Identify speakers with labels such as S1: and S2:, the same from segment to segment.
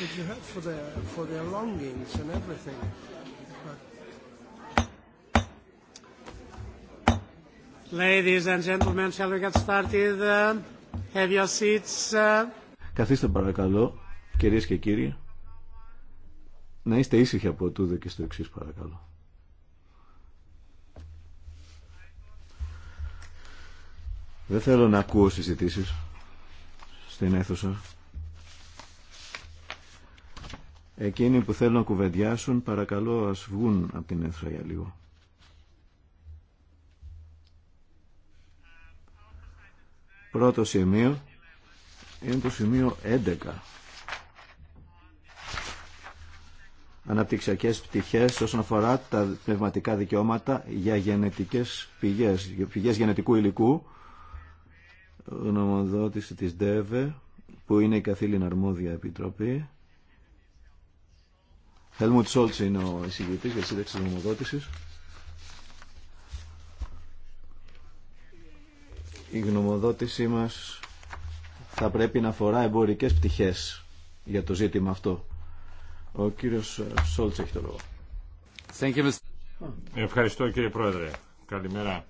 S1: Did you have for their for their longings and everything? Ladies and gentlemen, shall we get started? Have your seats.
S2: Καθίστε παρακαλώ, κυρίες και κύριοι. Να είστε ήσυχοι από τούδο και στο εξής παρακαλώ. Δεν θέλω να ακούω συζητήσεις στην αίθουσα. Εκείνοι που θέλουν να κουβεντιάσουν, παρακαλώ ας βγουν από την αίθουσα για λίγο. Πρώτο σημείο είναι το σημείο 11. Αναπτυξιακές πτυχές όσον αφορά τα πνευματικά δικαιώματα για γενετικές πηγές, πηγές γενετικού υλικού. Γνωμοδότηση της ΔΕΒΕ, που είναι η καθήλυνα αρμόδια επιτροπή. Χέλμουτ Σόλτς είναι ο εισηγητής για σύνταξη της Η γνωμοδότησή μας θα πρέπει να αφορά εμπορικές πτυχές για το ζήτημα αυτό. Ο κύριος Σόλτς έχει το λόγο.
S3: Ευχαριστώ κύριε Πρόεδρε. Καλημέρα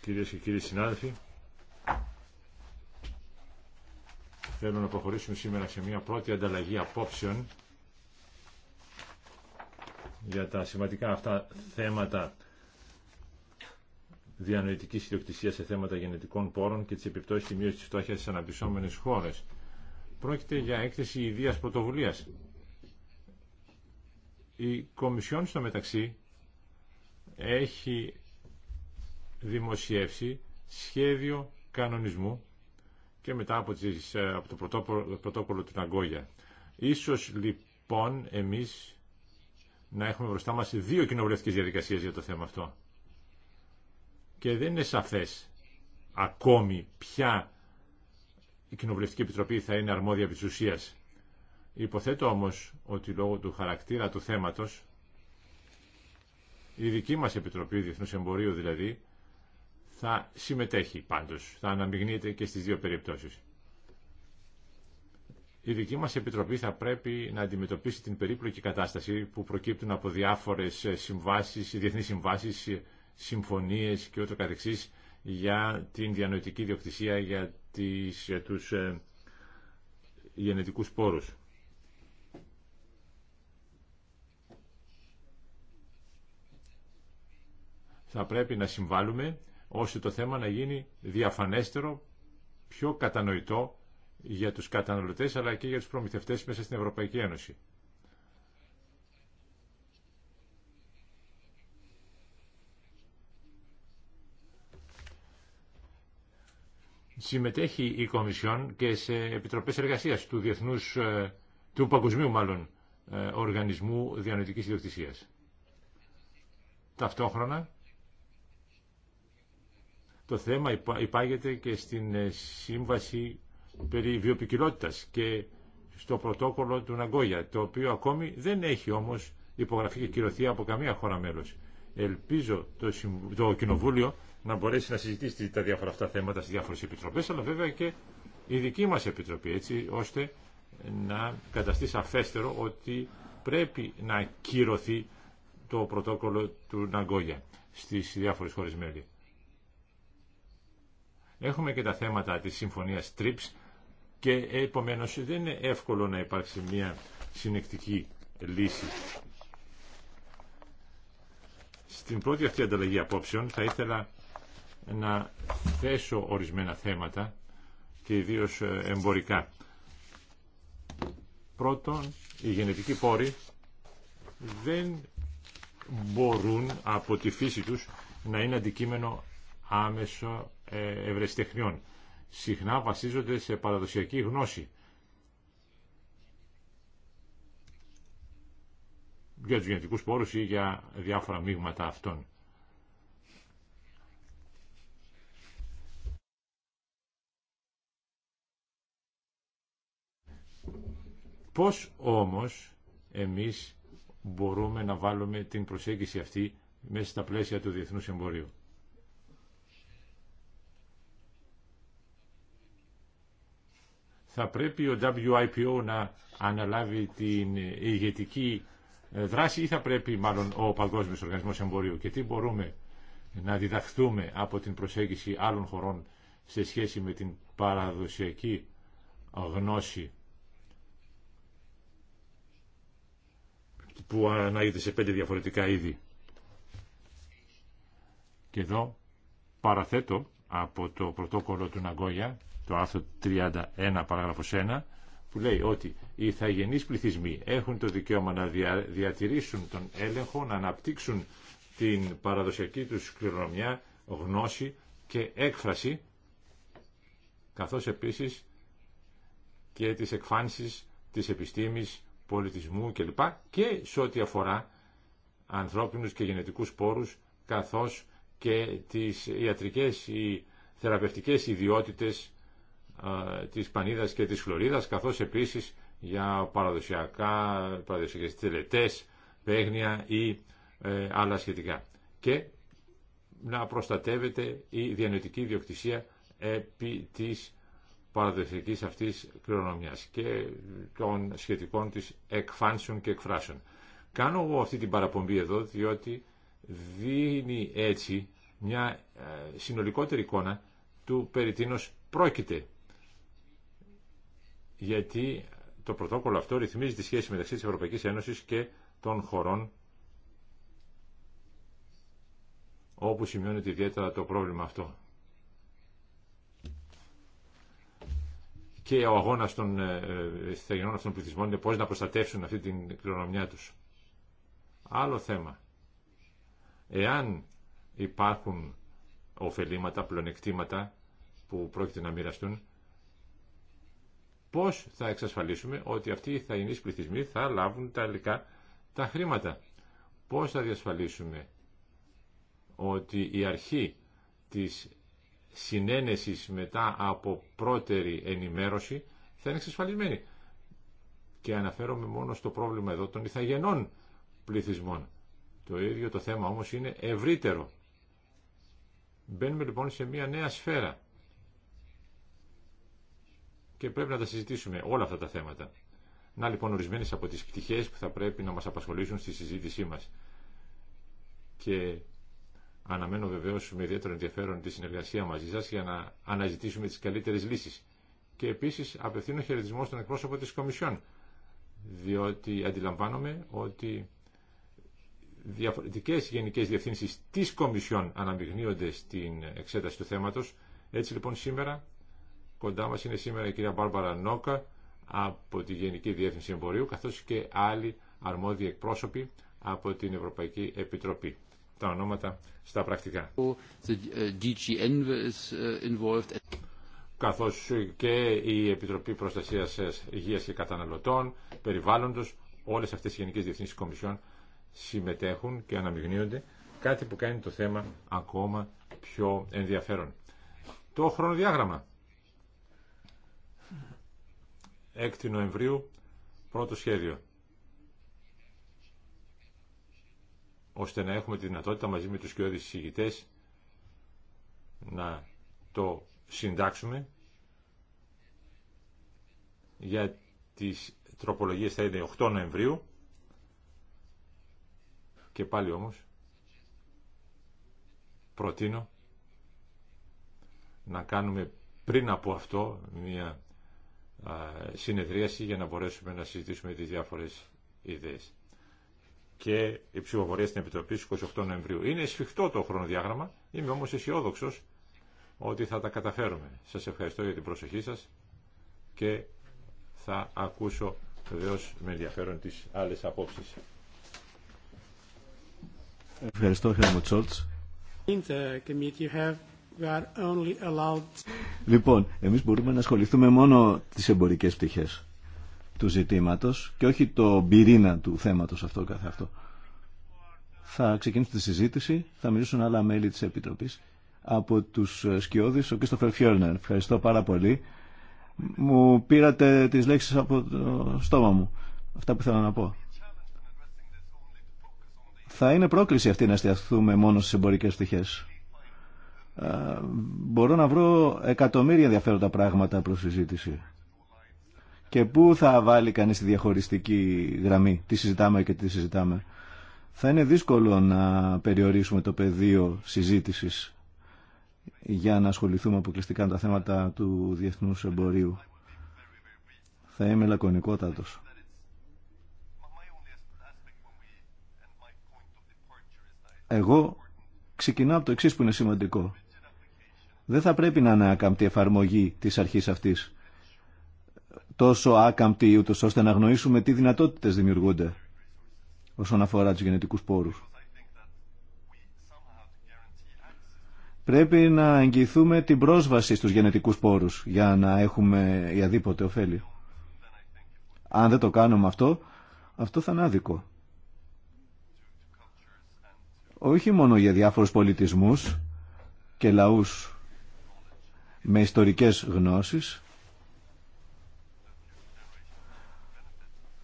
S3: κυρίες και κύριοι συνάδελφοι. Θέλω να προχωρήσουμε σήμερα σε μια πρώτη ανταλλαγή απόψεων για τα σημαντικά αυτά θέματα διανοητικής ιδιοκτησίας σε θέματα γενετικών πόρων και τις επιπτώσεις της μείωσης της φτώχειας στις αναπτυσσόμενες χώρες. Πρόκειται για έκθεση ιδίας πρωτοβουλίας. Η Κομισιόν στο μεταξύ έχει δημοσιεύσει σχέδιο κανονισμού και μετά από, τις, ε, από το πρωτόκολλο του Ναγκόγια. Ίσως λοιπόν εμείς να έχουμε μπροστά μας δύο κοινοβουλευτικές διαδικασίες για το θέμα αυτό. Και δεν είναι σαφές ακόμη ποια η Κοινοβουλευτική Επιτροπή θα είναι αρμόδια επί της ουσίας. Υποθέτω όμως ότι λόγω του χαρακτήρα του θέματος η δική μας Επιτροπή Διεθνούς Εμπορίου δηλαδή θα συμμετέχει πάντως, θα αναμειγνύεται και στις δύο περιπτώσεις η δική μας Επιτροπή θα πρέπει να αντιμετωπίσει την περίπλοκη κατάσταση που προκύπτουν από διάφορες ε, συμβάσεις, διεθνείς συμβάσεις, ε, συμφωνίες και ούτω καθεξής για την διανοητική διοκτησία για, τις, ε, τους γενετικούς πόρους. Θα πρέπει να συμβάλλουμε ώστε το θέμα να γίνει διαφανέστερο, πιο κατανοητό για τους καταναλωτές αλλά και για τους προμηθευτές μέσα στην Ευρωπαϊκή Ένωση. Συμμετέχει η Κομισιόν και σε επιτροπές εργασίας του, διεθνούς, ε, του παγκοσμίου μάλλον, ε, Οργανισμού Διανοητικής Ιδιοκτησίας. Ταυτόχρονα, το θέμα υπάγεται και στην ε, Σύμβαση περί βιοπικιλότητας και στο πρωτόκολλο του Ναγκόγια, το οποίο ακόμη δεν έχει όμως υπογραφεί και κυρωθεί από καμία χώρα μέλος. Ελπίζω το, το Κοινοβούλιο να μπορέσει να συζητήσει τα διάφορα αυτά θέματα στις διάφορες επιτροπές, αλλά βέβαια και η δική μας επιτροπή, έτσι ώστε να καταστεί σαφέστερο ότι πρέπει να κυρωθεί το πρωτόκολλο του Ναγκόγια στις διάφορες χώρες μέλη. Έχουμε και τα θέματα της συμφωνίας TRIPS, και επομένως δεν είναι εύκολο να υπάρξει μια συνεκτική λύση. Στην πρώτη αυτή ανταλλαγή απόψεων θα ήθελα να θέσω ορισμένα θέματα και ιδίω ε, εμπορικά. Πρώτον, οι γενετικοί πόροι δεν μπορούν από τη φύση τους να είναι αντικείμενο άμεσο ε, ευρεσιτεχνιών συχνά βασίζονται σε παραδοσιακή γνώση. για τους γενετικούς πόρους ή για διάφορα μείγματα αυτών. Πώς όμως εμείς μπορούμε να βάλουμε την προσέγγιση αυτή μέσα στα πλαίσια του διεθνούς εμπορίου. θα πρέπει ο WIPO να αναλάβει την ηγετική ε, δράση ή θα πρέπει μάλλον ο Παγκόσμιος Οργανισμός Εμπορίου και τι μπορούμε να διδαχθούμε από την προσέγγιση άλλων χωρών σε σχέση με την παραδοσιακή γνώση που ανάγεται σε πέντε διαφορετικά είδη. Και εδώ παραθέτω από το πρωτόκολλο του Ναγκόγια το άρθρο 31 παράγραφος 1 που λέει ότι οι ηθαγενείς πληθυσμοί έχουν το δικαίωμα να διατηρήσουν τον έλεγχο, να αναπτύξουν την παραδοσιακή τους κληρονομιά, γνώση και έκφραση, καθώς επίσης και τις εκφάνσεις της επιστήμης, πολιτισμού κλπ. και σε ό,τι αφορά ανθρώπινους και γενετικούς πόρους, καθώς και τις ιατρικές ή θεραπευτικές ιδιότητες ε, της Πανίδας και της Φλωρίδας, καθώς επίσης για παραδοσιακά, παραδοσιακές τελετές, παίγνια ή ε, άλλα σχετικά. Και να προστατεύεται η διανοητική διοκτησία επί της παραδοσιακής αυτής κληρονομιάς και των σχετικών της εκφάνσεων και εκφράσεων. Κάνω εγώ αυτή την παραπομπή εδώ διότι δίνει έτσι μια ε, συνολικότερη εικόνα του περί πρόκειται γιατί το πρωτόκολλο αυτό ρυθμίζει τη σχέση μεταξύ της Ευρωπαϊκής Ένωσης και των χωρών όπου σημειώνεται ιδιαίτερα το πρόβλημα αυτό. Και ο αγώνας των θεγενών ε, ε, αυτών πληθυσμών είναι πώς να προστατεύσουν αυτή την κληρονομιά τους. Άλλο θέμα. Εάν υπάρχουν ωφελήματα, πλονεκτήματα που πρόκειται να μοιραστούν, Πώ θα εξασφαλίσουμε ότι αυτοί οι θαϊνεί πληθυσμοί θα λάβουν τα υλικά τα χρήματα. Πώς θα διασφαλίσουμε ότι η αρχή της συνένεση μετά από πρώτερη ενημέρωση θα είναι εξασφαλισμένη. Και αναφέρομαι μόνο στο πρόβλημα εδώ των ηθαγενών πληθυσμών. Το ίδιο το θέμα όμως είναι ευρύτερο. Μπαίνουμε λοιπόν σε μια νέα σφαίρα και πρέπει να τα συζητήσουμε όλα αυτά τα θέματα. Να λοιπόν ορισμένες από τις πτυχές που θα πρέπει να μας απασχολήσουν στη συζήτησή μας. Και αναμένω βεβαίως με ιδιαίτερο ενδιαφέρον τη συνεργασία μαζί σας για να αναζητήσουμε τις καλύτερες λύσεις. Και επίσης απευθύνω χαιρετισμό στον εκπρόσωπο της Κομισιόν, διότι αντιλαμβάνομαι ότι διαφορετικές γενικές διευθύνσεις της Κομισιόν αναμειγνύονται στην εξέταση του θέματος. Έτσι λοιπόν σήμερα Κοντά μας είναι σήμερα η κυρία Μπάρμπαρα Νόκα από τη Γενική Διεύθυνση Εμπορίου, καθώς και άλλοι αρμόδιοι εκπρόσωποι από την Ευρωπαϊκή Επιτροπή. Τα ονόματα στα πρακτικά. Uh, uh, καθώς και η Επιτροπή Προστασίας Υγείας και Καταναλωτών, Περιβάλλοντος, όλες αυτές οι Γενικές Διευθύνσεις Κομισιών συμμετέχουν και αναμειγνύονται, κάτι που κάνει το θέμα ακόμα πιο ενδιαφέρον. Το χρονοδιάγραμμα. 6 Νοεμβρίου, πρώτο σχέδιο. Ώστε να έχουμε τη δυνατότητα μαζί με τους κοιόδης να το συντάξουμε. Για τις τροπολογίες θα είναι 8 Νοεμβρίου. Και πάλι όμως προτείνω να κάνουμε πριν από αυτό μια συνεδρίαση για να μπορέσουμε να συζητήσουμε τις διάφορες ιδέες. Και η ψηφοφορία στην Επιτροπή στις 28 Νοεμβρίου. Είναι σφιχτό το χρονοδιάγραμμα, είμαι όμως αισιόδοξο ότι θα τα καταφέρουμε. Σας ευχαριστώ για την προσοχή σας και θα ακούσω βεβαίω με ενδιαφέρον τις άλλες απόψεις.
S2: Ευχαριστώ, Χέρμο Λοιπόν, εμείς μπορούμε να ασχοληθούμε μόνο τις εμπορικές πτυχές του ζητήματος και όχι το πυρήνα του θέματος αυτό καθ' αυτό. Θα ξεκινήσουμε τη συζήτηση, θα μιλήσουν άλλα μέλη της Επιτροπής από τους ε, σκιώδεις, ο Κίστοφερ Φιόρνερ. Ευχαριστώ πάρα πολύ. Μου πήρατε τις λέξεις από το στόμα μου, αυτά που θέλω να πω. Θα είναι πρόκληση αυτή να στιαθούμε μόνο στις εμπορικές πτυχές ε, μπορώ να βρω εκατομμύρια ενδιαφέροντα πράγματα προς συζήτηση. Και πού θα βάλει κανείς τη διαχωριστική γραμμή, τι συζητάμε και τι συζητάμε. Θα είναι δύσκολο να περιορίσουμε το πεδίο συζήτησης για να ασχοληθούμε αποκλειστικά με τα θέματα του διεθνούς εμπορίου. Θα είμαι λακωνικότατος. Εγώ ξεκινάω από το εξής που είναι σημαντικό δεν θα πρέπει να είναι άκαμπτη εφαρμογή της αρχής αυτή. Τόσο άκαμπτη ούτω ώστε να γνωρίσουμε τι δυνατότητες δημιουργούνται όσον αφορά του γενετικού πόρους. Πρέπει να εγγυηθούμε την πρόσβαση στους γενετικούς πόρους για να έχουμε ιαδίποτε ωφέλη. Αν δεν το κάνουμε αυτό, αυτό θα είναι άδικο. Όχι μόνο για διάφορους πολιτισμούς και λαούς με ιστορικές γνώσεις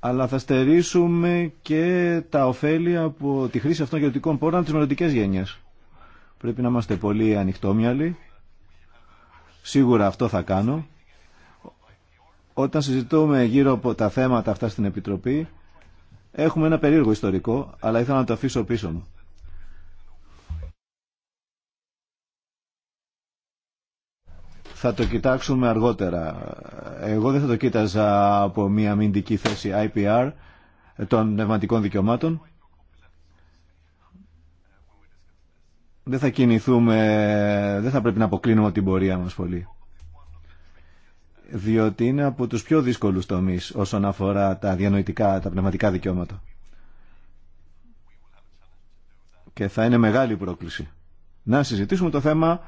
S2: αλλά θα στερήσουμε και τα ωφέλη από τη χρήση αυτών γεωτικών πόρων από τις μελλοντικές γενιές. Πρέπει να είμαστε πολύ ανοιχτόμυαλοι. Σίγουρα αυτό θα κάνω. Όταν συζητούμε γύρω από τα θέματα αυτά στην Επιτροπή, έχουμε ένα περίεργο ιστορικό, αλλά ήθελα να το αφήσω πίσω μου. θα το κοιτάξουμε αργότερα. Εγώ δεν θα το κοίταζα από μια αμυντική θέση IPR των πνευματικών δικαιωμάτων. Δεν θα κινηθούμε, δεν θα πρέπει να αποκλίνουμε την πορεία μας πολύ. Διότι είναι από τους πιο δύσκολους τομείς όσον αφορά τα διανοητικά, τα πνευματικά δικαιώματα. Και θα είναι μεγάλη πρόκληση. Να συζητήσουμε το θέμα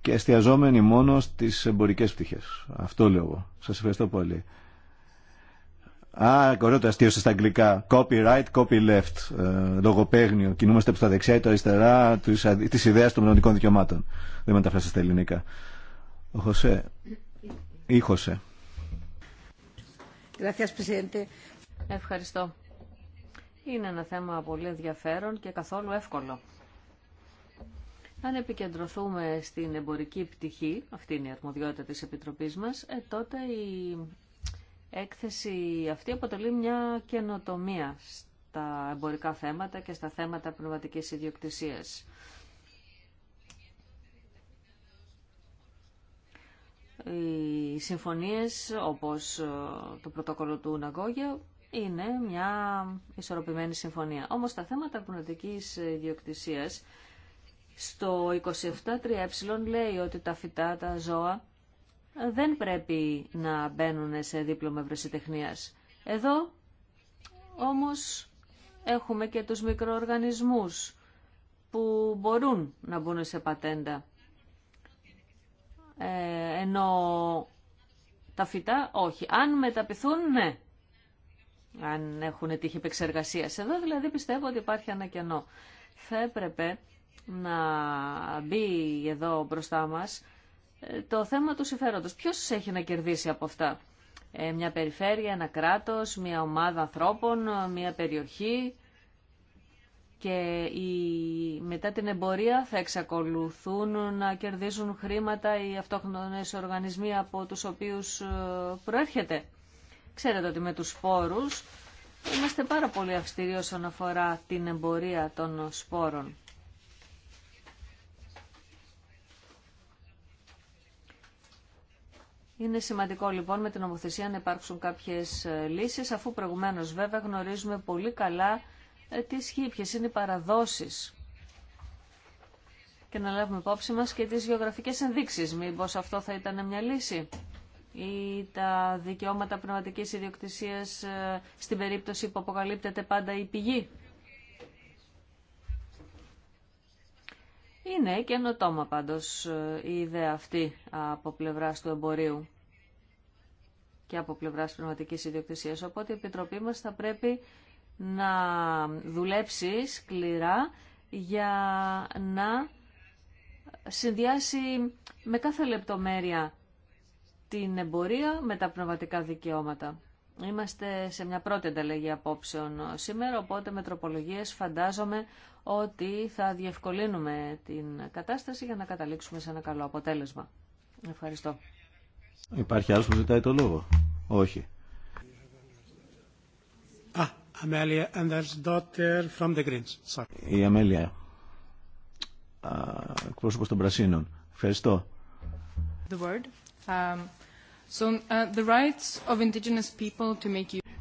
S2: και εστιαζόμενοι μόνο στις εμπορικές πτυχές. Αυτό λέω εγώ. Σας ευχαριστώ πολύ. Α, ωραίο το αστείο στα αγγλικά. Copyright, left. Ε, λογοπαίγνιο. Κινούμαστε από τα δεξιά ή τα αριστερά τη ιδέα των μελλοντικών δικαιωμάτων. Δεν μεταφράσατε στα ελληνικά. Ο Χωσέ. Ή Χωσέ.
S4: Ευχαριστώ. Είναι ένα θέμα πολύ ενδιαφέρον και καθόλου εύκολο. Αν επικεντρωθούμε στην εμπορική πτυχή, αυτή είναι η αρμοδιότητα της Επιτροπής μας, ε, τότε η έκθεση αυτή αποτελεί μια καινοτομία στα εμπορικά θέματα και στα θέματα πνευματικής ιδιοκτησίας. Οι συμφωνίες όπως ε, το πρωτόκολλο του Ναγκόγια είναι μια ισορροπημένη συμφωνία. Όμως τα θέματα πνευματικής ιδιοκτησίας στο 27.3ε λέει ότι τα φυτά, τα ζώα, δεν πρέπει να μπαίνουν σε δίπλωμα ευρεσιτεχνίας. Εδώ όμως έχουμε και τους μικροοργανισμούς που μπορούν να μπουν σε πατέντα. Ε, ενώ τα φυτά όχι. Αν μεταπηθούν, ναι. Αν έχουν τύχη επεξεργασίας. Εδώ δηλαδή πιστεύω ότι υπάρχει ένα κενό. Θα έπρεπε να μπει εδώ μπροστά μας ε, το θέμα του συμφέροντος. Ποιος έχει να κερδίσει από αυτά. Ε, μια περιφέρεια, ένα κράτος, μια ομάδα ανθρώπων, μια περιοχή και η... μετά την εμπορία θα εξακολουθούν να κερδίζουν χρήματα οι αυτόχθονες οργανισμοί από τους οποίους ε, προέρχεται. Ξέρετε ότι με τους σπόρους είμαστε πάρα πολύ αυστηροί όσον αφορά την εμπορία των σπόρων. Είναι σημαντικό λοιπόν με την νομοθεσία να υπάρξουν κάποιες ε, λύσεις, αφού προηγουμένως βέβαια γνωρίζουμε πολύ καλά ε, τι ισχύει, είναι οι παραδόσεις και να λάβουμε υπόψη μας και τις γεωγραφικές ενδείξεις. Μήπως αυτό θα ήταν μια λύση ή τα δικαιώματα πνευματικής ιδιοκτησίας ε, στην περίπτωση που αποκαλύπτεται πάντα η πηγή. Είναι καινοτόμα πάντως ε, η ιδέα αυτή από πλευράς του εμπορίου και από πλευράς πνευματικής ιδιοκτησίας. Οπότε η Επιτροπή μας θα πρέπει να δουλέψει σκληρά για να συνδυάσει με κάθε λεπτομέρεια την εμπορία με τα πνευματικά δικαιώματα. Είμαστε σε μια πρώτη ανταλλαγή απόψεων σήμερα, οπότε με τροπολογίες φαντάζομαι ότι θα διευκολύνουμε την κατάσταση για να καταλήξουμε σε ένα καλό αποτέλεσμα. Ευχαριστώ.
S2: Υπάρχει άλλος που ζητάει το λόγο. Όχι.
S1: Ah, Αμέλια, and daughter from the Greens. Sorry.
S2: Η Αμέλια, εκπρόσωπος των Πρασίνων. Ευχαριστώ.
S5: The word. Um... Uh,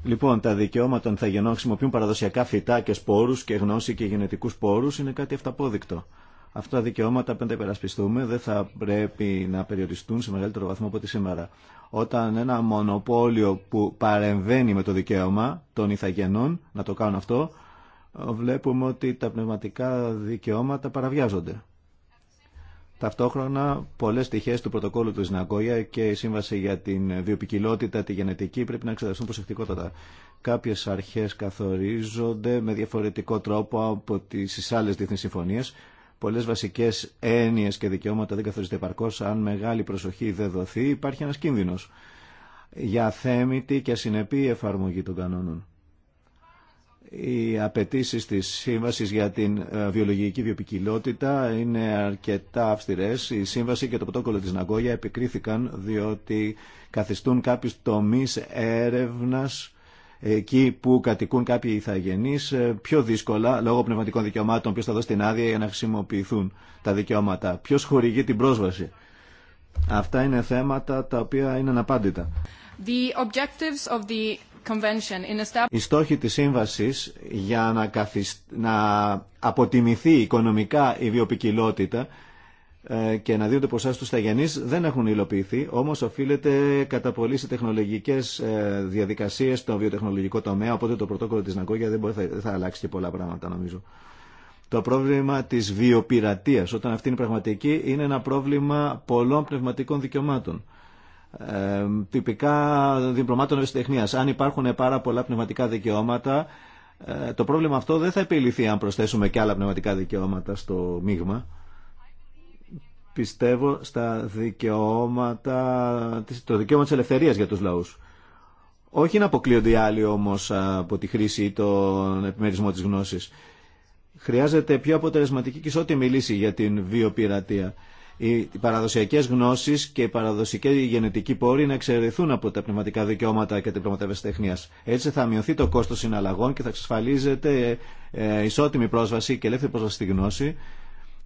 S2: λοιπόν, τα δικαιώματα των θαγενών χρησιμοποιούν παραδοσιακά φυτά και σπόρους και γνώση και γενετικούς σπόρους είναι κάτι αυταπόδεικτο. Αυτά τα δικαιώματα, πριν τα υπερασπιστούμε, δεν θα πρέπει να περιοριστούν σε μεγαλύτερο βαθμό από ό,τι σήμερα. Όταν ένα μονοπόλιο που παρεμβαίνει με το δικαίωμα των ηθαγενών να το κάνουν αυτό, βλέπουμε ότι τα πνευματικά δικαιώματα παραβιάζονται. Ταυτόχρονα, πολλέ στοιχείε του πρωτοκόλλου του Ναγκόγια και η Σύμβαση για την Βιοπικιλότητα, τη Γενετική, πρέπει να εξεταστούν προσεκτικότατα. Κάποιε αρχέ καθορίζονται με διαφορετικό τρόπο από τι άλλε διεθνεί συμφωνίε. Πολλέ βασικέ έννοιε και δικαιώματα δεν καθορίζονται επαρκώ. Αν μεγάλη προσοχή δεν δοθεί, υπάρχει ένα κίνδυνο για θέμητη και ασυνεπή εφαρμογή των κανόνων. Οι απαιτήσει τη Σύμβαση για την ε, βιολογική βιοπικιλότητα είναι αρκετά αυστηρέ. Η Σύμβαση και το πρωτόκολλο τη Ναγκόγια επικρίθηκαν διότι καθιστούν κάποιου τομεί έρευνα εκεί που κατοικούν κάποιοι ηθαγενεί ε, πιο δύσκολα λόγω πνευματικών δικαιωμάτων. Ποιο θα δώσει την άδεια για να χρησιμοποιηθούν τα δικαιώματα. Ποιο χορηγεί την πρόσβαση. Αυτά είναι θέματα τα οποία είναι αναπάντητα.
S5: The objectives of the
S2: οι στόχοι της σύμβασης για να, να αποτιμηθεί οικονομικά η βιοπικιλότητα ε, και να δίνονται ποσά στους σταγενείς δεν έχουν υλοποιηθεί, όμως οφείλεται κατά πολύ σε τεχνολογικές ε, διαδικασίες στο βιοτεχνολογικό τομέα, οπότε το πρωτόκολλο της Ναγκόγια δεν, μπορεί, δεν θα αλλάξει και πολλά πράγματα νομίζω. Το πρόβλημα της βιοπειρατείας, όταν αυτή είναι πραγματική, είναι ένα πρόβλημα πολλών πνευματικών δικαιωμάτων τυπικά διπλωμάτων ευστεχνίας. Αν υπάρχουν πάρα πολλά πνευματικά δικαιώματα, ε, το πρόβλημα αυτό δεν θα επιληθεί αν προσθέσουμε και άλλα πνευματικά δικαιώματα στο μείγμα. Πιστεύω στα δικαιώματα, το δικαίωμα της ελευθερίας για τους λαούς. Όχι να αποκλείονται οι άλλοι όμως από τη χρήση ή τον επιμερισμό της γνώσης. Χρειάζεται πιο αποτελεσματική και ισότιμη λύση για την βιοπειρατεία οι παραδοσιακέ γνώσει και οι παραδοσιακοί γενετικοί πόροι να εξαιρεθούν από τα πνευματικά δικαιώματα και την τεχνία. Έτσι θα μειωθεί το κόστος συναλλαγών και θα εξασφαλίζεται ε, ισότιμη πρόσβαση και ελεύθερη πρόσβαση στη γνώση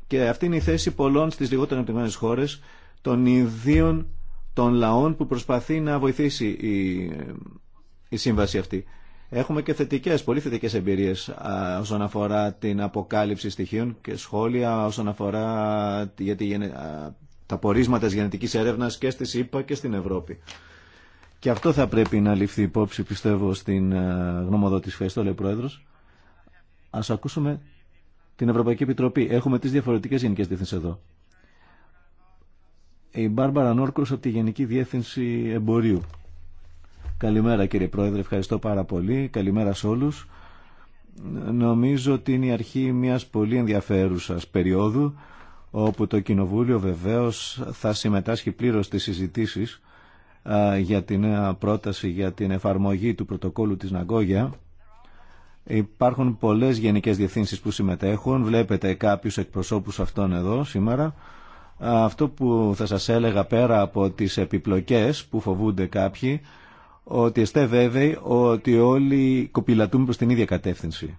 S2: και αυτή είναι η θέση πολλών στις λιγότερο ανεπτυγμένες χώρες των ιδίων των λαών που προσπαθεί να βοηθήσει η, ε, η σύμβαση αυτή. Έχουμε και θετικέ, πολύ θετικέ εμπειρίε όσον αφορά την αποκάλυψη στοιχείων και σχόλια όσον αφορά για τα πορίσματα τη γενετική έρευνα και στη ΣΥΠΑ και στην Ευρώπη. Και αυτό θα πρέπει να ληφθεί υπόψη, πιστεύω, στην γνωμοδότηση. Ευχαριστώ, λέει ο Πρόεδρο. Α ακούσουμε την Ευρωπαϊκή Επιτροπή. Έχουμε τι διαφορετικέ γενικέ διευθύνσει εδώ. Η Μπάρμπαρα Νόρκρο από τη Γενική Διεύθυνση Εμπορίου. Καλημέρα κύριε Πρόεδρε, ευχαριστώ πάρα πολύ. Καλημέρα σε όλους. Νομίζω ότι είναι η αρχή μιας πολύ ενδιαφέρουσας περίοδου όπου το Κοινοβούλιο βεβαίως θα συμμετάσχει πλήρως στις συζητήσεις για την πρόταση για την εφαρμογή του πρωτοκόλου της Ναγκόγια. Υπάρχουν πολλές γενικές διευθύνσεις που συμμετέχουν. Βλέπετε κάποιους εκπροσώπους αυτών εδώ σήμερα. Αυτό που θα σας έλεγα πέρα από τις επιπλοκές που φοβούνται κάποιοι ότι εστέ βέβαιοι ότι όλοι κοπηλατούμε προς την ίδια κατεύθυνση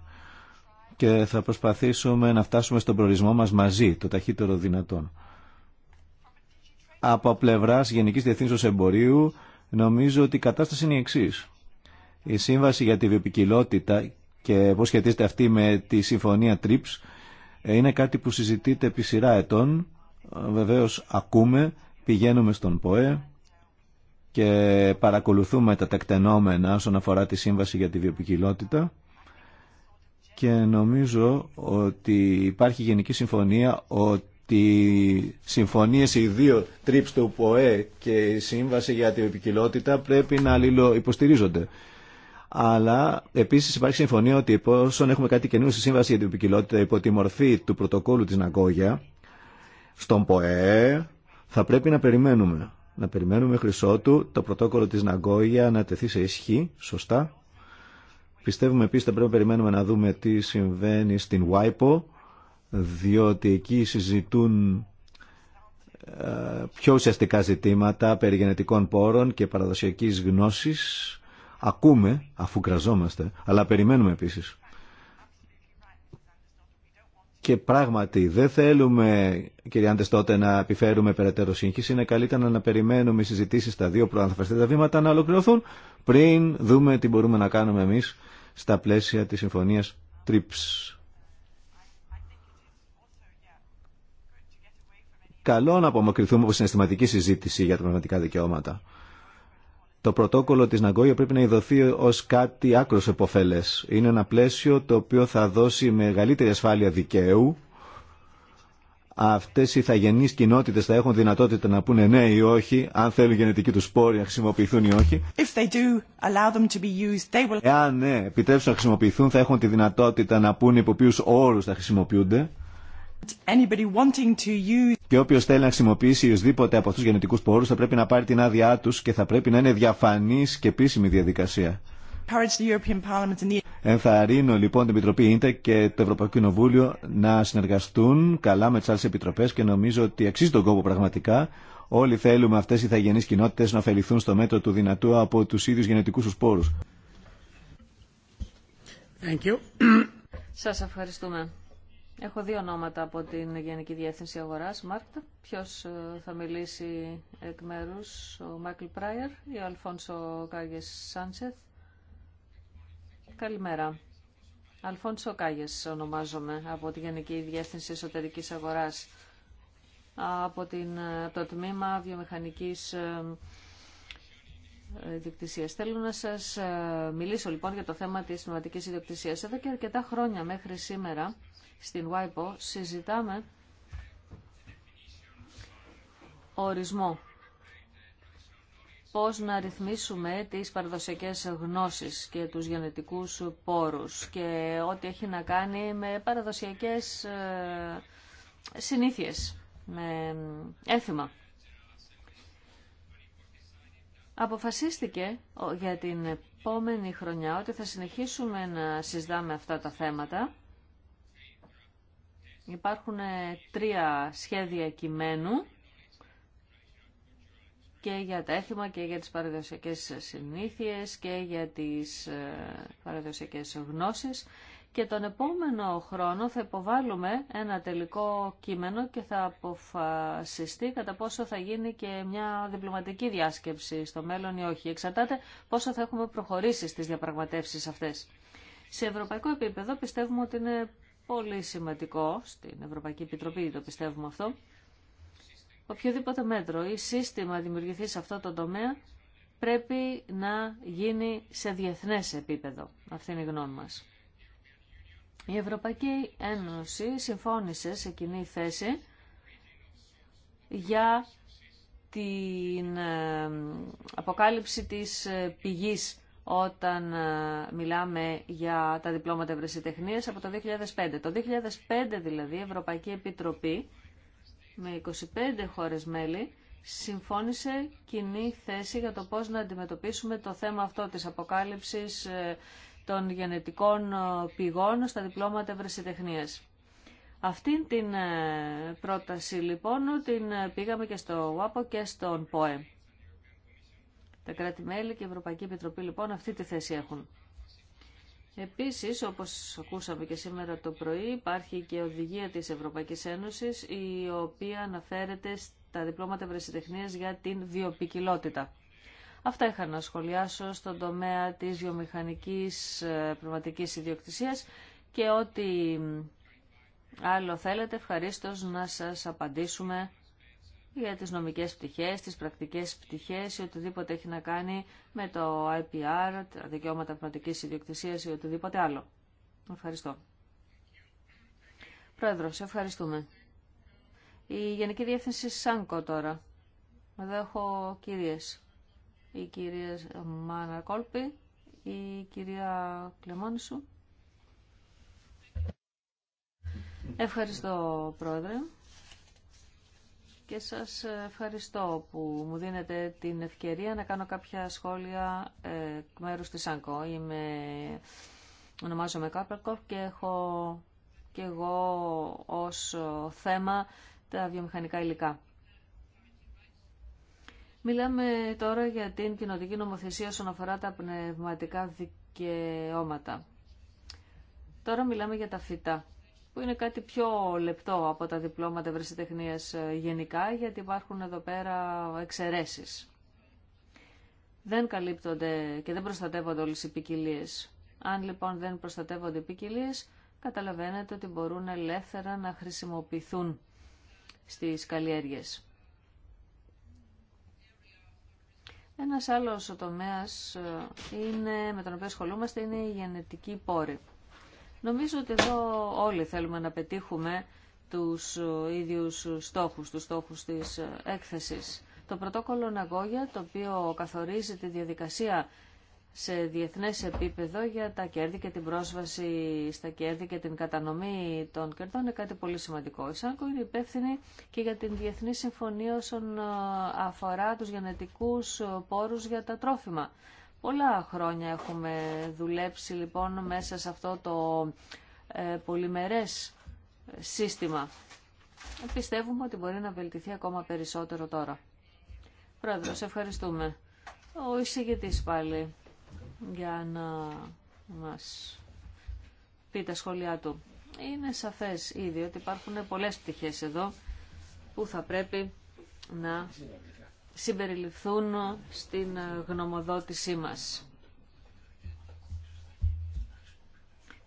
S2: και θα προσπαθήσουμε να φτάσουμε στον προορισμό μας μαζί, το ταχύτερο δυνατόν. Από πλευράς Γενικής Διευθύνσεω Εμπορίου νομίζω ότι η κατάσταση είναι η εξής. Η Σύμβαση για τη Βιοπικιλότητα και πώς σχετίζεται αυτή με τη Συμφωνία TRIPS ε, είναι κάτι που συζητείται επί σειρά ετών. Ε, βεβαίως ακούμε, πηγαίνουμε στον ΠΟΕ, και παρακολουθούμε τα τεκτενόμενα όσον αφορά τη Σύμβαση για τη Βιοπικιλότητα και νομίζω ότι υπάρχει γενική συμφωνία ότι οι συμφωνίες οι δύο τρίψ του ΠΟΕ και η Σύμβαση για τη Βιοπικιλότητα πρέπει να αλληλοϊποστηρίζονται. Αλλά επίση υπάρχει συμφωνία ότι όσον έχουμε κάτι καινούργιο στη Σύμβαση για την Επικοινότητα υπό τη μορφή του πρωτοκόλου τη Ναγκόγια, στον ΠΟΕ θα πρέπει να περιμένουμε να περιμένουμε του το πρωτόκολλο της Ναγκόγια να τεθεί σε ισχύ, σωστά. Πιστεύουμε επίσης ότι πρέπει να περιμένουμε να δούμε τι συμβαίνει στην WIPO, διότι εκεί συζητούν ε, πιο ουσιαστικά ζητήματα περί γενετικών πόρων και παραδοσιακής γνώσης. Ακούμε, αφού κραζόμαστε, αλλά περιμένουμε επίσης. Και πράγματι δεν θέλουμε, κύριε Άντες, τότε να επιφέρουμε περαιτέρω σύγχυση. Είναι καλύτερα να περιμένουμε οι συζητήσεις στα δύο προανθαφερθέντα βήματα να ολοκληρωθούν πριν δούμε τι μπορούμε να κάνουμε εμείς στα πλαίσια της συμφωνίας TRIPS. Καλό να απομακρυνθούμε από συναισθηματική συζήτηση για τα πνευματικά δικαιώματα το πρωτόκολλο της Ναγκόγια πρέπει να ειδωθεί ως κάτι άκρος εποφέλες. Είναι ένα πλαίσιο το οποίο θα δώσει μεγαλύτερη ασφάλεια δικαίου. Αυτές οι θαγενείς κοινότητες θα έχουν δυνατότητα να πούνε ναι ή όχι, αν θέλουν γενετική του σπόροι να χρησιμοποιηθούν ή όχι. used, will... Εάν ναι, επιτρέψουν να χρησιμοποιηθούν, θα έχουν τη δυνατότητα να πούνε υπό ποιους όρους θα χρησιμοποιούνται. Και όποιο θέλει να χρησιμοποιήσει οσδήποτε από αυτού του γενετικού πόρου θα πρέπει να πάρει την άδειά του και θα πρέπει να είναι διαφανή και επίσημη διαδικασία. Ενθαρρύνω λοιπόν την Επιτροπή Ίντερ και το Ευρωπαϊκό Κοινοβούλιο να συνεργαστούν καλά με τι άλλε επιτροπέ και νομίζω ότι αξίζει τον κόπο πραγματικά. Όλοι θέλουμε αυτέ οι θαγενεί κοινότητε να ωφεληθούν στο μέτρο του δυνατού από του ίδιου γενετικού του πόρου.
S4: Σα ευχαριστούμε. Έχω δύο ονόματα από την Γενική Διεύθυνση Αγοράς. Μάρκτα. ποιος ε, θα μιλήσει εκ μέρους, ο Μάικλ Πράιερ ή ο Αλφόνσο Κάγιες Σάνσεθ. Καλημέρα. Αλφόνσο Κάγιες ονομάζομαι από τη Γενική Διεύθυνση Εσωτερικής Αγοράς από την, το τμήμα βιομηχανικής ε, ιδιοκτησία. Θέλω να σας ε, μιλήσω λοιπόν για το θέμα της πνευματικής ιδιοκτησία. Εδώ και αρκετά χρόνια μέχρι σήμερα στην WIPO συζητάμε ορισμό. Πώς να ρυθμίσουμε τις παραδοσιακές γνώσεις και τους γενετικούς πόρους και ό,τι έχει να κάνει με παραδοσιακές ε, συνήθειες, με έθιμα. Αποφασίστηκε για την επόμενη χρονιά ότι θα συνεχίσουμε να συζητάμε αυτά τα θέματα Υπάρχουν ε, τρία σχέδια κειμένου και για τα έθιμα και για τις παραδοσιακές συνήθειες και για τις ε, παραδοσιακές γνώσεις και τον επόμενο χρόνο θα υποβάλουμε ένα τελικό κείμενο και θα αποφασιστεί κατά πόσο θα γίνει και μια διπλωματική διάσκεψη στο μέλλον ή όχι. Εξαρτάται πόσο θα έχουμε προχωρήσει στις διαπραγματεύσεις αυτές. Σε ευρωπαϊκό επίπεδο πιστεύουμε ότι είναι πολύ σημαντικό, στην Ευρωπαϊκή Επιτροπή το πιστεύουμε αυτό, οποιοδήποτε μέτρο ή σύστημα δημιουργηθεί σε αυτό το τομέα πρέπει να γίνει σε διεθνές επίπεδο. Αυτή είναι η γνώμη μας. Η Ευρωπαϊκή Ένωση συμφώνησε σε κοινή θέση για την ε, αποκάλυψη της ε, πηγής όταν ε, μιλάμε για τα διπλώματα ευρεσιτεχνίας από το 2005. Το 2005 δηλαδή η Ευρωπαϊκή Επιτροπή με 25 χώρες μέλη συμφώνησε κοινή θέση για το πώς να αντιμετωπίσουμε το θέμα αυτό της αποκάλυψης ε, των γενετικών ε, πηγών στα διπλώματα ευρεσιτεχνίας. Αυτή την πρόταση λοιπόν την πήγαμε και στο ΟΑΠΟ και στον ΠΟΕ. Τα κράτη-μέλη και η Ευρωπαϊκή Επιτροπή λοιπόν αυτή τη θέση έχουν. Επίσης, όπως ακούσαμε και σήμερα το πρωί, υπάρχει και οδηγία της Ευρωπαϊκής Ένωσης η οποία αναφέρεται στα διπλώματα βρεσιτεχνίας για την βιοπικιλότητα. Αυτά είχα να σχολιάσω στον τομέα της βιομηχανικής ε, πνευματικής ιδιοκτησίας και ό,τι άλλο θέλετε ευχαρίστως να σα απαντήσουμε για τις νομικές πτυχές, τις πρακτικές πτυχές ή οτιδήποτε έχει να κάνει με το IPR, τα δικαιώματα πνευματικής ιδιοκτησίας ή οτιδήποτε άλλο. Ευχαριστώ. Πρόεδρο, σε ευχαριστούμε. Η Γενική Διεύθυνση ΣΑΝΚΟ τώρα. έχω κυρίες. Η κυρία Μάνα Κόλπη, η κυρία Κλεμόνισου. Ευχαριστώ, Πρόεδρε και σας ευχαριστώ που μου δίνετε την ευκαιρία να κάνω κάποια σχόλια εκ μέρους της ΑΝΚΟ. Είμαι, ονομάζομαι Κάπερκοφ και έχω και εγώ ως θέμα τα βιομηχανικά υλικά. Μιλάμε τώρα για την κοινοτική νομοθεσία όσον αφορά τα πνευματικά δικαιώματα. Τώρα μιλάμε για τα φυτά που είναι κάτι πιο λεπτό από τα διπλώματα ευρεσιτεχνίας ε, γενικά, γιατί υπάρχουν εδώ πέρα εξαιρέσει. Δεν καλύπτονται και δεν προστατεύονται όλες οι ποικιλίε. Αν λοιπόν δεν προστατεύονται οι ποικιλίε, καταλαβαίνετε ότι μπορούν ελεύθερα να χρησιμοποιηθούν στις καλλιέργειες. Ένας άλλος ο τομέας ε, είναι, με τον οποίο ασχολούμαστε είναι η γενετική πόρη. Νομίζω ότι εδώ όλοι θέλουμε να πετύχουμε τους ε, ίδιους στόχους, τους στόχους της ε, έκθεσης. Το πρωτόκολλο Ναγκόγια, το οποίο καθορίζει τη διαδικασία σε διεθνές επίπεδο για τα κέρδη και την πρόσβαση στα κέρδη και την κατανομή των κερδών είναι κάτι πολύ σημαντικό. Η ΣΑΝΚΟ είναι υπεύθυνη και για την Διεθνή Συμφωνία όσον ε, αφορά τους γενετικούς πόρους για τα τρόφιμα. Πολλά χρόνια έχουμε δουλέψει λοιπόν μέσα σε αυτό το ε, πολυμερές ε, σύστημα. Πιστεύουμε ότι μπορεί να βελτιθεί ακόμα περισσότερο τώρα. Πρόεδρος, ευχαριστούμε. Ο εισηγητής πάλι για να μας πει τα σχόλιά του. Είναι σαφές ήδη ότι υπάρχουν πολλές πτυχές εδώ που θα πρέπει να συμπεριληφθούν στην γνωμοδότησή μας.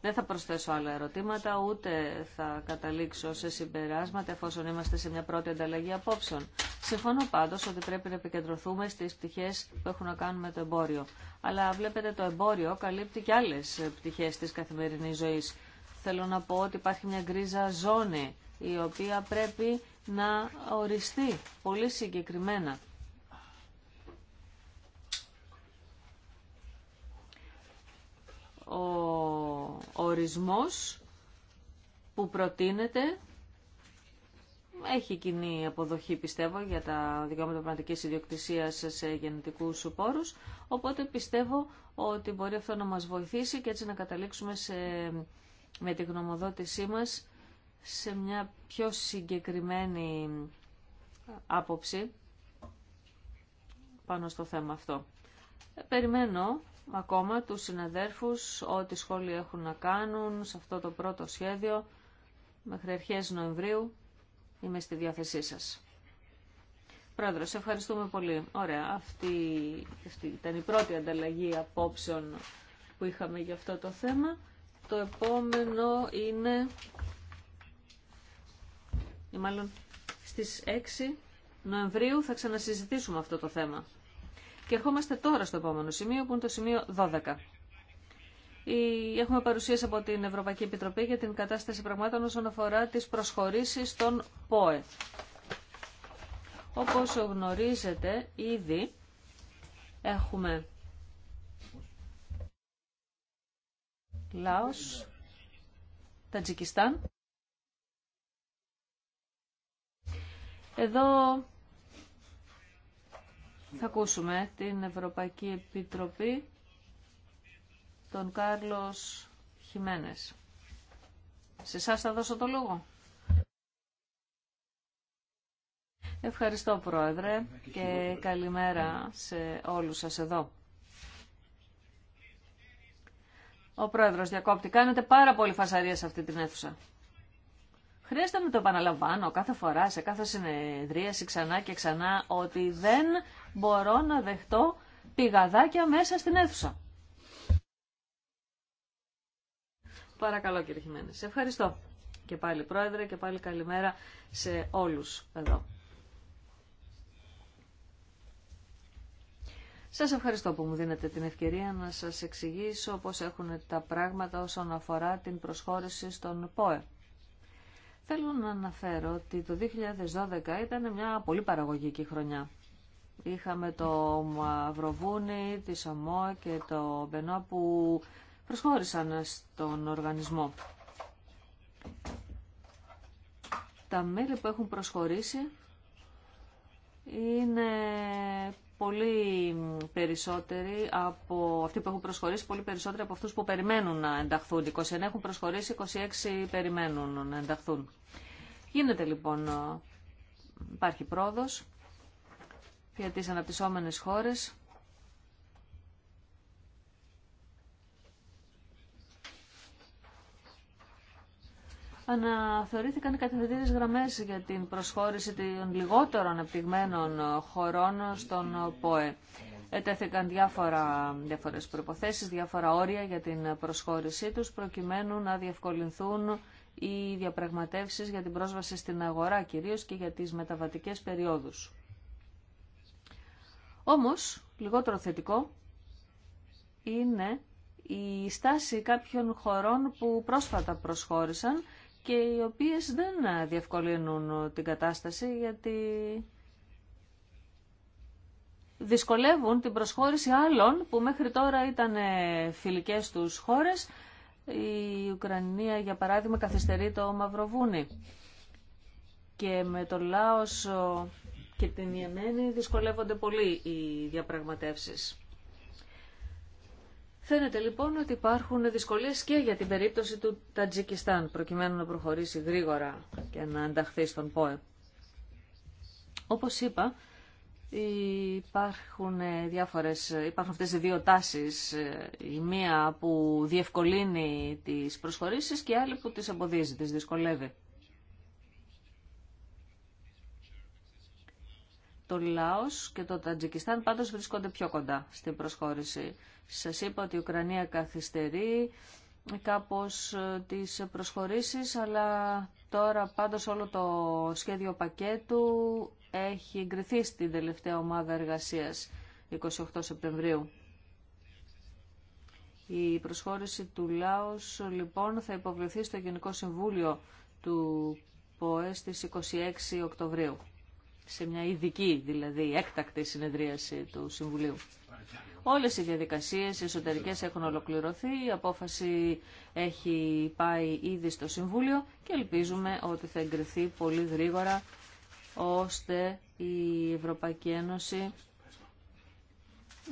S4: Δεν θα προσθέσω άλλα ερωτήματα, ούτε θα καταλήξω σε συμπεράσματα εφόσον είμαστε σε μια πρώτη ανταλλαγή απόψεων. Συμφωνώ πάντως ότι πρέπει να επικεντρωθούμε στις πτυχές που έχουν να κάνουν με το εμπόριο. Αλλά βλέπετε το εμπόριο καλύπτει και άλλες πτυχές της καθημερινής ζωής. Θέλω να πω ότι υπάρχει μια γκρίζα ζώνη η οποία πρέπει να οριστεί πολύ συγκεκριμένα. ο ορισμός που προτείνεται έχει κοινή αποδοχή πιστεύω για τα δικαιώματα πραγματικής ιδιοκτησίας σε γενετικούς πόρους, οπότε πιστεύω ότι μπορεί αυτό να μας βοηθήσει και έτσι να καταλήξουμε σε, με τη γνωμοδότησή μας σε μια πιο συγκεκριμένη άποψη πάνω στο θέμα αυτό. Ε, περιμένω ακόμα τους συναδέρφους ό,τι σχόλια έχουν να κάνουν σε αυτό το πρώτο σχέδιο μέχρι αρχές Νοεμβρίου είμαι στη διάθεσή σας. Πρόεδρος, ευχαριστούμε πολύ. Ωραία, αυτή, ήταν η πρώτη ανταλλαγή απόψεων που είχαμε για αυτό το θέμα. Το επόμενο είναι, ή στις 6 Νοεμβρίου θα ξανασυζητήσουμε αυτό το θέμα. Και ερχόμαστε τώρα στο επόμενο σημείο που είναι το σημείο 12. Έχουμε παρουσίαση από την Ευρωπαϊκή Επιτροπή για την κατάσταση πραγμάτων όσον αφορά τις προσχωρήσεις των ΠΟΕ. Όπως γνωρίζετε ήδη έχουμε Λάος, Τατζικιστάν. Εδώ θα ακούσουμε την Ευρωπαϊκή Επιτροπή, τον Κάρλος Χιμένες. Σε εσάς θα δώσω το λόγο. Ευχαριστώ Πρόεδρε και καλημέρα σε όλους σας εδώ. Ο Πρόεδρος διακόπτη. Κάνετε πάρα πολύ φασαρία σε αυτή την αίθουσα. Χρειάζεται να το επαναλαμβάνω κάθε φορά, σε κάθε συνεδρίαση ξανά και ξανά, ότι δεν μπορώ να δεχτώ πηγαδάκια μέσα στην αίθουσα. Παρακαλώ κύριε σε Ευχαριστώ και πάλι πρόεδρε και πάλι καλημέρα σε όλους εδώ. Σας ευχαριστώ που μου δίνετε την ευκαιρία να σας εξηγήσω πώς έχουν τα πράγματα όσον αφορά την προσχώρηση στον ΠΟΕ. Θέλω να αναφέρω ότι το 2012 ήταν μια πολύ παραγωγική χρονιά. Είχαμε το Μαυροβούνι, τη Σαμό και το Μπενό που προσχώρησαν στον οργανισμό. Τα μέλη που έχουν προσχωρήσει είναι πολύ περισσότεροι από αυτοί που έχουν προσχωρήσει, πολύ περισσότεροι από αυτούς που περιμένουν να ενταχθούν. 29 έχουν προσχωρήσει, 26 περιμένουν να ενταχθούν. Γίνεται λοιπόν, ε, υπάρχει πρόοδος για τις αναπτυσσόμενες χώρες. αναθεωρήθηκαν οι καθοδητήρες γραμμές για την προσχώρηση των λιγότερων αναπτυγμένων χωρών στον ΠΟΕ. Ετέθηκαν διάφορα, διάφορες προϋποθέσεις, διάφορα όρια για την προσχώρησή τους, προκειμένου να διευκολυνθούν οι διαπραγματεύσεις για την πρόσβαση στην αγορά, κυρίως και για τις μεταβατικές περιόδους. Όμως, λιγότερο θετικό είναι η στάση κάποιων χωρών που πρόσφατα προσχώρησαν και οι οποίες δεν διευκολύνουν την κατάσταση γιατί δυσκολεύουν την προσχώρηση άλλων που μέχρι τώρα ήταν φιλικές τους χώρες. Η Ουκρανία, για παράδειγμα, καθυστερεί το Μαυροβούνι. Και με το Λάος και την Ιεμένη δυσκολεύονται πολύ οι διαπραγματεύσεις. Φαίνεται λοιπόν ότι υπάρχουν δυσκολίες και για την περίπτωση του Τατζικιστάν, προκειμένου να προχωρήσει γρήγορα και να ενταχθεί στον ΠΟΕ. Όπως είπα, υπάρχουν, ε, διάφορες, υπάρχουν αυτές οι δύο τάσεις, ε, η μία που διευκολύνει τις προσχωρήσεις και η άλλη που τις εμποδίζει, τις δυσκολεύει. Το Λάος και το Τατζικιστάν πάντως βρίσκονται πιο κοντά στην προσχώρηση. Σας είπα ότι η Ουκρανία καθυστερεί κάπως ε, τις προσχωρήσεις, αλλά τώρα πάντως όλο το σχέδιο πακέτου έχει εγκριθεί στην τελευταία ομάδα εργασίας 28 Σεπτεμβρίου. Η προσχώρηση του Λάος λοιπόν θα υποβληθεί στο Γενικό Συμβούλιο του ΠΟΕΣ στις 26 Οκτωβρίου σε μια ειδική δηλαδή έκτακτη συνεδρίαση του Συμβουλίου. Όλες οι διαδικασίες εσωτερικές έχουν ολοκληρωθεί, η απόφαση έχει πάει ήδη στο Συμβούλιο και ελπίζουμε ότι θα εγκριθεί πολύ γρήγορα ώστε η Ευρωπαϊκή Ένωση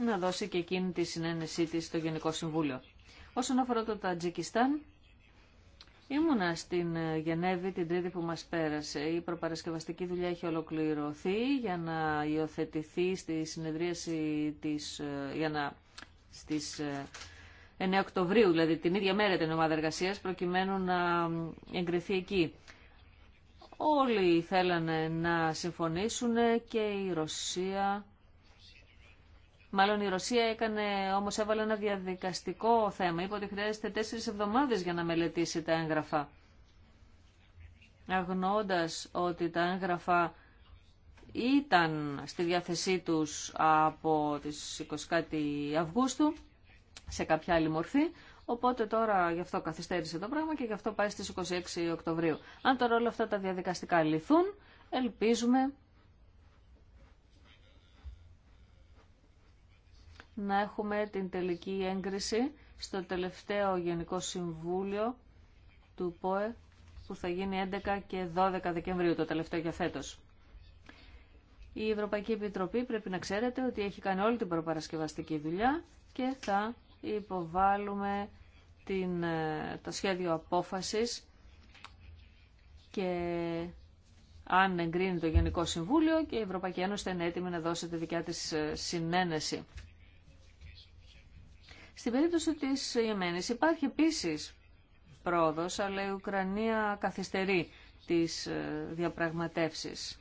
S4: να δώσει και εκείνη τη συνένεσή της στο Γενικό Συμβούλιο. Όσον αφορά το Τατζικιστάν, Ήμουνα στην ε, Γενέβη την τρίτη που μας πέρασε. Η προπαρασκευαστική δουλειά έχει ολοκληρωθεί για να υιοθετηθεί στη συνεδρίαση της, ε, για να, στις 9 ε, Οκτωβρίου, δηλαδή την ίδια μέρα την ομάδα εργασίας, προκειμένου να εγκριθεί εκεί. Όλοι θέλανε να συμφωνήσουν και η Ρωσία Μάλλον η Ρωσία έκανε, όμως έβαλε ένα διαδικαστικό θέμα. Είπε ότι χρειάζεται τέσσερις εβδομάδες για να μελετήσει τα έγγραφα. Αγνώντα ότι τα έγγραφα ήταν στη διάθεσή τους από τις 20 Αυγούστου σε κάποια άλλη μορφή, Οπότε τώρα γι' αυτό καθυστέρησε το πράγμα και γι' αυτό πάει στις 26 Οκτωβρίου. Αν τώρα όλα αυτά τα διαδικαστικά λυθούν, ελπίζουμε να έχουμε την τελική έγκριση στο τελευταίο Γενικό Συμβούλιο του ΠΟΕ που θα γίνει 11 και 12 Δεκεμβρίου το τελευταίο για φέτος. Η Ευρωπαϊκή Επιτροπή πρέπει να ξέρετε ότι έχει κάνει όλη την προπαρασκευαστική δουλειά και θα υποβάλουμε την, ε, το σχέδιο απόφασης και αν εγκρίνει το Γενικό Συμβούλιο και η Ευρωπαϊκή Ένωση θα είναι έτοιμη να δώσει τη δικιά της ε, συνένεση. Στην περίπτωση της Ιεμένης υπάρχει επίσης πρόοδος, αλλά η Ουκρανία καθυστερεί τις ε, διαπραγματεύσεις.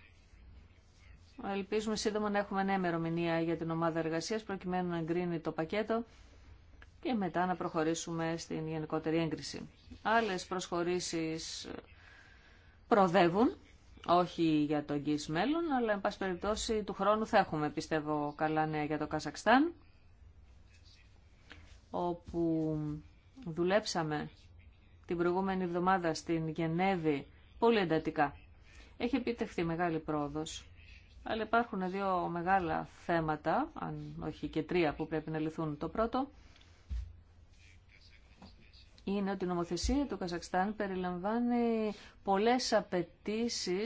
S4: Ελπίζουμε σύντομα να έχουμε νέα ημερομηνία για την ομάδα εργασίας προκειμένου να εγκρίνει το πακέτο και μετά να προχωρήσουμε στην γενικότερη έγκριση. Άλλες προσχωρήσεις ε, προοδεύουν, όχι για το εγγύης μέλλον, αλλά εν πάση περιπτώσει του χρόνου θα έχουμε πιστεύω καλά νέα για το Καζακστάν όπου δουλέψαμε την προηγούμενη εβδομάδα στην Γενέβη πολύ εντατικά. Έχει επιτευχθεί μεγάλη πρόοδος, αλλά υπάρχουν δύο μεγάλα θέματα, αν όχι και τρία που πρέπει να λυθούν. Το πρώτο είναι ότι η νομοθεσία του Καζακστάν περιλαμβάνει πολλές απαιτήσει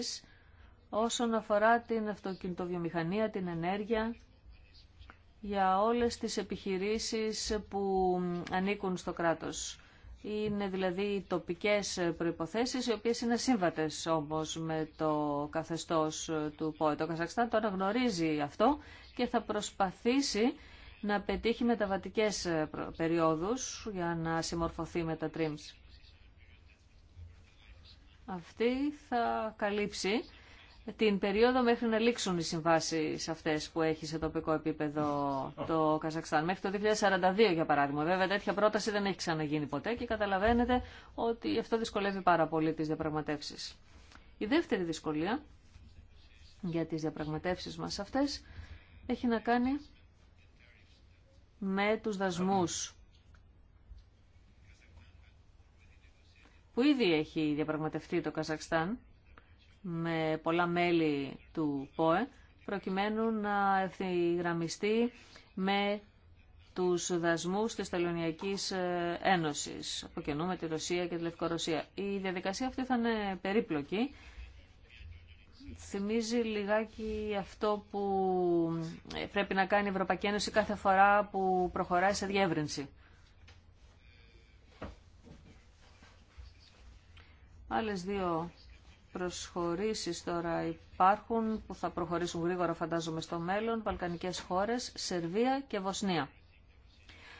S4: όσον αφορά την αυτοκινητοβιομηχανία, την ενέργεια για όλες τις επιχειρήσεις που ανήκουν στο κράτος. Είναι δηλαδή τοπικές προϋποθέσεις οι οποίες είναι σύμβατες όμως με το καθεστώς του ΠΟΕ. Το Καζακστάν το αναγνωρίζει αυτό και θα προσπαθήσει να πετύχει μεταβατικές περιόδους για να συμμορφωθεί με τα TRIMS. Αυτή θα καλύψει την περίοδο μέχρι να λήξουν οι συμβάσεις αυτές που έχει σε τοπικό επίπεδο το Καζακστάν. Μέχρι το 2042 για παράδειγμα. Βέβαια τέτοια πρόταση δεν έχει ξαναγίνει ποτέ και καταλαβαίνετε ότι αυτό δυσκολεύει πάρα πολύ τι διαπραγματεύσει. Η δεύτερη δυσκολία για τις διαπραγματεύσεις μας αυτές έχει να κάνει με τους δασμούς που ήδη έχει διαπραγματευτεί το Καζακστάν με πολλά μέλη του ΠΟΕ προκειμένου να ευθυγραμμιστεί με τους δασμούς της Τελωνιακής ε, Ένωσης, από με τη Ρωσία και τη Λευκορωσία. Η διαδικασία αυτή θα είναι περίπλοκη. Θυμίζει λιγάκι αυτό που ε, πρέπει να κάνει η Ευρωπαϊκή Ένωση κάθε φορά που προχωράει σε διεύρυνση. Άλλες δύο προσχωρήσεις τώρα υπάρχουν που θα προχωρήσουν γρήγορα φαντάζομαι στο μέλλον, Βαλκανικές χώρες, Σερβία και Βοσνία.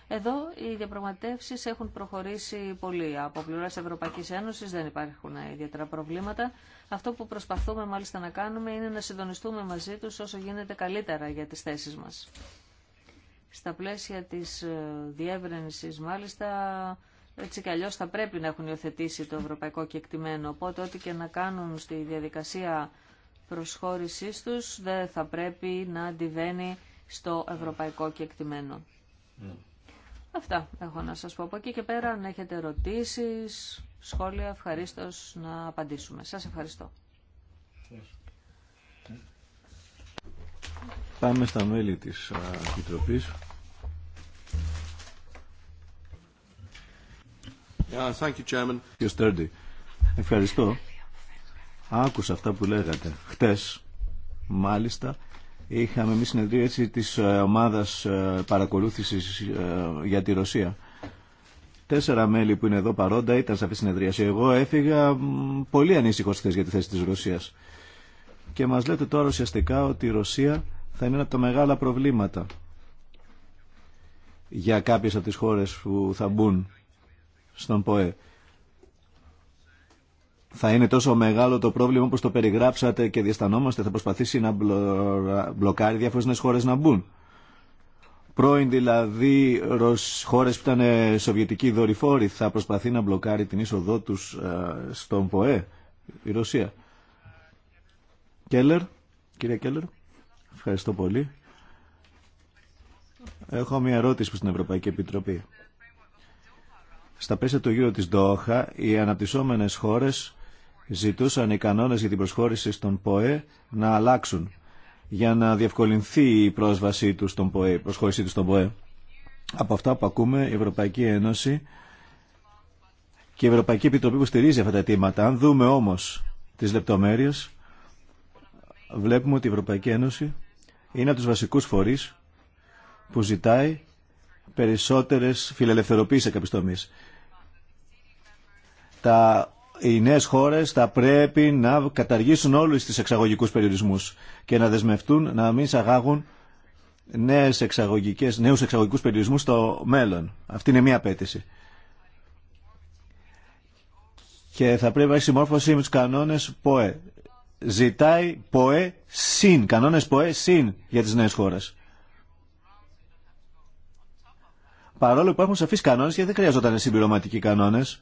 S4: Εδώ οι διαπραγματεύσεις έχουν προχωρήσει πολύ. Από πλευρά Ευρωπαϊκής Ένωσης δεν υπάρχουν ιδιαίτερα προβλήματα. Αυτό που προσπαθούμε μάλιστα να κάνουμε είναι να συντονιστούμε μαζί τους όσο γίνεται καλύτερα για τις θέσεις μας. Στα πλαίσια της διεύρυνσης μάλιστα έτσι κι αλλιώς θα πρέπει να έχουν υιοθετήσει το ευρωπαϊκό κεκτημένο. Οπότε ό,τι και να κάνουν στη διαδικασία προσχώρησής τους δεν θα πρέπει να αντιβαίνει στο ευρωπαϊκό κεκτημένο. Ναι. Αυτά έχω να σας πω. Από εκεί και πέρα αν έχετε ερωτήσεις, σχόλια, ευχαριστώ να απαντήσουμε. Σας ευχαριστώ.
S2: Πάμε στα μέλη της Επιτροπής. Ευχαριστώ. Άκουσα αυτά που λέγατε. Χτες, μάλιστα, είχαμε μια συνεδρίαση της ε, ομάδας ε, παρακολούθησης ε, για τη Ρωσία. Τέσσερα μέλη που είναι εδώ παρόντα ήταν σε αυτή τη συνεδρίαση. Εγώ έφυγα πολύ ανήσυχο χθε για τη θέση της Ρωσίας. Και μας λέτε τώρα ουσιαστικά ότι η Ρωσία θα είναι ένα από τα μεγάλα προβλήματα για κάποιες από τις χώρες που θα μπουν στον ΠΟΕ. Θα είναι τόσο μεγάλο το πρόβλημα όπως το περιγράψατε και διαστανόμαστε. θα προσπαθήσει να μπλοκάρει διάφορες χώρες να μπουν. Πρώην δηλαδή χώρες που ήταν ε, σοβιετικοί δορυφόροι θα προσπαθεί να μπλοκάρει την είσοδό τους ε, στον ΠΟΕ, η Ρωσία. Κέλλερ, κύριε Κέλλερ, ευχαριστώ πολύ. Έχω μια ερώτηση προς την Ευρωπαϊκή Επιτροπή. Στα πλαίσια του γύρου της Ντόχα, οι αναπτυσσόμενες χώρες ζητούσαν οι κανόνες για την προσχώρηση στον ΠΟΕ να αλλάξουν για να διευκολυνθεί η πρόσβασή του στον ΠΟΕ, η προσχώρησή του στον ΠΟΕ. Από αυτά που ακούμε, η Ευρωπαϊκή Ένωση και η Ευρωπαϊκή Επιτροπή που στηρίζει αυτά τα αιτήματα. Αν δούμε όμως τις λεπτομέρειες, βλέπουμε ότι η Ευρωπαϊκή Ένωση είναι από τους βασικούς φορείς που ζητάει περισσότερες φιλελευθεροποίησεις εκαπιστομής τα, οι νέε χώρε θα πρέπει να καταργήσουν όλου του εξαγωγικού περιορισμού και να δεσμευτούν να μην εισαγάγουν νέες εξαγωγικές, νέους εξαγωγικούς περιορισμούς στο μέλλον. Αυτή είναι μία απέτηση. Και θα πρέπει να έχει συμμόρφωση με τους κανόνες ΠΟΕ. Ζητάει ΠΟΕ συν, κανόνες ΠΟΕ συν για τις νέες χώρες. Παρόλο που υπάρχουν σαφείς κανόνες γιατί δεν χρειαζόταν συμπληρωματικοί κανόνες,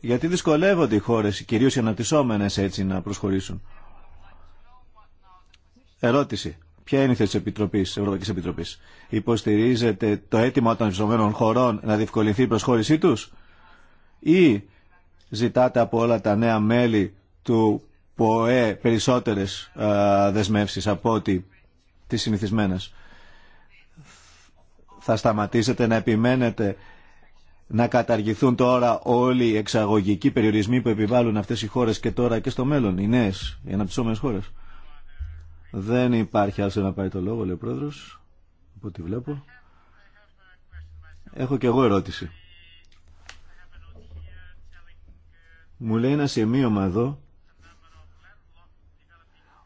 S2: γιατί δυσκολεύονται οι χώρες, κυρίως οι αναπτυσσόμενες έτσι να προσχωρήσουν. Ερώτηση. Ποια είναι η θέση της Επιτροπής, Ευρωπαϊκής Επιτροπής. Υποστηρίζεται το αίτημα των αναπτυσσόμενων χωρών να διευκολυνθεί η προσχώρησή τους ή ζητάτε από όλα τα νέα μέλη του ΠΟΕ περισσότερες α, δεσμεύσεις από ό,τι τις συνηθισμένες. Θα σταματήσετε να επιμένετε να καταργηθούν τώρα όλοι οι εξαγωγικοί περιορισμοί που επιβάλλουν αυτές οι χώρες και τώρα και στο μέλλον, οι νέες, οι αναπτυσσόμενες χώρες. Δεν υπάρχει άλλο να πάει το λόγο, λέει ο πρόεδρος, από ό,τι βλέπω. Έχω και εγώ ερώτηση. Μου λέει ένα σημείωμα εδώ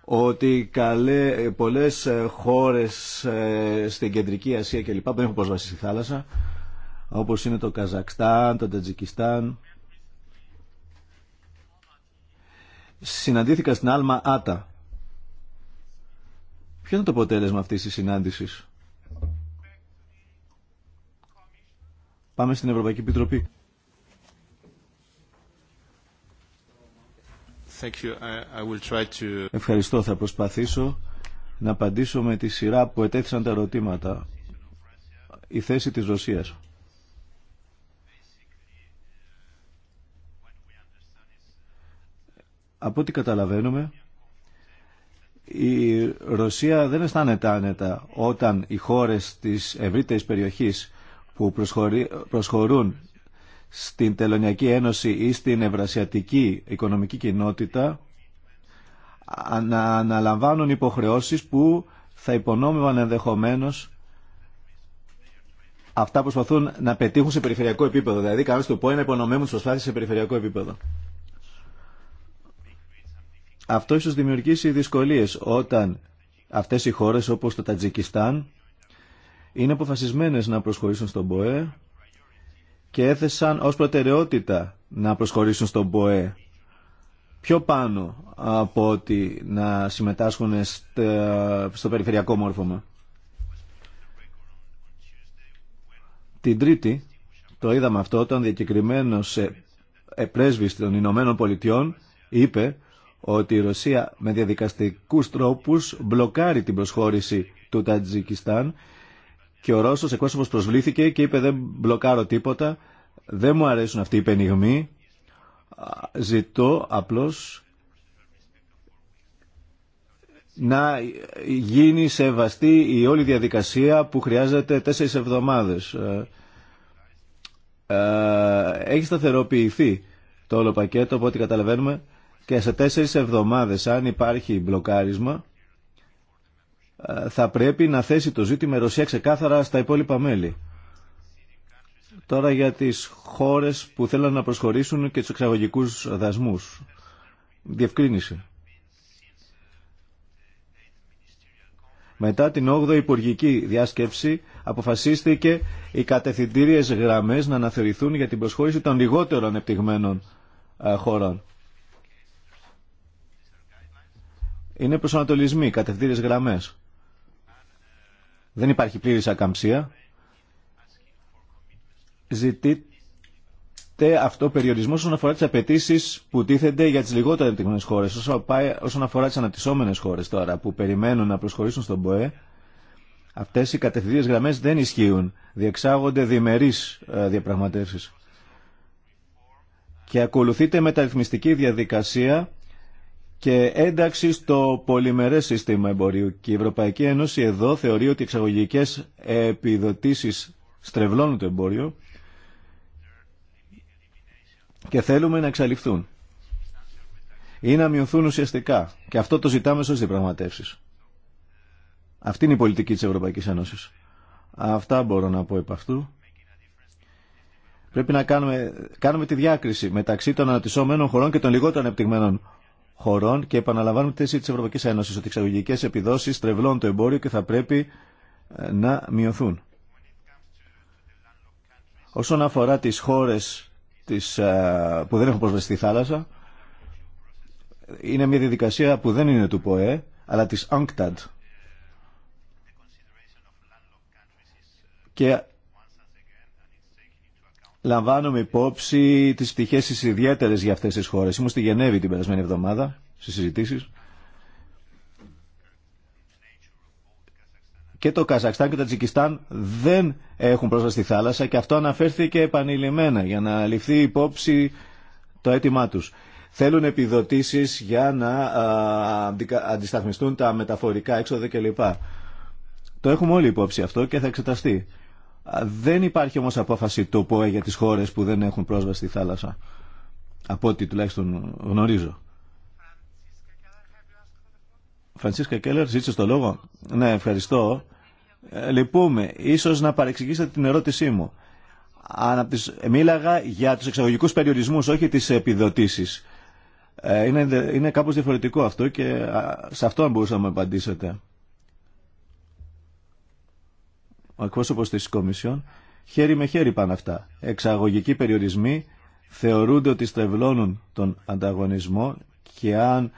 S2: ότι καλέ, πολλές ε, χώρες ε, στην Κεντρική Ασία και λοιπά που δεν έχουν προσβαση στη θάλασσα όπως είναι το Καζακστάν, το Τατζικιστάν. Συναντήθηκα στην Άλμα Άτα. Ποιο είναι το αποτέλεσμα αυτής της συνάντησης. Πάμε στην Ευρωπαϊκή Επιτροπή.
S1: Thank you. I
S2: Ευχαριστώ. Θα προσπαθήσω να απαντήσω με τη σειρά που ετέθησαν τα ερωτήματα. Η θέση της Ρωσίας. Από ό,τι καταλαβαίνουμε, η Ρωσία δεν αισθάνεται άνετα όταν οι χώρες της ευρύτερης περιοχής που προσχωρούν στην Τελωνιακή Ένωση ή στην Ευρασιατική Οικονομική Κοινότητα να αναλαμβάνουν υποχρεώσεις που θα υπονόμευαν ενδεχομένως αυτά που προσπαθούν να πετύχουν σε περιφερειακό επίπεδο. Δηλαδή, κανένα το πω, είναι υπονομεύουν τι σε περιφερειακό επίπεδο. Αυτό ίσως δημιουργήσει δυσκολίες όταν αυτές οι χώρες όπως το Τατζικιστάν είναι αποφασισμένες να προσχωρήσουν στον ΠΟΕ και έθεσαν ως προτεραιότητα να προσχωρήσουν στον ΠΟΕ πιο πάνω από ότι να συμμετάσχουν στο περιφερειακό μόρφωμα. Την Τρίτη το είδαμε αυτό όταν διακεκριμένος ε, ε, πρέσβης των Ηνωμένων Πολιτειών είπε ότι η Ρωσία με διαδικαστικούς τρόπους μπλοκάρει την προσχώρηση του Τατζικιστάν και ο Ρώσος εκπρόσωπος προσβλήθηκε και είπε δεν μπλοκάρω τίποτα, δεν μου αρέσουν αυτοί οι πενιγμοί, ζητώ απλώς να γίνει σεβαστή η όλη διαδικασία που χρειάζεται τέσσερις εβδομάδες. Ε, ε, έχει σταθεροποιηθεί το όλο πακέτο από ό,τι καταλαβαίνουμε και σε τέσσερις εβδομάδες αν υπάρχει μπλοκάρισμα θα πρέπει να θέσει το ζήτημα η Ρωσία ξεκάθαρα στα υπόλοιπα μέλη. Τώρα για τις χώρες που θέλουν να προσχωρήσουν και τους εξαγωγικούς δασμούς. Διευκρίνηση. Μετά την 8η Υπουργική Διάσκεψη αποφασίστηκε οι κατευθυντήριες γραμμές να αναθεωρηθούν για την προσχώρηση των λιγότερων επιτυγμένων χωρών. είναι προσανατολισμοί, κατευθύνες γραμμές. Δεν υπάρχει πλήρης ακαμψία. Ζητείται αυτό περιορισμό όσον αφορά τις απαιτήσει που τίθενται για τις λιγότερο ανεπτυγμένε χώρε. Όσον αφορά τις αναπτυσσόμενες χώρες τώρα που περιμένουν να προσχωρήσουν στον ΠΟΕ, αυτές οι κατευθυντές γραμμές δεν ισχύουν. Διεξάγονται διμερείς ε, διαπραγματεύσεις. Και ακολουθείται μεταρρυθμιστική διαδικασία και ένταξη στο πολυμερές σύστημα εμπορίου. Και η Ευρωπαϊκή Ένωση εδώ θεωρεί ότι οι εξαγωγικές επιδοτήσεις στρεβλώνουν το εμπόριο και θέλουμε να εξαλειφθούν ή να μειωθούν ουσιαστικά. Και αυτό το ζητάμε στις διαπραγματεύσεις. Αυτή είναι η να μειωθουν ουσιαστικα και αυτο το ζηταμε στι διαπραγματευσει αυτη ειναι η πολιτικη της Ευρωπαϊκής Ένωσης. Αυτά μπορώ να πω επ' αυτού. Πρέπει να κάνουμε, κάνουμε τη διάκριση μεταξύ των αναπτυσσόμενων χωρών και των λιγότερο ανεπτυγμένων χωρών και επαναλαμβάνουν τη θέση τη Ευρωπαϊκή Ένωση ότι οι εξαγωγικέ επιδόσει τρευλώνουν το εμπόριο και θα πρέπει ε, να μειωθούν. Όσον αφορά τις χώρες ε, που δεν έχουν πρόσβαση στη θάλασσα, είναι μια διαδικασία που δεν είναι του ΠΟΕ, αλλά της UNCTAD. Και λαμβάνουμε υπόψη τις πτυχές τις ιδιαίτερες για αυτές τις χώρες. Ήμουν στη Γενέβη την περασμένη εβδομάδα, στι συζητήσεις. Και το Καζακστάν και το Τζικιστάν δεν έχουν πρόσβαση στη θάλασσα και αυτό αναφέρθηκε επανειλημμένα για να ληφθεί υπόψη το αίτημά τους. Θέλουν επιδοτήσεις για να αντισταθμιστούν τα μεταφορικά έξοδα κλπ. Το έχουμε όλοι υπόψη αυτό και θα εξεταστεί. Δεν υπάρχει όμως απόφαση το ΠΟΕ για τις χώρες που δεν έχουν πρόσβαση στη θάλασσα. Από ό,τι τουλάχιστον γνωρίζω. Φρανσίσκα Κέλλερ, ζήτησε το λόγο. Ναι, ευχαριστώ. Ε, λυπούμε. Ίσως να παρεξηγήσετε την ερώτησή μου. Ε, μίλαγα για τους εξαγωγικούς περιορισμούς, όχι τις επιδοτήσεις. Ε, είναι, είναι κάπως διαφορετικό αυτό και σε αυτό αν μπορούσαμε να απαντήσετε ο εκπρόσωπο της Κομισιόν, χέρι με χέρι πάνε αυτά. Εξαγωγικοί περιορισμοί θεωρούνται ότι στρεβλώνουν τον ανταγωνισμό και αν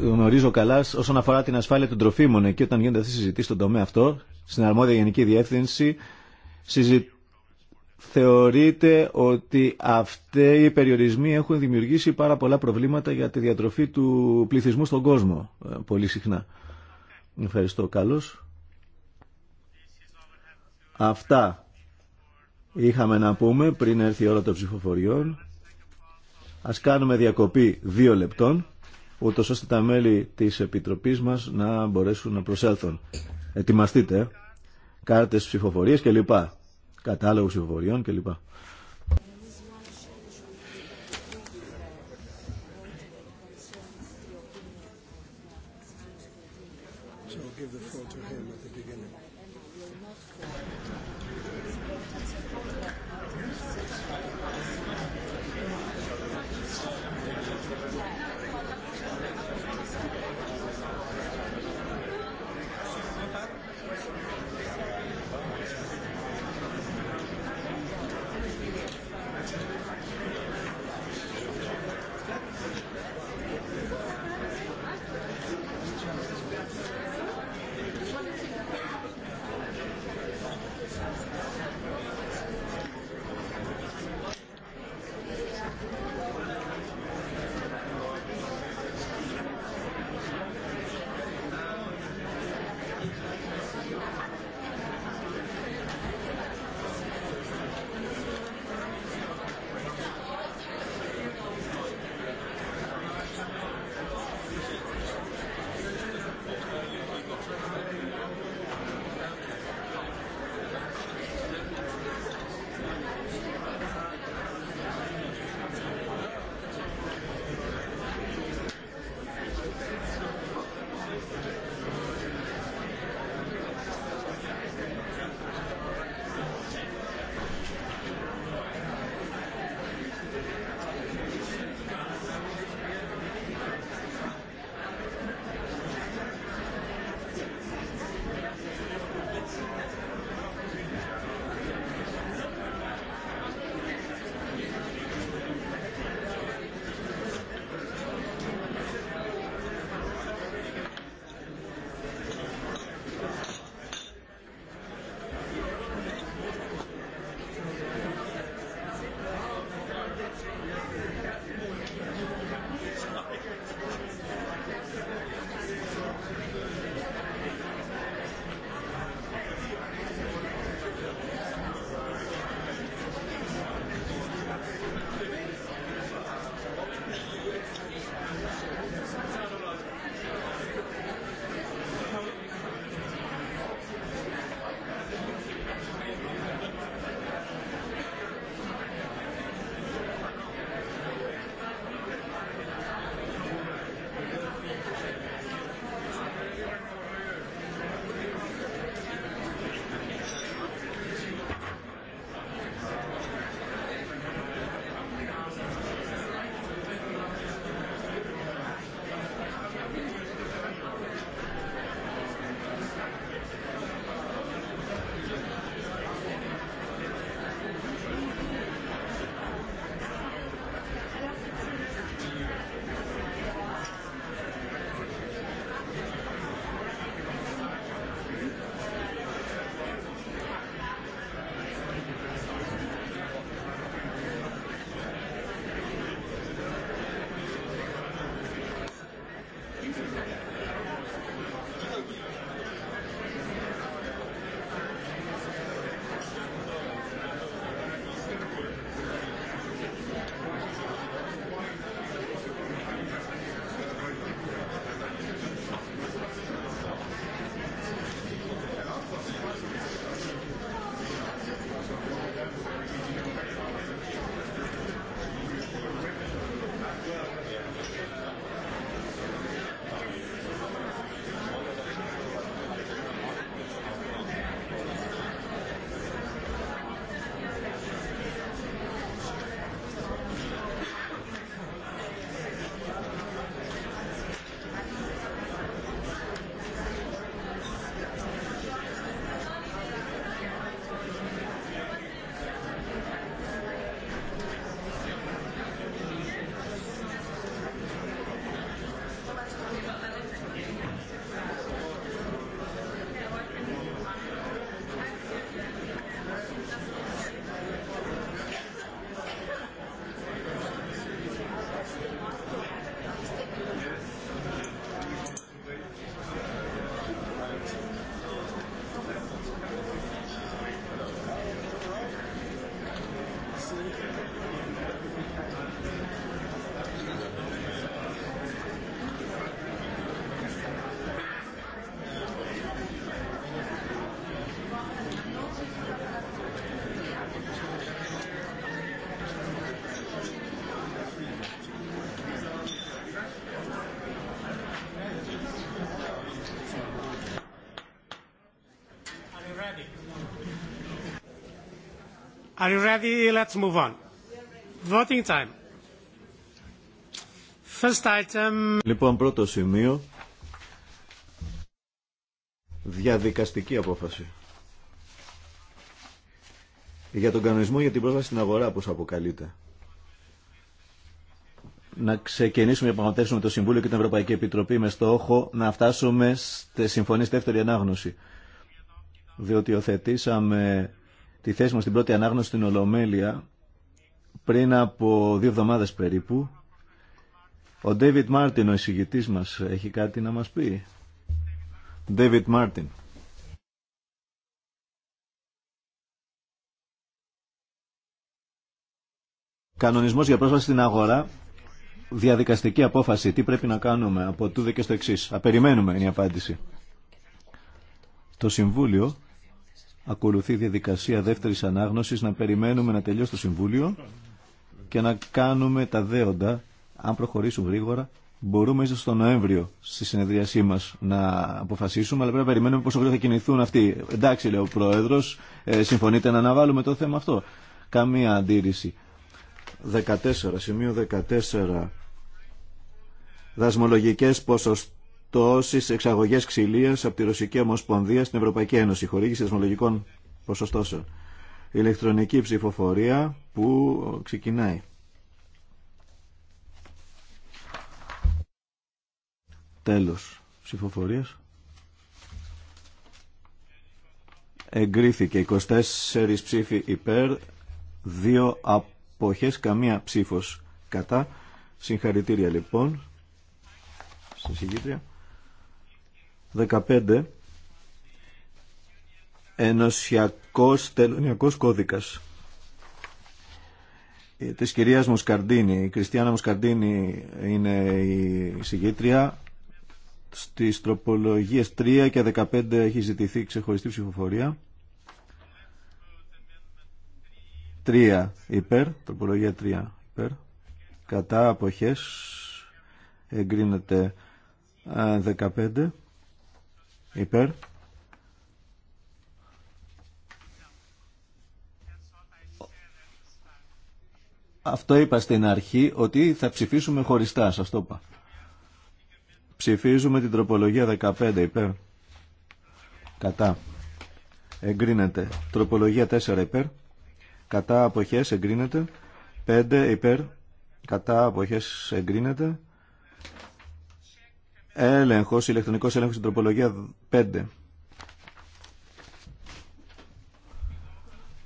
S2: γνωρίζω καλά όσον αφορά την ασφάλεια των τροφίμων και όταν γίνεται αυτή η συζητήση στον τομέα αυτό, στην αρμόδια γενική διεύθυνση, θεωρείται ότι αυτοί οι περιορισμοί έχουν δημιουργήσει πάρα πολλά προβλήματα για τη διατροφή του πληθυσμού στον κόσμο ε, πολύ συχνά. Ευχαριστώ. Καλώς. Αυτά είχαμε να πούμε πριν έρθει η ώρα των ψηφοφοριών. Ας κάνουμε διακοπή δύο λεπτών, ούτως ώστε τα μέλη της Επιτροπής μας να μπορέσουν να προσέλθουν. Ετοιμαστείτε, ε. κάρτες ψηφοφορίες κλπ. Κατάλογο ψηφοφοριών κλπ.
S1: Are Let's move on. Voting time. First item...
S2: Λοιπόν, πρώτο σημείο. Διαδικαστική απόφαση. Για τον κανονισμό για την πρόσβαση στην αγορά, όπως αποκαλείται. Να ξεκινήσουμε να πραγματεύσουμε το Συμβούλιο και την Ευρωπαϊκή Επιτροπή με στόχο να φτάσουμε στη συμφωνία στη δεύτερη ανάγνωση. Διότι οθετήσαμε τη θέση μας στην πρώτη ανάγνωση στην Ολομέλεια πριν από δύο εβδομάδες περίπου. Ο David Μάρτιν, ο εισηγητής μας, έχει κάτι να μας πει. David Μάρτιν. Κανονισμός για πρόσβαση στην αγορά. Διαδικαστική απόφαση. Τι πρέπει να κάνουμε από τούδε και στο εξή. Απεριμένουμε είναι η απάντηση. Το Συμβούλιο ακολουθεί διαδικασία δεύτερης ανάγνωσης, να περιμένουμε να τελειώσει το Συμβούλιο και να κάνουμε τα δέοντα, αν προχωρήσουν γρήγορα, μπορούμε ίσως τον Νοέμβριο στη συνεδρίασή μας να αποφασίσουμε, αλλά πρέπει να περιμένουμε πόσο γρήγορα θα κινηθούν αυτοί. Εντάξει, λέει ο Πρόεδρος, ε, συμφωνείτε να αναβάλουμε το θέμα αυτό. Καμία αντίρρηση. 14, σημείο 14. Δασμολογικές ποσοστές περιπτώσει εξαγωγέ ξυλία από τη Ρωσική Ομοσπονδία στην Ευρωπαϊκή Ένωση, χορήγηση δεσμολογικών ποσοστώσεων. Ηλεκτρονική ψηφοφορία που ξεκινάει. Τέλος ψηφοφορίας. Εγκρίθηκε 24 ψήφοι υπέρ, 2 αποχές, καμία ψήφος κατά. Συγχαρητήρια λοιπόν. στη συγκήτρια. 15 ενωσιακός τελωνιακός κώδικας ε, της κυρίας Μοσκαρντίνη. Η Κριστιανά Μοσκαρντίνη είναι η συγκήτρια. Στις τροπολογίες 3 και 15 έχει ζητηθεί ξεχωριστή ψηφοφορία. 3 υπέρ, τροπολογία 3 υπέρ. Κατά αποχές εγκρίνεται 15 υπέρ. Αυτό είπα στην αρχή ότι θα ψηφίσουμε χωριστά, σας το είπα. Ψηφίζουμε την τροπολογία 15 υπέρ. Κατά. Εγκρίνεται. Τροπολογία 4 υπέρ. Κατά αποχές εγκρίνεται. 5 υπέρ. Κατά αποχές εγκρίνεται. Έλεγχο ηλεκτρονικός έλεγχος στην τροπολογία 5.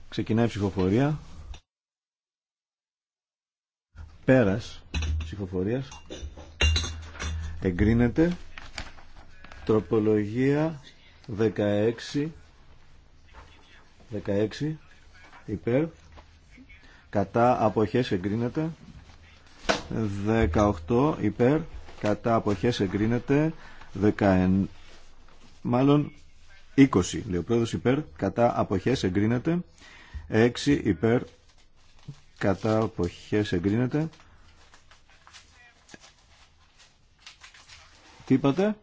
S2: Ξεκινάει η ψηφοφορία. Πέρας ψηφοφορία. Εγκρίνεται. Τροπολογία 16. 16. Υπέρ. Κατά αποχές εγκρίνεται. 18. Υπέρ κατά αποχές εγκρίνεται 19 μάλλον 20 λέει ο πρόεδρος υπέρ κατά αποχές εγκρίνεται 6 υπέρ κατά αποχές εγκρίνεται τι είπατε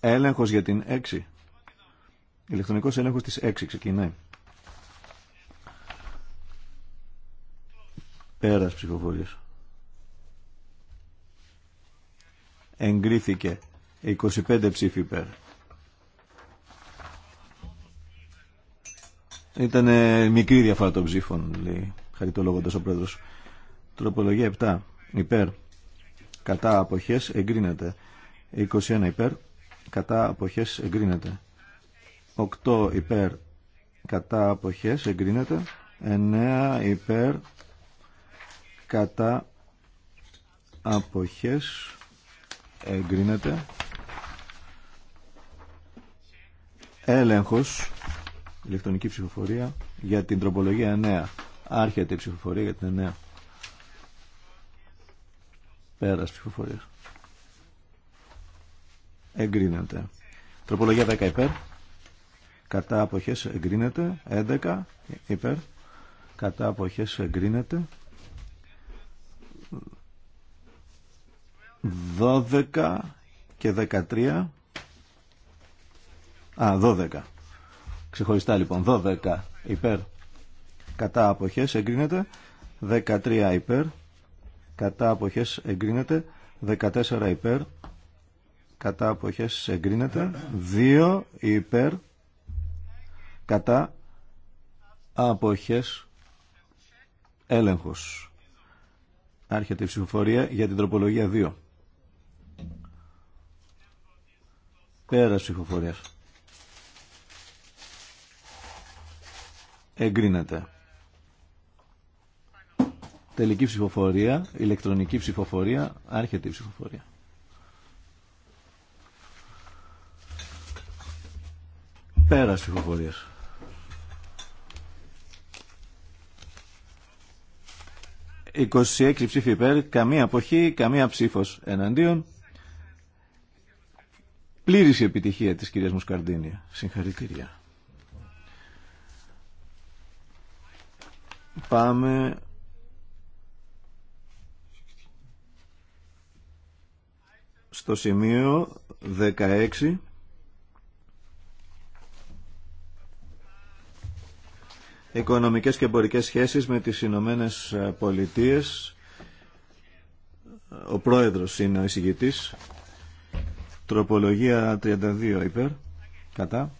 S2: έλεγχος για την 6 ηλεκτρονικός έλεγχος της 6 ξεκινάει πέρας ψηφοφορίας εγκρίθηκε 25 ψήφοι υπέρ. Ήταν ε, μικρή διαφορά των ψήφων, λέει χαριτολογώντας ο πρόεδρος. Τροπολογία 7 υπέρ. Κατά αποχές εγκρίνεται. 21 υπέρ. Κατά αποχές εγκρίνεται. 8 υπέρ. Κατά αποχές εγκρίνεται. 9 υπέρ. Κατά αποχές εγκρίνεται έλεγχος ηλεκτρονική ψηφοφορία για την τροπολογία 9 άρχεται η ψηφοφορία για την 9 πέρας ψηφοφορία. εγκρίνεται τροπολογία 10 υπέρ κατά αποχές εγκρίνεται 11 υπέρ κατά αποχές εγκρίνεται 12 και 13. Α, 12. Ξεχωριστά λοιπόν. 12 υπέρ κατά αποχές εγκρίνεται. 13 υπέρ κατά αποχές εγκρίνεται. 14 υπέρ κατά αποχές εγκρίνεται. 2 υπέρ κατά αποχές έλεγχος. Άρχεται η ψηφοφορία για την τροπολογία 2. Πέρας ψηφοφορίας. Εγκρίνεται. Τελική ψηφοφορία, ηλεκτρονική ψηφοφορία, άρχεται η ψηφοφορία. Πέρας ψηφοφορίας. «26 ψήφοι υπέρ, καμία αποχή, καμία ψήφος εναντίον» πλήρης η επιτυχία της κυρίας Μουσκαρντίνη. Συγχαρητήρια. Πάμε... Στο σημείο 16 Οικονομικές και εμπορικές σχέσεις με τις Ηνωμένε Πολιτείες Ο πρόεδρος είναι ο εισηγητής Τροπολογία 32 υπέρ. Κατά.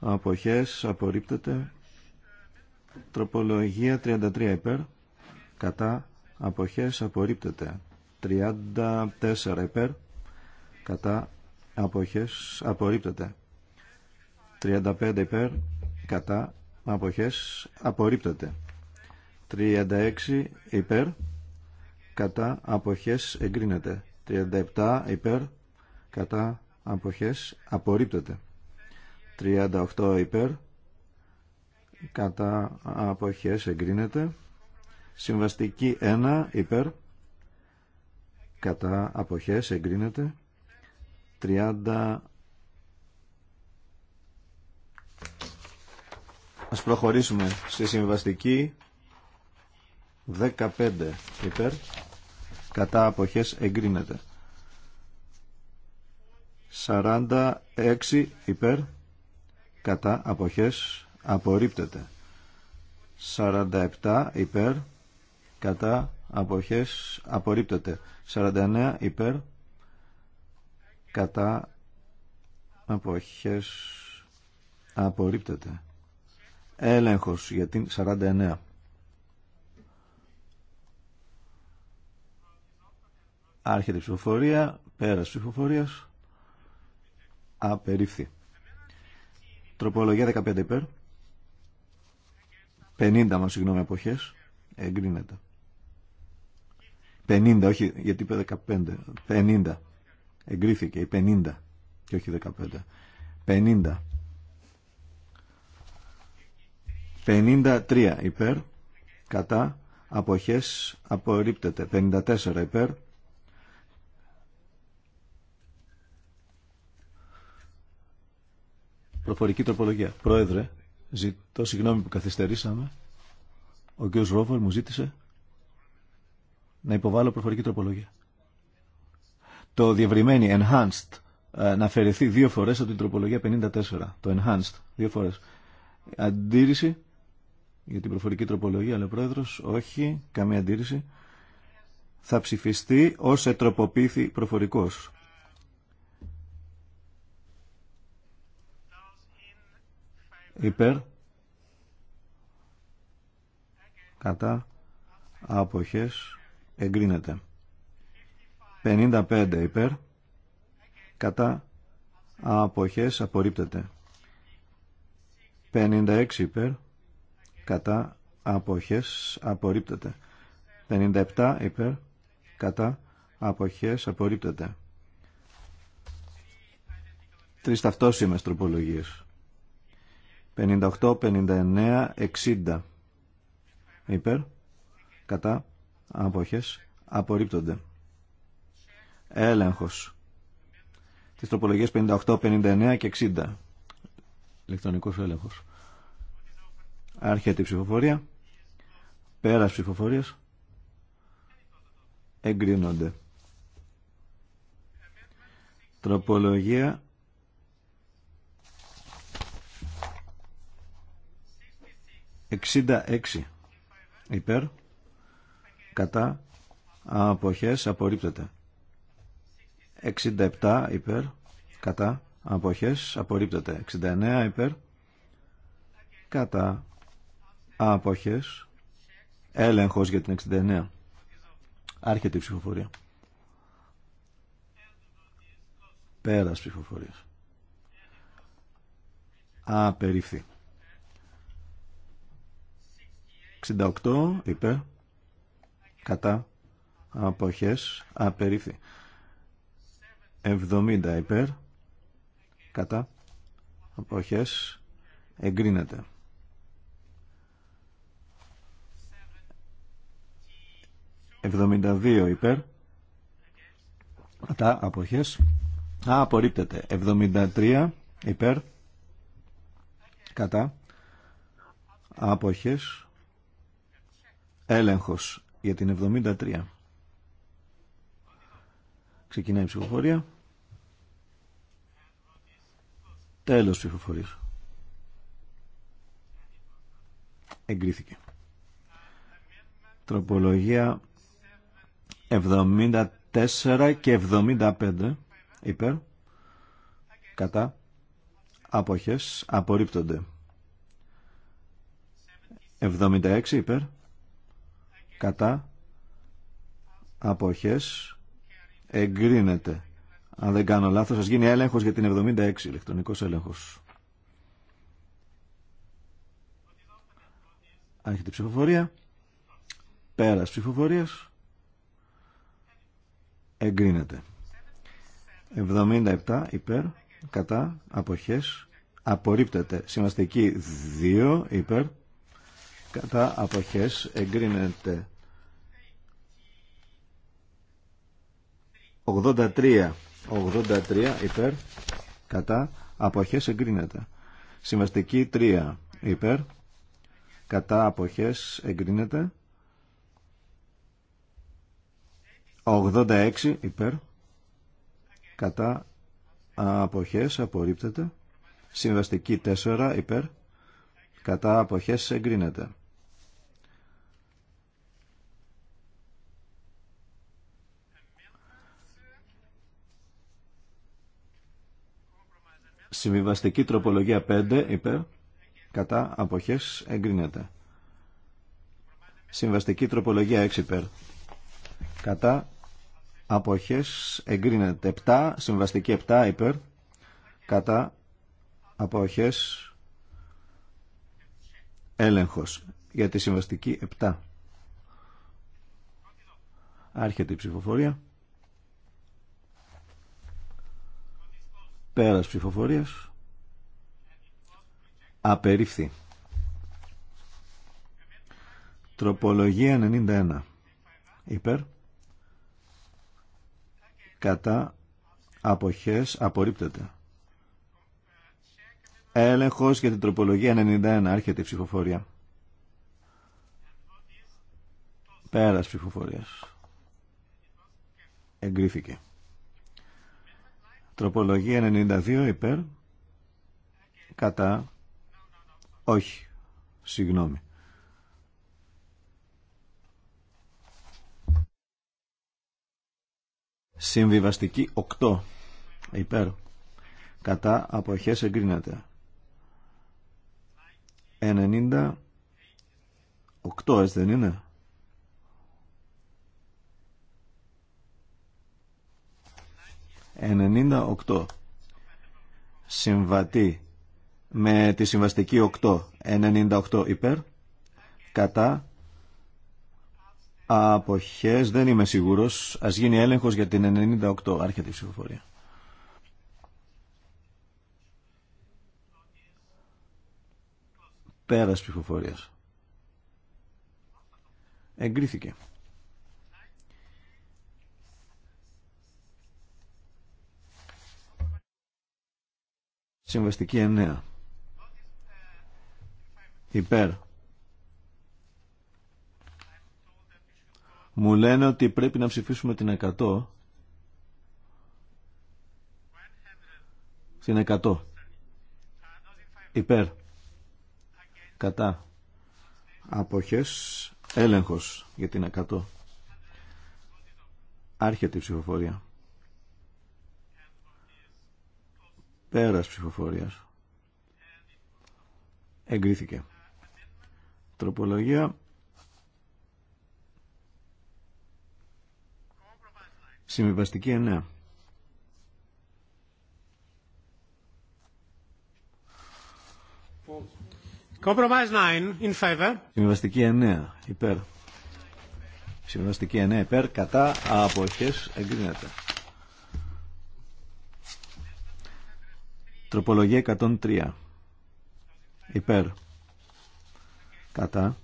S2: Αποχές απορρίπτεται. Τροπολογία 33 υπέρ. Κατά. Αποχές απορρίπτεται. 34 υπέρ. Κατά. Αποχές απορρίπτεται. 35 υπέρ. Κατά. Αποχές απορρίπτεται. 36 υπέρ. Κατά. Αποχές εγκρίνεται. 37 υπέρ κατά αποχές απορρίπτεται 38 υπέρ κατά αποχές εγκρίνεται συμβαστική 1 υπέρ κατά αποχές εγκρίνεται 30 Ας προχωρήσουμε στη συμβαστική 15 υπέρ κατά αποχές εγκρίνεται 46 υπέρ κατά αποχές απορρίπτεται 47 υπέρ κατά αποχές απορρίπτεται 49 υπέρ κατά αποχές απορρίπτεται έλεγχος για την 49 άρχεται η ψηφοφορία πέρας ψηφοφορίας Απερίφθη. Τροπολογία 15 υπέρ. 50 μα συγγνώμη εποχές. Εγκρίνεται. 50, όχι, γιατί είπε 15. 50. Εγκρίθηκε η 50 και όχι 15. 50. 53 υπέρ, κατά, αποχές, απορρίπτεται. 54 υπέρ, Προφορική τροπολογία. Πρόεδρε, ζητώ συγγνώμη που καθυστερήσαμε. Ο κ. Ρόβολ μου ζήτησε να υποβάλω προφορική τροπολογία. Το διευρυμένη enhanced ε, να αφαιρεθεί δύο φορές από την τροπολογία 54. Το enhanced, δύο φορές. Αντίρρηση για την προφορική τροπολογία, αλλά πρόεδρο, όχι, καμία αντίρρηση. Θα ψηφιστεί ως ετροποποίηθη προφορικό. υπέρ κατά άποχες εγκρίνεται 55 υπέρ κατά άποχες απορρίπτεται 56 υπέρ κατά αποχές απορρίπτεται 57 υπέρ κατά αποχές απορρίπτεται τρεις ταυτόσιμες τροπολογίες 58, 59, 60 υπέρ, κατά, αποχές, απορρίπτονται. Έλεγχος τις τροπολογίες 58, 59 και 60. Ηλεκτρονικός έλεγχος. Άρχεται η ψηφοφορία. Πέρας ψηφοφορίας. Εγκρίνονται. Τροπολογία 66 υπέρ κατά αποχές απορρίπτεται 67 υπέρ κατά αποχές απορρίπτεται 69 υπέρ κατά αποχές έλεγχος για την 69 άρχεται η ψηφοφορία πέρας ψηφοφορίας απερίφθη 68 υπέρ κατά αποχές απερίφθη 70 υπέρ κατά αποχές εγκρίνεται 72 υπέρ κατά αποχές Α, απορρίπτεται 73 υπέρ κατά αποχές Έλεγχος για την 73. Ξεκινάει η ψηφοφορία. Τέλος ψηφοφορίας. Εγκρίθηκε. Τροπολογία 74 και 75 υπέρ. Κατά. Αποχές απορρίπτονται. 76 υπέρ κατά αποχές εγκρίνεται. Αν δεν κάνω λάθος, σας γίνει έλεγχος για την 76, ηλεκτρονικός έλεγχος. Άρχεται ψηφοφορία. Πέρας ψηφοφορίας. Εγκρίνεται. 77 υπέρ, κατά, αποχές, απορρίπτεται. Συμβαστική 2 υπέρ, κατά αποχές εγκρίνεται 83 83 υπέρ κατά αποχές εγκρίνεται συμβαστική 3 υπέρ κατά αποχές εγκρίνεται 86 υπέρ κατά αποχές απορρίπτεται συμβαστική 4 υπέρ κατά αποχές εγκρίνεται Συμβιβαστική τροπολογία 5 υπέρ κατά αποχές εγκρίνεται. Συμβαστική τροπολογία 6 υπέρ κατά αποχές εγκρίνεται. 7 συμβαστική 7 υπέρ κατά αποχές έλεγχος για τη συμβαστική 7. Άρχεται η ψηφοφορία. Πέρας ψηφοφορίας. Απερίφθη. Τροπολογία 91. Υπέρ. Κατά αποχές απορρίπτεται. Έλεγχος για την τροπολογία 91. Άρχεται η ψηφοφορία. Πέρας ψηφοφορίας. Εγκρίθηκε. Τροπολογία 92 υπέρ. Κατά. Όχι. Συγγνώμη. Συμβιβαστική 8 υπέρ. Κατά αποχές εγκρίνεται. 8 έτσι δεν είναι. 98 συμβατή με τη συμβαστική 8 98 υπέρ κατά αποχές δεν είμαι σίγουρος ας γίνει έλεγχος για την 98 άρχεται η ψηφοφορία πέρας ψηφοφορίας εγκρίθηκε Συμβαστική 9. Υπέρ. Μου λένε ότι πρέπει να ψηφίσουμε την 100. Στην 100. Υπέρ. Κατά. Αποχές. Έλεγχος για την 100. Άρχεται η ψηφοφορία. Πέρας ψηφοφορίας. Εγκρίθηκε. Τροπολογία. Συμβιβαστική 9.
S1: Compromise 9 in favor.
S2: Συμβαστική 9 υπέρ. Συμβαστική 9 υπέρ κατά αποχές εγκρίνεται. Τροπολογία 103. Υπέρ. Κατά.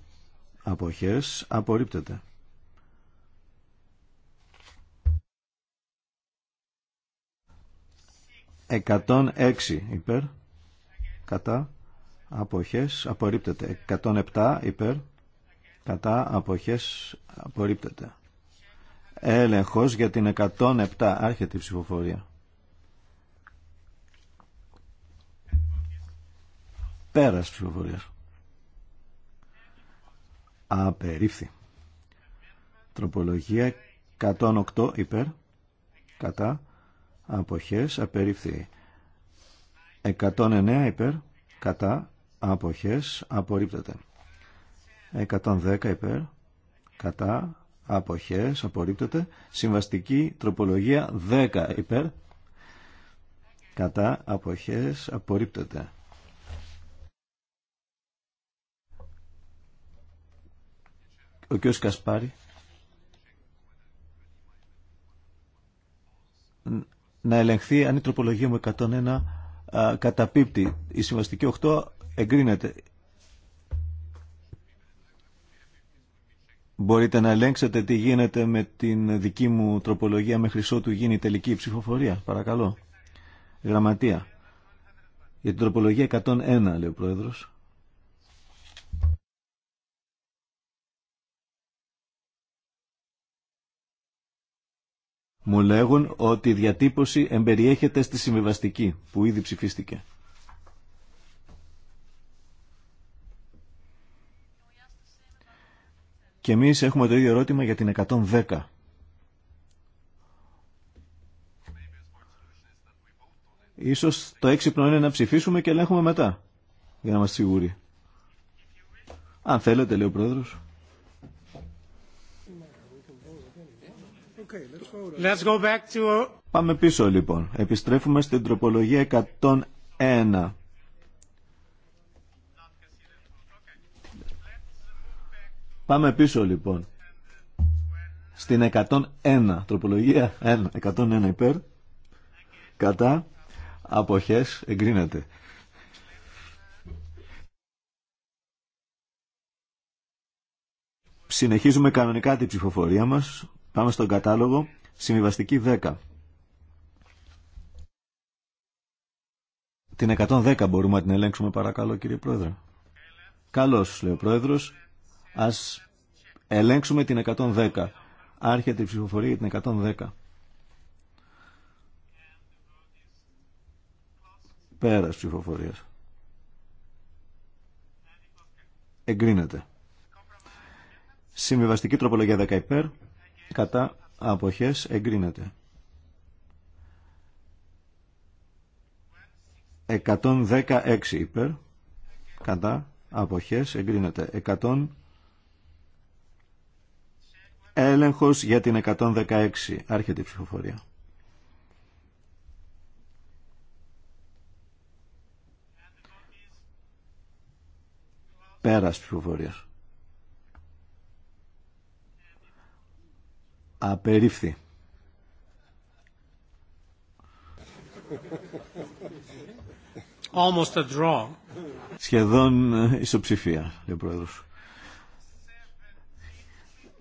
S2: Αποχές. Απορρίπτεται. 106, υπέρ. Κατά. Αποχές. Απορρίπτεται. 107, υπέρ. Κατά. Αποχές. Απορρίπτεται. Έλεγχος για την 107. Άρχεται η ψηφοφορία. Πέρας ψηφοφορίας. Απερίφθη. Τροπολογία 108 υπέρ. Κατά. Αποχές. Απερίφθη. 109 υπέρ. Κατά. Αποχές. Απορρίπτεται. 110 υπέρ. Κατά. Αποχές. Απορρίπτεται. Συμβαστική τροπολογία 10 υπέρ. Κατά. Αποχές. Απορρίπτεται. Ο κ. Κασπάρη. Να ελεγχθεί αν η τροπολογία μου 101 α, καταπίπτει. Η συμβαστική 8 εγκρίνεται. Μπορείτε να ελέγξετε τι γίνεται με την δική μου τροπολογία μέχρι ότου γίνει η τελική ψηφοφορία. Παρακαλώ. Γραμματεία. Για την τροπολογία 101, λέει ο Πρόεδρος. Μου λέγουν ότι η διατύπωση εμπεριέχεται στη συμβιβαστική που ήδη ψηφίστηκε. Και εμείς έχουμε το ίδιο ερώτημα για την 110. Ίσως το έξυπνο είναι να ψηφίσουμε και ελέγχουμε μετά, για να είμαστε σίγουροι. Αν θέλετε, λέει ο Πρόεδρος. Πάμε πίσω λοιπόν. Επιστρέφουμε στην τροπολογία 101. Πάμε πίσω λοιπόν. Στην 101, τροπολογία 1, 101 υπέρ, κατά, αποχές, εγκρίνεται. Συνεχίζουμε κανονικά την ψηφοφορία μας. Πάμε στον κατάλογο. Συμβιβαστική 10. Την 110 μπορούμε να την ελέγξουμε παρακαλώ κύριε Πρόεδρε. Καλώς λέει ο Πρόεδρος. Ας ελέγξουμε την 110. Άρχεται η ψηφοφορία για την 110. Πέρας ψηφοφορία. Εγκρίνεται. Συμβιβαστική τροπολογία 10 υπέρ. Κατά αποχές εγκρίνεται 116 υπέρ κατά αποχές εγκρίνεται 100 έλεγχος για την 116 άρχεται η ψηφοφορία πέρας ψηφοφορίας Απερίφθη.
S1: Almost a draw.
S2: Σχεδόν ε, ισοψηφία, λέει ο πρόεδρο.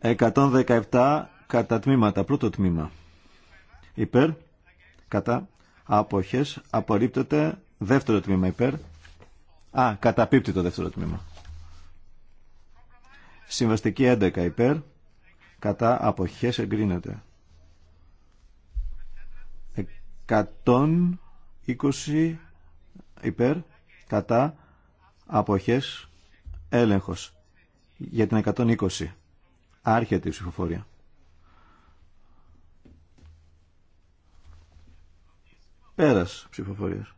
S2: 117 κατά τμήματα, πρώτο τμήμα. Υπέρ, κατά, άποχες, απορρίπτεται, δεύτερο τμήμα υπέρ. Α, καταπίπτει το δεύτερο τμήμα. Συμβαστική 11 υπέρ κατά αποχές εγκρίνεται. 120 υπέρ κατά αποχές έλεγχος για την 120 άρχεται η ψηφοφορία. Πέρας ψηφοφορίας.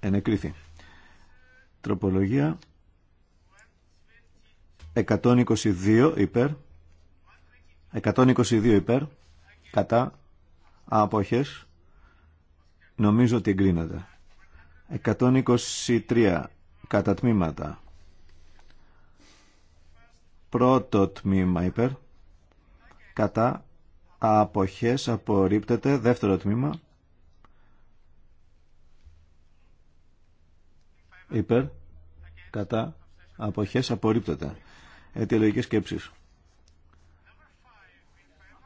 S2: Ενεκρίθη. Τροπολογία 122 υπέρ 122 υπέρ κατά αποχές νομίζω ότι εγκρίνεται 123 κατά τμήματα πρώτο τμήμα υπέρ κατά αποχές απορρίπτεται δεύτερο τμήμα υπέρ κατά αποχές απορρίπτεται αιτιολογικές σκέψεις.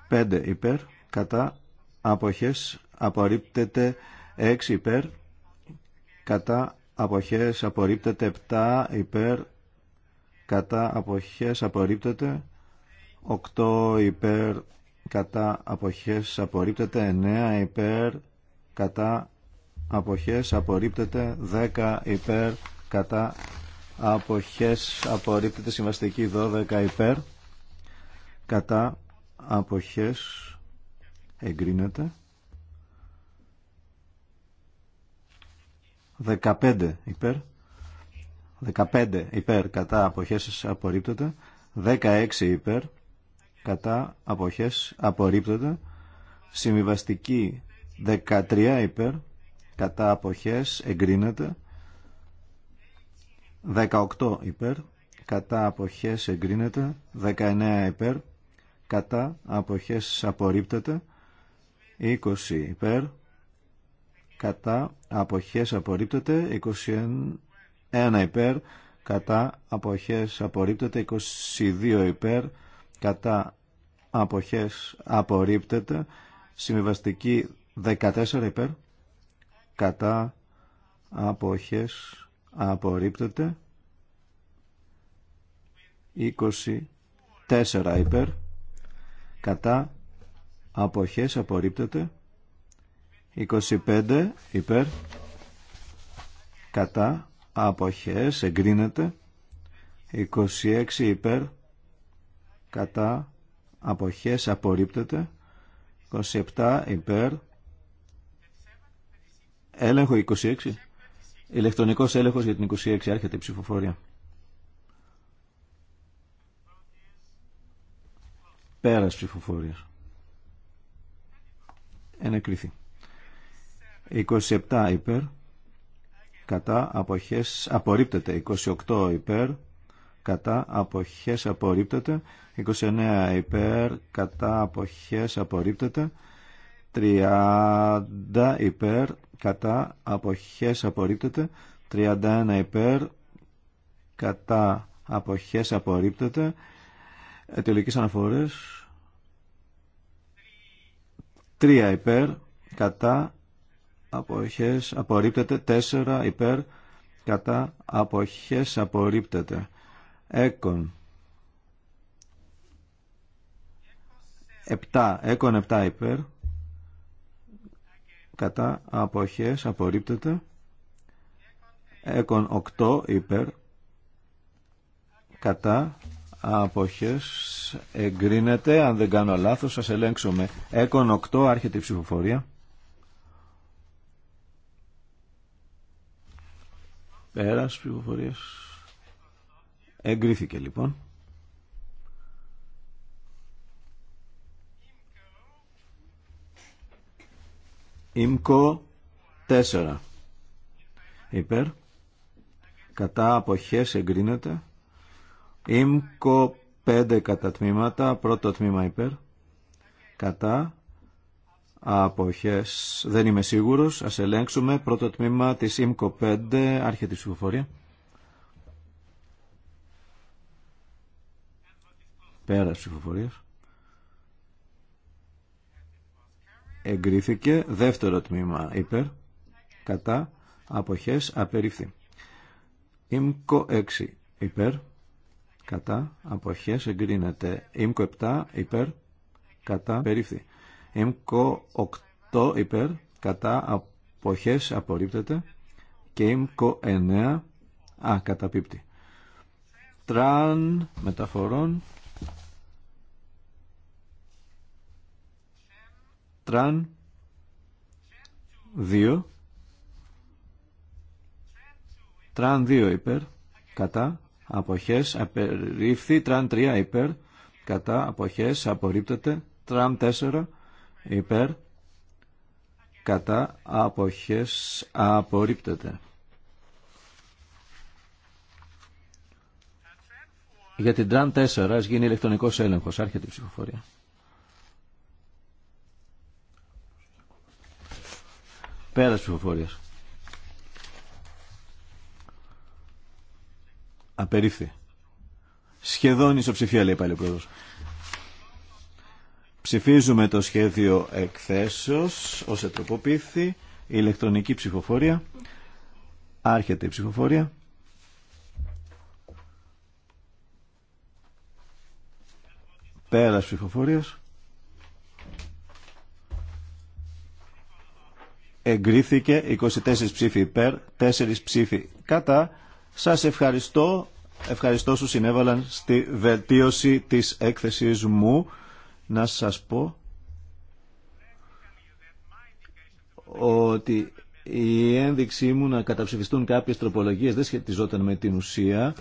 S2: 5 υπέρ, κατά, αποχές, απορρίπτεται 6 υπέρ, κατά, αποχές, απορρίπτεται 7 υπέρ, κατά, αποχές, απορρίπτεται 8 υπέρ, κατά, αποχές, απορρίπτεται 9 υπέρ, κατά, αποχές, απορρίπτεται 10 υπέρ, κατά, αποχές απορρίπτεται συμβαστική 12 υπέρ κατά αποχές εγκρίνεται 15 υπέρ 15 υπέρ κατά αποχές απορρίπτεται 16 υπέρ κατά αποχές απορρίπτεται συμβιβαστική 13 υπέρ κατά αποχές εγκρίνεται 18 υπέρ, κατά αποχές εγκρίνεται, 19 υπέρ, κατά αποχές απορρίπτεται, 20 υπέρ, κατά αποχές απορρίπτεται, 21 υπέρ, κατά αποχές απορρίπτεται, 22 υπέρ, κατά αποχές απορρίπτεται, συμβιβαστική 14 υπέρ, κατά αποχές απορρίπτεται 24 υπέρ κατά αποχές απορρίπτεται 25 υπέρ κατά αποχές εγκρίνεται 26 υπέρ κατά αποχές απορρίπτεται 27 υπέρ έλεγχο 26 Ηλεκτρονικό έλεγχος για την 26. Άρχεται η ψηφοφορία. Πέρας ψηφοφορίας. Ενεκρίθη. 27 υπέρ. Κατά αποχές απορρίπτεται. 28 υπέρ. Κατά αποχές απορρίπτεται. 29 υπέρ. Κατά αποχές απορρίπτεται. 30 υπέρ κατά αποχές απορρίπτεται 31 υπέρ κατά αποχές απορρίπτεται αιτιολογικές αναφορές 3 υπέρ κατά αποχές απορρίπτεται 4 υπέρ κατά αποχές απορρίπτεται έκον 7 έκον 7 υπέρ κατά αποχές απορρίπτεται έκον 8 υπέρ κατά αποχές εγκρίνεται αν δεν κάνω λάθος σας ελέγξουμε έκον 8 άρχεται η ψηφοφορία πέρας ψηφοφορίας εγκρίθηκε λοιπόν ΥΜΚΟ 4. Υπέρ. Κατά αποχές εγκρίνεται. ΥΜΚΟ 5 κατά τμήματα. Πρώτο τμήμα υπέρ. Κατά αποχές. Δεν είμαι σίγουρος. Ας ελέγξουμε. Πρώτο τμήμα της ΙΜΚΟ 5. Άρχεται η ψηφοφορία. Πέρα ψηφοφορίας. εγκρίθηκε δεύτερο τμήμα υπέρ κατά αποχές απερίφθη ΙΜΚΟ 6 υπέρ κατά αποχές εγκρίνεται ΙΜΚΟ 7 υπέρ κατά περίφθη ΙΜΚΟ 8 υπέρ κατά αποχές απορρίπτεται και ΙΜΚΟ 9 α καταπίπτει τραν μεταφορών Τραν 2 Τραν 2 υπέρ κατά αποχές απερίφθη Τραν 3 υπέρ κατά αποχές απορρίπτεται Τραν 4 υπέρ κατά αποχές απορρίπτεται Για την Τραν 4 ας γίνει ηλεκτρονικός έλεγχος άρχεται η ψηφοφορία Πέρας ψηφοφορία. Απερίφθη. Σχεδόν ισοψηφία λέει πάλι ο πρόεδρο. Ψηφίζουμε το σχέδιο εκθέσεως ω ετροποποίηθη η ηλεκτρονική ψηφοφορία. Άρχεται η ψηφοφορία. Πέρας ψηφοφορίας. εγκρίθηκε 24 ψήφοι υπέρ, 4 ψήφοι κατά. Σας ευχαριστώ, ευχαριστώ σου συνέβαλαν στη βελτίωση της έκθεσης μου. Να σας πω ότι η ένδειξή μου να καταψηφιστούν κάποιες τροπολογίες δεν σχετιζόταν με την ουσία.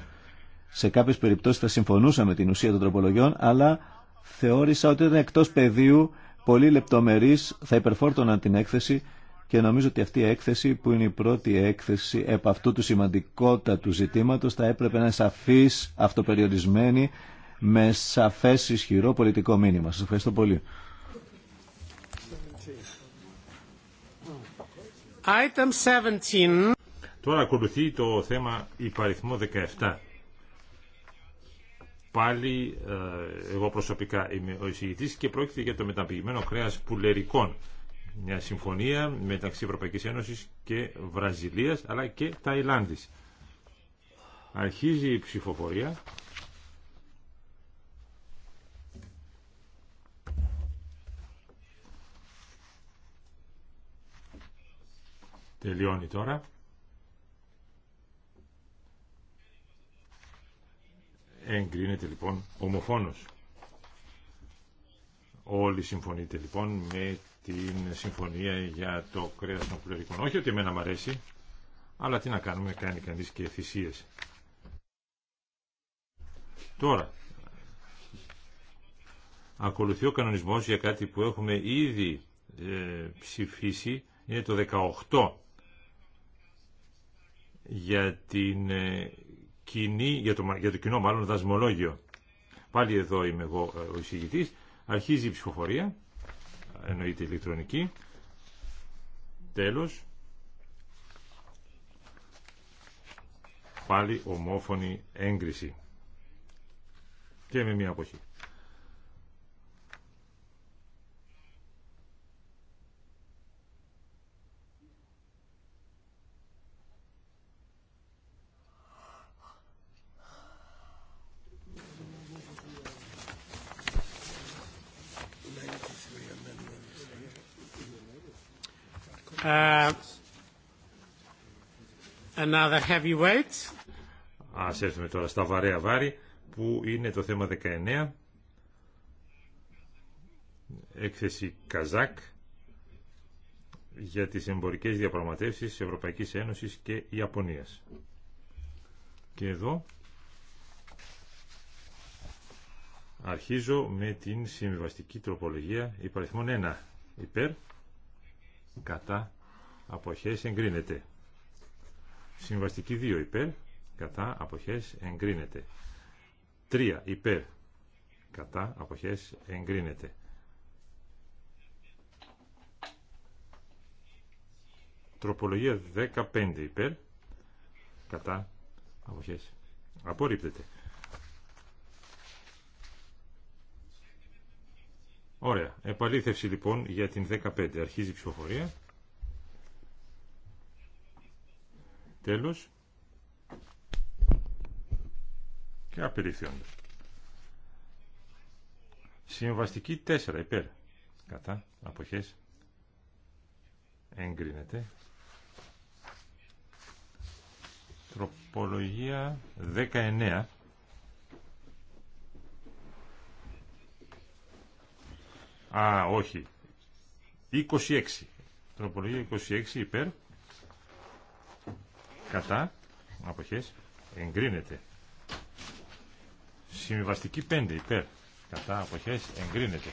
S2: Σε κάποιες περιπτώσεις θα συμφωνούσα με την ουσία των τροπολογιών, αλλά θεώρησα ότι ήταν εκτός πεδίου πολύ λεπτομερής, θα υπερφόρτωναν την έκθεση και νομίζω ότι αυτή η έκθεση που είναι η πρώτη έκθεση επ' αυτού του σημαντικότατου ζητήματος θα έπρεπε να είναι σαφής, αυτοπεριορισμένη, με σαφές ισχυρό πολιτικό μήνυμα. Σας ευχαριστώ πολύ.
S1: Item 17.
S3: Τώρα ακολουθεί το θέμα υπαριθμό 17. Πάλι ε, εγώ προσωπικά είμαι ο εισηγητής και πρόκειται για το μεταπηγημένο κρέας πουλερικών μια συμφωνία μεταξύ Ευρωπαϊκής Ένωσης και Βραζιλίας αλλά και Ταϊλάνδης. Αρχίζει η ψηφοφορία. Τελειώνει τώρα. Εγκρίνεται λοιπόν ομοφόνος. Όλοι συμφωνείτε λοιπόν με την συμφωνία για το κρέας των πουλερικών. Όχι ότι εμένα μ' αρέσει, αλλά τι να κάνουμε, κάνει κανείς και θυσίες. Τώρα, ακολουθεί ο κανονισμός για κάτι που έχουμε ήδη ε, ψηφίσει, είναι το 18 για, την, ε, για, το, για το κοινό μάλλον δασμολόγιο. Πάλι εδώ είμαι εγώ ε, ο εισηγητής. Αρχίζει η ψηφοφορία εννοείται ηλεκτρονική. Τέλος. Πάλι ομόφωνη έγκριση. Και με μία αποχή.
S1: Uh, another
S3: Ας έρθουμε τώρα στα βαρέα βάρη που είναι το θέμα 19 έκθεση Καζάκ για τις εμπορικές διαπραγματεύσεις Ευρωπαϊκής Ένωσης και Ιαπωνίας. Και εδώ αρχίζω με την συμβιβαστική τροπολογία υπαριθμών 1 υπέρ κατά αποχές εγκρίνεται. Συμβαστική 2 υπέρ κατά αποχές εγκρίνεται. 3 υπέρ κατά αποχές εγκρίνεται. Τροπολογία 15 υπέρ κατά αποχές απορρίπτεται. Ωραία. Επαλήθευση λοιπόν για την 15. Αρχίζει η ψηφοφορία. Τέλος. Και απεριφθιόνται. Συμβαστική 4 υπέρ. Κατά. Αποχές. Εγκρίνεται. Τροπολογία 19 Α, όχι. 26. Τροπολογία 26 υπέρ. Κατά. Αποχές. Εγκρίνεται. Συμβιβαστική 5 υπέρ. Κατά. Αποχές. Εγκρίνεται.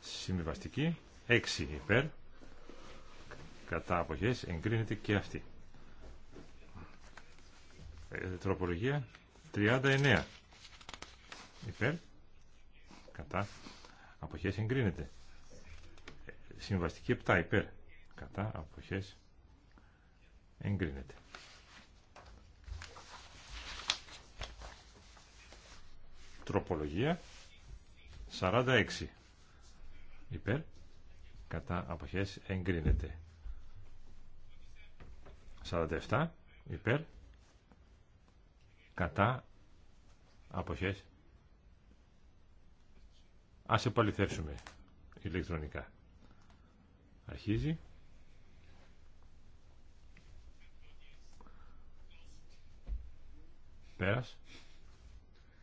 S3: Συμβιβαστική 6 υπέρ. Κατά. Αποχές. Εγκρίνεται και αυτή. Ε, τροπολογία 39. Υπέρ. Κατά. Αποχές εγκρίνεται. Συμβαστική 7. Υπέρ. Κατά. Αποχές εγκρίνεται. Τροπολογία 46. Υπέρ. Κατά. Αποχές εγκρίνεται. 47. Υπέρ. Κατά Αποχές. Ας επαληθεύσουμε ηλεκτρονικά. Αρχίζει. Πέρας.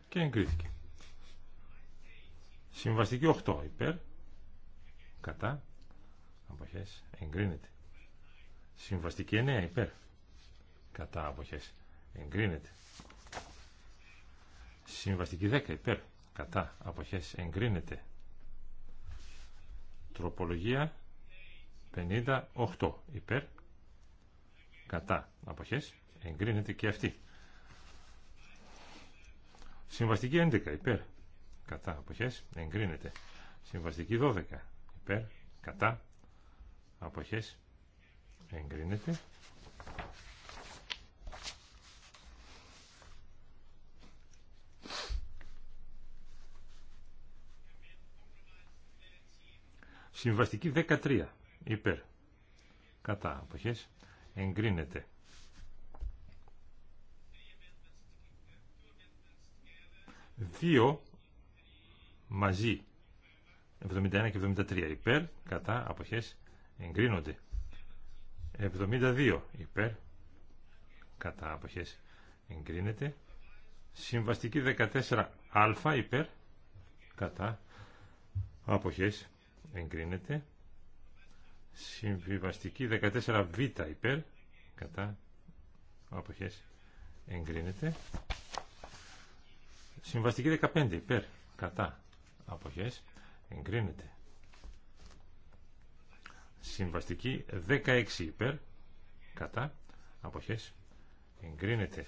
S3: Και εγκρίθηκε. Συμβαστική 8 υπέρ. Κατά. Αποχές. Εγκρίνεται. Συμβαστική 9 υπέρ. Κατά αποχές. Εγκρίνεται. Συμβαστική 10 υπέρ κατά αποχές εγκρίνεται. Τροπολογία 58 υπέρ κατά αποχές εγκρίνεται και αυτή. Συμβαστική 11 υπέρ κατά αποχές εγκρίνεται. Συμβαστική 12 υπέρ κατά αποχές εγκρίνεται. Συμβαστική 13. Υπέρ. Κατά. Αποχές. Εγκρίνεται. Δύο μαζί. 71 και 73. Υπέρ. Κατά. Αποχές. Εγκρίνονται. 72. Υπέρ. Κατά. Αποχές. Εγκρίνεται. Συμβαστική 14α υπέρ κατά αποχές εγκρίνεται. Συμβιβαστική 14β υπέρ, κατά, αποχές, εγκρίνεται. Συμβαστική 15 υπέρ, κατά, αποχές, εγκρίνεται. Συμβαστική 16 υπέρ, κατά, αποχές, εγκρίνεται.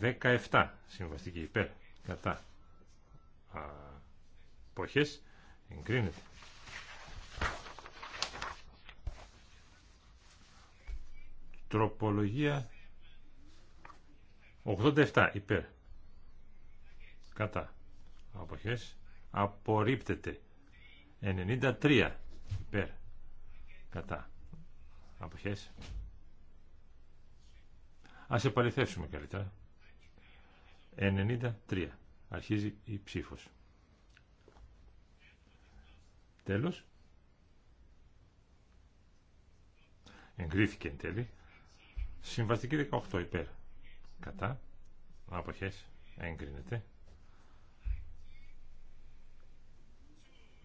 S3: 17 συμβαστική υπέρ, κατά, αποχές, εγκρίνεται. Τροπολογία 87 υπέρ. Κατά. Αποχές. Απορρίπτεται. 93 υπέρ. Κατά. Αποχές. Ας επαληθεύσουμε καλύτερα. 93. Αρχίζει η ψήφος. Τέλος. Εγκρίθηκε εν τέλει. Συμβαστική 18 υπέρ. Κατά. Αποχές. Εγκρίνεται.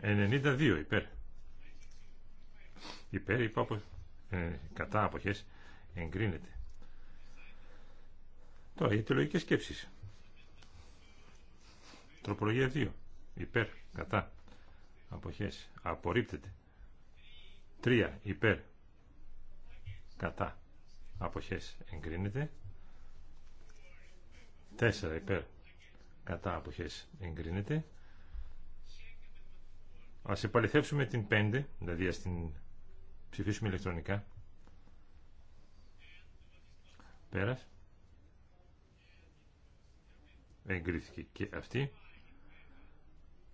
S3: 92 υπέρ. Υπέρ, ε, κατά απόχέ Εγκρίνεται. Τώρα, οι λογική σκέψει. Τροπολογία 2. Υπέρ, κατά. Αποχές. Απορρίπτεται. 3. Υπέρ. Κατά αποχές εγκρίνεται 4 υπέρ κατά αποχές εγκρίνεται ας επαληθεύσουμε την 5 δηλαδή ας την ψηφίσουμε ηλεκτρονικά πέρας εγκρίθηκε και αυτή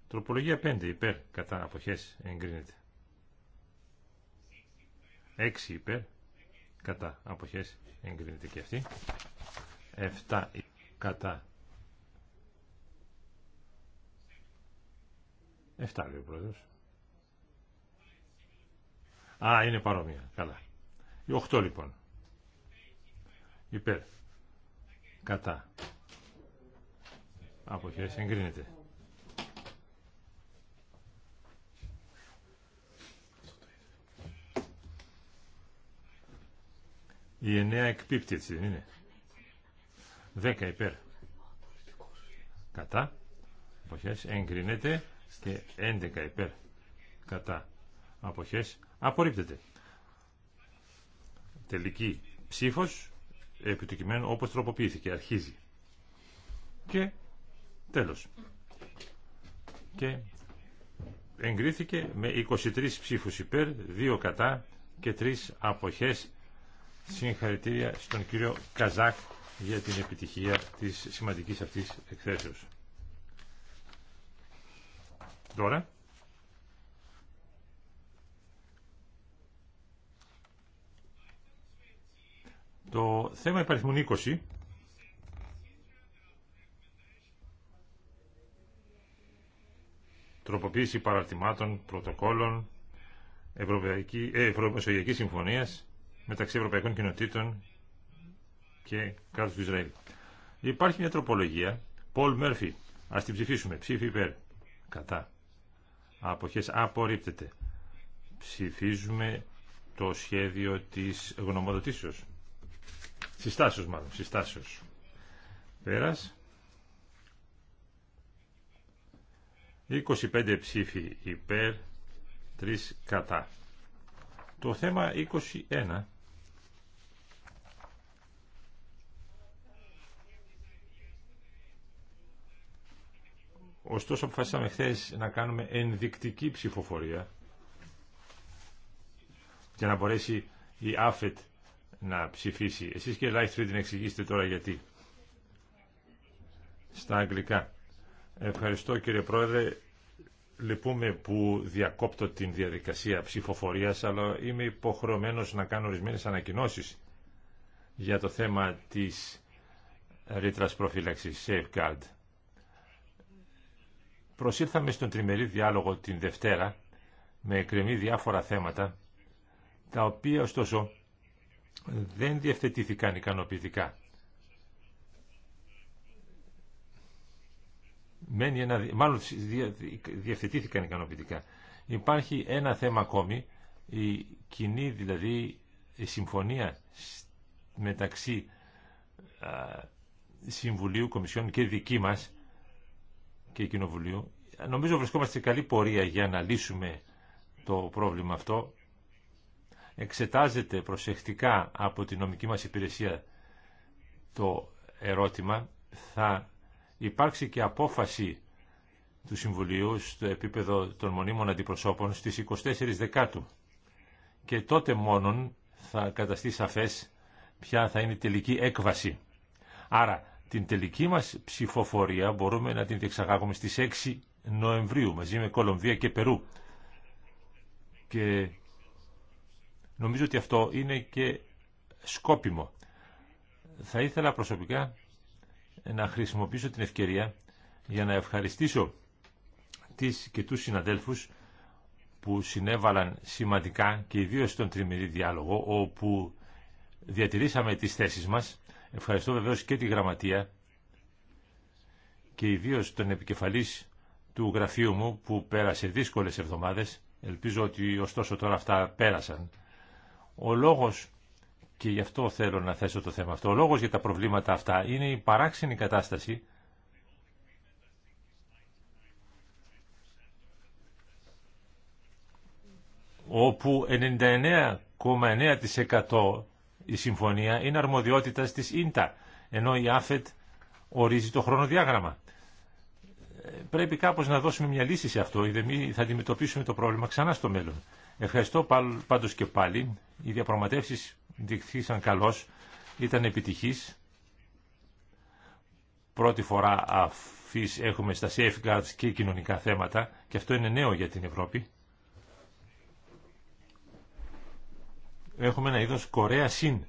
S3: τροπολογία 5 υπέρ κατά αποχές εγκρίνεται 6 υπέρ κατά αποχές εγκρίνεται και αυτή 7 κατά 7 λέει ο πρόεδρος Α, είναι παρόμοια, καλά 8 λοιπόν υπέρ κατά αποχές εγκρίνεται Η εννέα εκπίπτει έτσι δεν είναι. Δέκα υπέρ. Κατά. Αποχές εγκρίνεται και έντεκα υπέρ. Κατά. Αποχές απορρίπτεται. Τελική ψήφος επί όπως τροποποιήθηκε. Αρχίζει. Και τέλος. Και εγκρίθηκε με 23 ψήφους υπέρ, 2 κατά και 3 αποχές Συγχαρητήρια στον κύριο Καζάκ για την επιτυχία της σημαντικής αυτής εκθέσεως. Τώρα. Το θέμα υπαριθμών 20 τροποποίηση παραρτημάτων, πρωτοκόλων Ευρωπαϊκή, ε, Συμφωνίας μεταξύ Ευρωπαϊκών Κοινοτήτων και κράτου του Ισραήλ. Υπάρχει μια τροπολογία, Πολ Μέρφυ, α την ψηφίσουμε, ψήφι υπέρ, κατά, αποχές απορρίπτεται. Ψηφίζουμε το σχέδιο της γνωμοδοτήσεως. Συστάσεως μάλλον, συστάσεως. Πέρας. 25 ψήφοι υπέρ, 3 κατά. Το θέμα 21 Ωστόσο αποφασίσαμε χθε να κάνουμε ενδεικτική ψηφοφορία για να μπορέσει η ΑΦΕΤ να ψηφίσει. Εσείς και Λάιχτρη την εξηγήσετε τώρα γιατί. Στα αγγλικά. Ευχαριστώ κύριε Πρόεδρε. Λυπούμε που διακόπτω την διαδικασία ψηφοφορίας, αλλά είμαι υποχρεωμένος να κάνω ορισμένε ανακοινώσεις για το θέμα της ρήτρας προφύλαξης Safeguard. Προσήλθαμε στον τριμερή διάλογο την Δευτέρα με εκκρεμή διάφορα θέματα, τα οποία ωστόσο δεν διευθετήθηκαν ικανοποιητικά. Μένει ένα, μάλλον διευθετήθηκαν ικανοποιητικά. Υπάρχει ένα θέμα ακόμη, η κοινή δηλαδή η συμφωνία μεταξύ Συμβουλίου, Κομισιόν και δική μας και Κοινοβουλίου. Νομίζω βρισκόμαστε σε καλή πορεία για να λύσουμε το πρόβλημα αυτό. Εξετάζεται προσεκτικά από την νομική μας υπηρεσία το ερώτημα. Θα υπάρξει και απόφαση του Συμβουλίου στο επίπεδο των μονίμων αντιπροσώπων στις 24 Δεκάτου. Και τότε μόνον θα καταστεί σαφές ποια θα είναι η τελική έκβαση. Άρα την τελική μας ψηφοφορία μπορούμε να την διεξαγάγουμε στις 6 Νοεμβρίου μαζί με Κολομβία και Περού. Και νομίζω ότι αυτό είναι και σκόπιμο. Θα ήθελα προσωπικά να χρησιμοποιήσω την ευκαιρία για να ευχαριστήσω τις και τους συναδέλφους που συνέβαλαν σημαντικά και ιδίως στον τριμηρή διάλογο όπου διατηρήσαμε τις θέσεις μας Ευχαριστώ βεβαίως και τη Γραμματεία και ιδίως τον επικεφαλής του γραφείου μου που πέρασε δύσκολες εβδομάδες. Ελπίζω ότι ωστόσο τώρα αυτά πέρασαν. Ο λόγος, και γι' αυτό θέλω να θέσω το θέμα αυτό, ο λόγος για τα προβλήματα αυτά είναι η παράξενη κατάσταση όπου 99,9% η συμφωνία είναι αρμοδιότητα της ίντα, ενώ η ΑΦΕΤ ορίζει το χρονοδιάγραμμα. Ε, πρέπει κάπως να δώσουμε μια λύση σε αυτό, ή θα αντιμετωπίσουμε το πρόβλημα ξανά στο μέλλον. Ευχαριστώ πάντω και πάλι. Οι διαπραγματεύσεις διεκδίκησαν καλώς, ήταν επιτυχής. Πρώτη φορά αφή έχουμε στα safeguards και κοινωνικά θέματα και αυτό είναι νέο για την Ευρώπη. έχουμε ένα είδος Κορέα συν.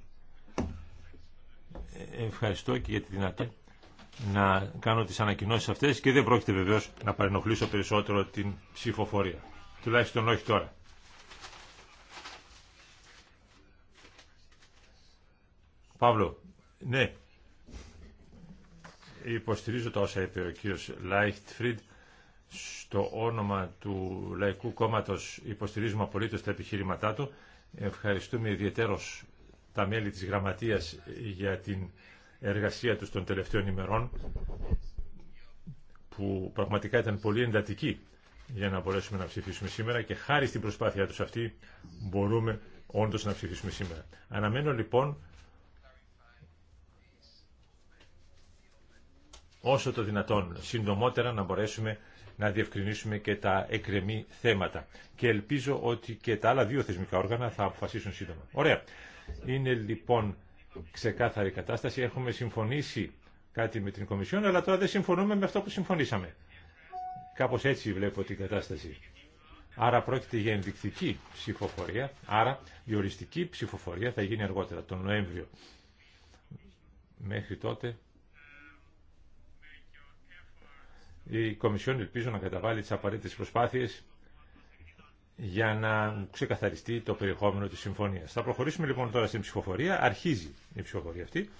S3: Ε, ευχαριστώ και για τη δυνατότητα να κάνω τις ανακοινώσεις αυτές και δεν πρόκειται βεβαίως να παρενοχλήσω περισσότερο την ψηφοφορία. Τουλάχιστον όχι τώρα. Παύλο, ναι, υποστηρίζω τα όσα είπε ο κύριος Λάιχτφριντ στο όνομα του Λαϊκού Κόμματος υποστηρίζουμε απολύτως τα επιχείρηματά του Ευχαριστούμε ιδιαίτερος τα μέλη της Γραμματείας για την εργασία τους των τελευταίων ημερών που πραγματικά ήταν πολύ εντατική για να μπορέσουμε να ψηφίσουμε σήμερα και χάρη στην προσπάθειά τους αυτή μπορούμε όντως να ψηφίσουμε σήμερα. Αναμένω λοιπόν όσο το δυνατόν συντομότερα να μπορέσουμε να διευκρινίσουμε και τα εκρεμή θέματα. Και ελπίζω ότι και τα άλλα δύο θεσμικά όργανα θα αποφασίσουν σύντομα. Ωραία. Είναι λοιπόν ξεκάθαρη κατάσταση. Έχουμε συμφωνήσει κάτι με την Κομισιόν, αλλά τώρα δεν συμφωνούμε με αυτό που συμφωνήσαμε. Κάπως έτσι βλέπω την κατάσταση. Άρα πρόκειται για ενδεικτική ψηφοφορία, άρα η οριστική ψηφοφορία θα γίνει αργότερα, τον Νοέμβριο. Μέχρι τότε Η Κομισιόν ελπίζω να καταβάλει τι απαραίτητε προσπάθειες για να ξεκαθαριστεί το περιεχόμενο της συμφωνίας. Θα προχωρήσουμε λοιπόν τώρα στην ψηφοφορία. Αρχίζει η ψηφοφορία αυτή.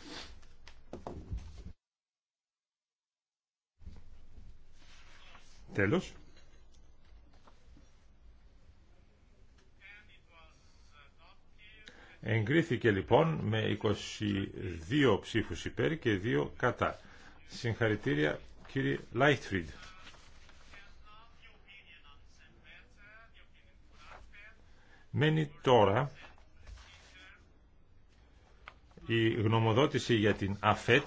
S3: Τέλος. Εγκρίθηκε λοιπόν με 22 ψήφους υπέρ και 2 κατά. Συγχαρητήρια Κύριε Λάιχτφριντ. Μένει τώρα η γνωμοδότηση για την ΑΦΕΤ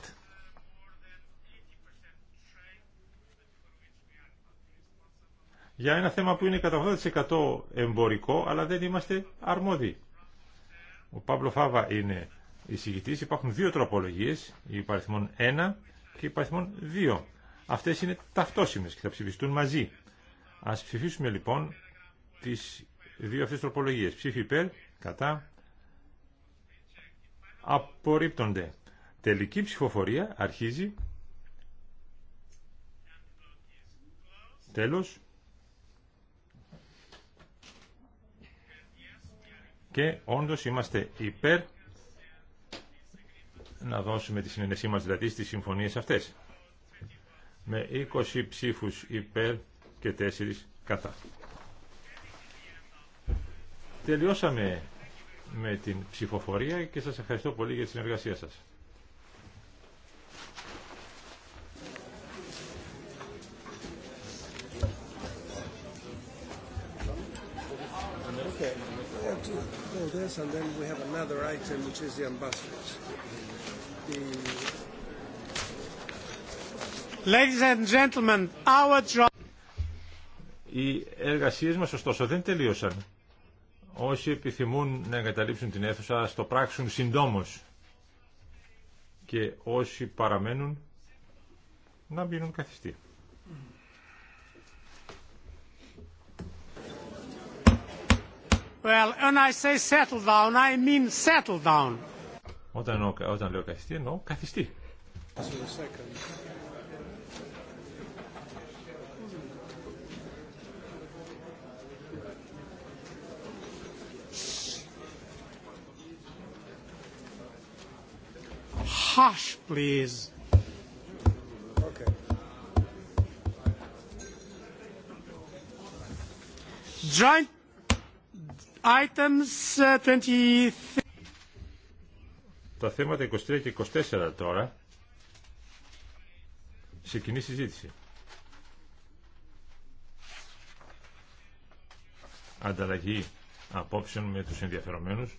S3: για ένα θέμα που είναι κατά 80% εμπορικό αλλά δεν είμαστε αρμόδιοι. Ο Παύλο Φάβα είναι εισηγητής. Υπάρχουν δύο τροπολογίες, η υπαριθμών 1 και η υπαριθμών 2 Αυτές είναι ταυτόσιμες και θα ψηφιστούν μαζί. Ας ψηφίσουμε λοιπόν τις δύο αυτέ τροπολογίες. Ψήφι υπέρ, κατά, απορρίπτονται. Τελική ψηφοφορία αρχίζει. Τέλος. Και όντως είμαστε υπέρ να δώσουμε τη συνένεσή μας δηλαδή στις συμφωνίες αυτές με 20 ψήφους υπέρ και 4 κατά. Τελειώσαμε με την ψηφοφορία και σας ευχαριστώ πολύ για τη συνεργασία σας.
S1: Οι εργασίες
S3: μας ωστόσο δεν τελείωσαν. Όσοι επιθυμούν να εγκαταλείψουν την αίθουσα, ας το πράξουν συντόμως. Και όσοι παραμένουν, να μπίνουν καθιστή.
S1: Well, when I say settle down, I mean settle down.
S3: Όταν, όταν λέω καθιστή, εννοώ καθιστή.
S1: hush, please. Joint items 23. Uh,
S3: Τα θέματα 23 και 24 τώρα σε κοινή συζήτηση. Ανταλλαγή απόψεων με τους ενδιαφερομένους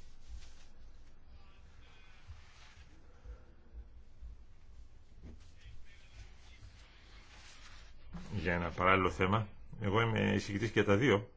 S3: για ένα παράλληλο θέμα. Εγώ είμαι εισηγητής και τα δύο.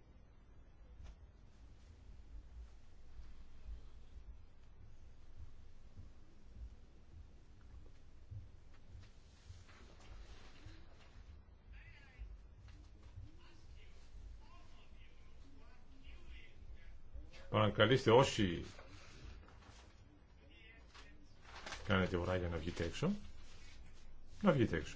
S3: Παρακαλείστε όσοι κάνετε ουρά για να βγείτε έξω, να βγείτε έξω.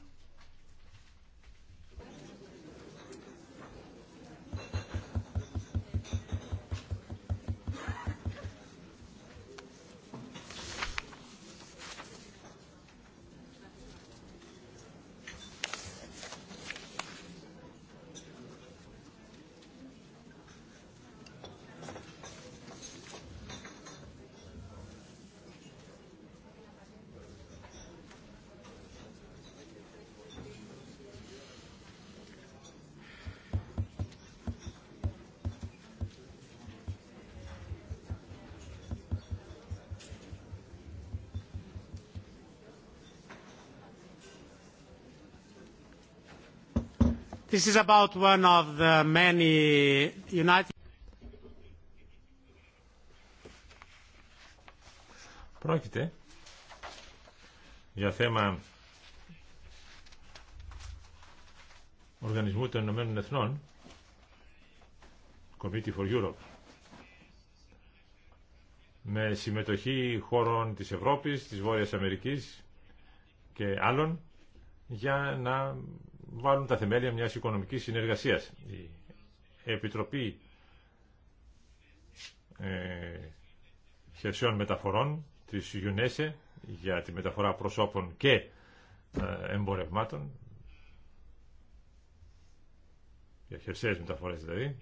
S1: This is about one of the many United
S3: Πρόκειται για θέμα Οργανισμού των Ηνωμένων Εθνών, Committee for Europe, με συμμετοχή χώρων της Ευρώπης, της Βόρειας Αμερικής και άλλων για να βάλουν τα θεμέλια μιας οικονομικής συνεργασίας. Η Επιτροπή ε, Χερσαίων Μεταφορών της UNESCO για τη μεταφορά προσώπων και ε, εμπορευμάτων για χερσαίες μεταφορές δηλαδή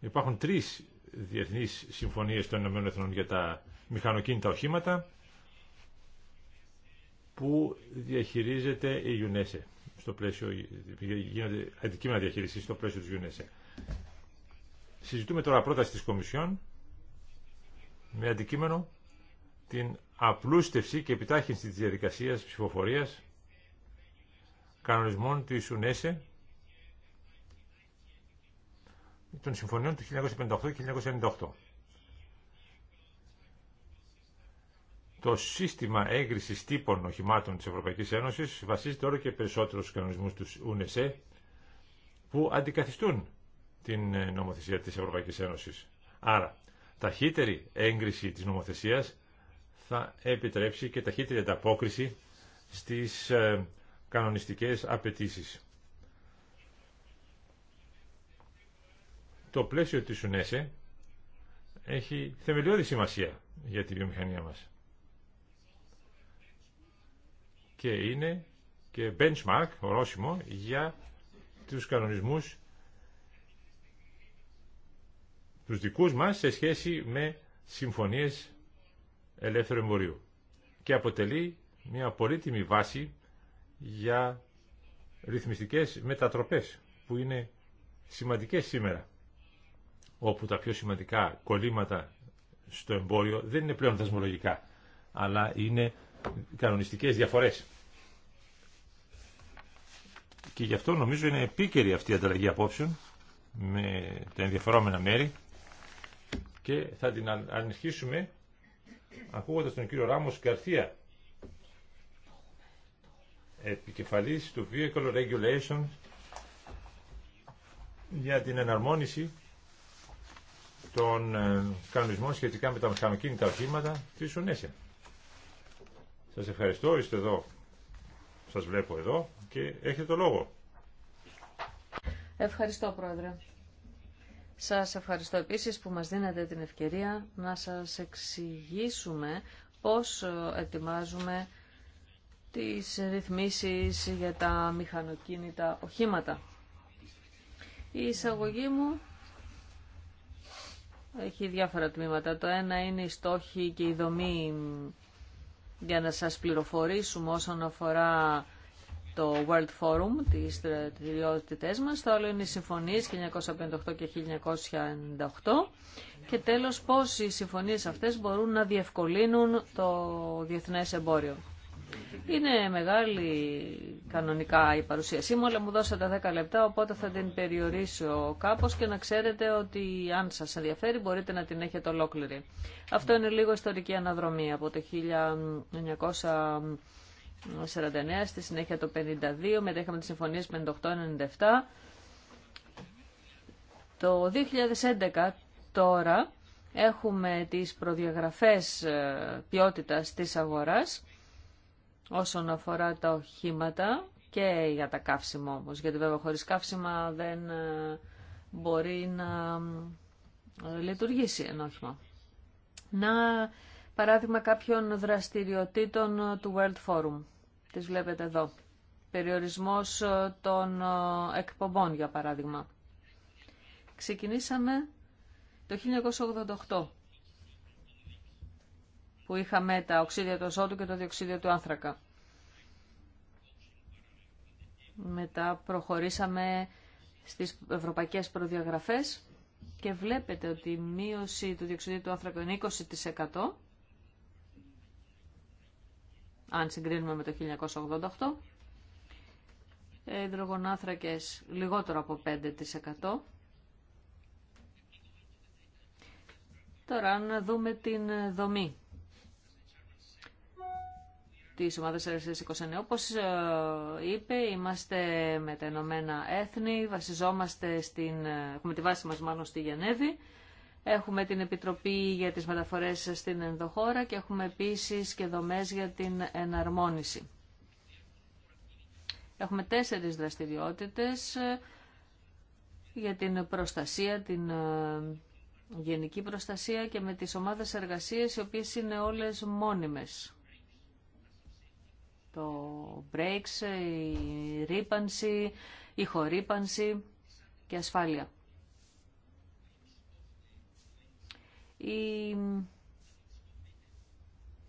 S3: υπάρχουν τρεις διεθνείς συμφωνίες των ΗΠΑ για τα μηχανοκίνητα οχήματα που διαχειρίζεται η UNESCO Στο πλαίσιο, γίνονται αντικείμενα διαχείριση στο πλαίσιο της UNESCO. Συζητούμε τώρα πρόταση της Κομισιόν με αντικείμενο την απλούστευση και επιτάχυνση της διαδικασίας ψηφοφορίας κανονισμών της UNESCO των συμφωνιών του 1958 και 1998. Το σύστημα έγκρισης τύπων οχημάτων της Ευρωπαϊκής Ένωσης βασίζεται όλο και περισσότερο στους κανονισμούς του UNESE που αντικαθιστούν την ε, νομοθεσία της Ευρωπαϊκής Ένωσης. Άρα, ταχύτερη έγκριση της νομοθεσίας θα επιτρέψει και ταχύτερη ανταπόκριση στις ε, κανονιστικές απαιτήσει. Το πλαίσιο της UNESE έχει θεμελιώδη σημασία για τη βιομηχανία μας και είναι και benchmark, ορόσημο, για τους κανονισμούς τους δικούς μας σε σχέση με συμφωνίες ελεύθερου εμπορίου και αποτελεί μια πολύτιμη βάση για ρυθμιστικές μετατροπές που είναι σημαντικές σήμερα όπου τα πιο σημαντικά κολλήματα στο εμπόριο δεν είναι πλέον δασμολογικά αλλά είναι κανονιστικές διαφορές. Και γι' αυτό νομίζω είναι επίκαιρη αυτή η ανταλλαγή απόψεων με τα ενδιαφερόμενα μέρη και θα την ανισχύσουμε ακούγοντας τον κύριο Ράμος Καρθία επικεφαλής του Vehicle Regulation για την εναρμόνιση των ε, κανονισμών σχετικά με τα μηχανοκίνητα οχήματα της ΟΝΕΣΕΜ σας ευχαριστώ, είστε εδώ. Σας βλέπω εδώ και έχετε το λόγο.
S4: Ευχαριστώ, Πρόεδρε. Σας ευχαριστώ επίσης που μας δίνετε την ευκαιρία να σας εξηγήσουμε πώς ετοιμάζουμε τις ρυθμίσεις για τα μηχανοκίνητα οχήματα. Η εισαγωγή μου έχει διάφορα τμήματα. Το ένα είναι η στόχη και η δομή για να σας πληροφορήσουμε όσον αφορά το World Forum, τις δραστηριότητε μας. Το άλλο είναι οι συμφωνίες 1958 και 1998. Και τέλος, πώς οι συμφωνίες αυτές μπορούν να διευκολύνουν το διεθνές εμπόριο. Είναι μεγάλη κανονικά η παρουσίασή μου, αλλά μου δώσατε 10 λεπτά, οπότε θα την περιορίσω κάπως και να ξέρετε ότι αν σας ενδιαφέρει μπορείτε να την έχετε ολόκληρη. Αυτό είναι λίγο ιστορική αναδρομή από το 1949 στη συνέχεια το 52, μετά είχαμε τις συμφωνίες 58-97. Το 2011 τώρα έχουμε τις προδιαγραφές ε, ποιότητας της αγοράς όσον αφορά τα οχήματα και για τα καύσιμα όμως, γιατί βέβαια χωρίς καύσιμα δεν ε, μπορεί να ε, λειτουργήσει ένα όχημα. Να παράδειγμα κάποιων δραστηριοτήτων του World Forum. Τις βλέπετε εδώ. Περιορισμός ε, των εκπομπών, για παράδειγμα. Ξεκινήσαμε το 1988 που είχαμε τα οξύδια του ζώτου και το διοξίδιο του άνθρακα. Μετά προχωρήσαμε στις ευρωπαϊκές προδιαγραφές και βλέπετε ότι η μείωση του διοξιδίου του άνθρακα είναι 20% αν συγκρίνουμε με το 1988 υδρογονάθρακες λιγότερο από 5% Τώρα να δούμε την δομή της Ομάδας Εργασίας 29. Όπως ε, είπε, είμαστε με τα ενωμένα Έθνη, βασιζόμαστε στην, ε, έχουμε τη βάση μας μάλλον στη Γενέβη, έχουμε την Επιτροπή για τις Μεταφορές στην Ενδοχώρα και έχουμε επίσης και δομές για την εναρμόνιση. Έχουμε τέσσερις δραστηριότητες ε, για την προστασία, την γενική προστασία και με τις ομάδες εργασίας οι οποίες είναι όλες μόνιμες το breaks, η ρήπανση, η χορύπανση και ασφάλεια. Οι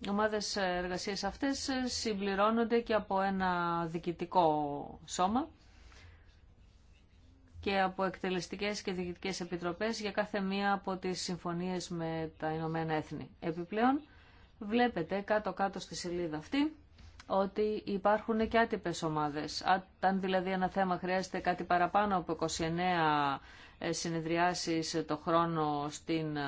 S4: ομάδες εργασίας αυτές συμπληρώνονται και από ένα διοικητικό σώμα και από εκτελεστικές και διοικητικές επιτροπές για κάθε μία από τις συμφωνίες με τα Ηνωμένα Έθνη. Επιπλέον, βλέπετε κάτω-κάτω στη σελίδα αυτή ότι υπάρχουν και άτυπε ομάδες. Αν δηλαδή ένα θέμα χρειάζεται κάτι παραπάνω από 29 ε, συνεδριάσεις ε, το χρόνο στην ε,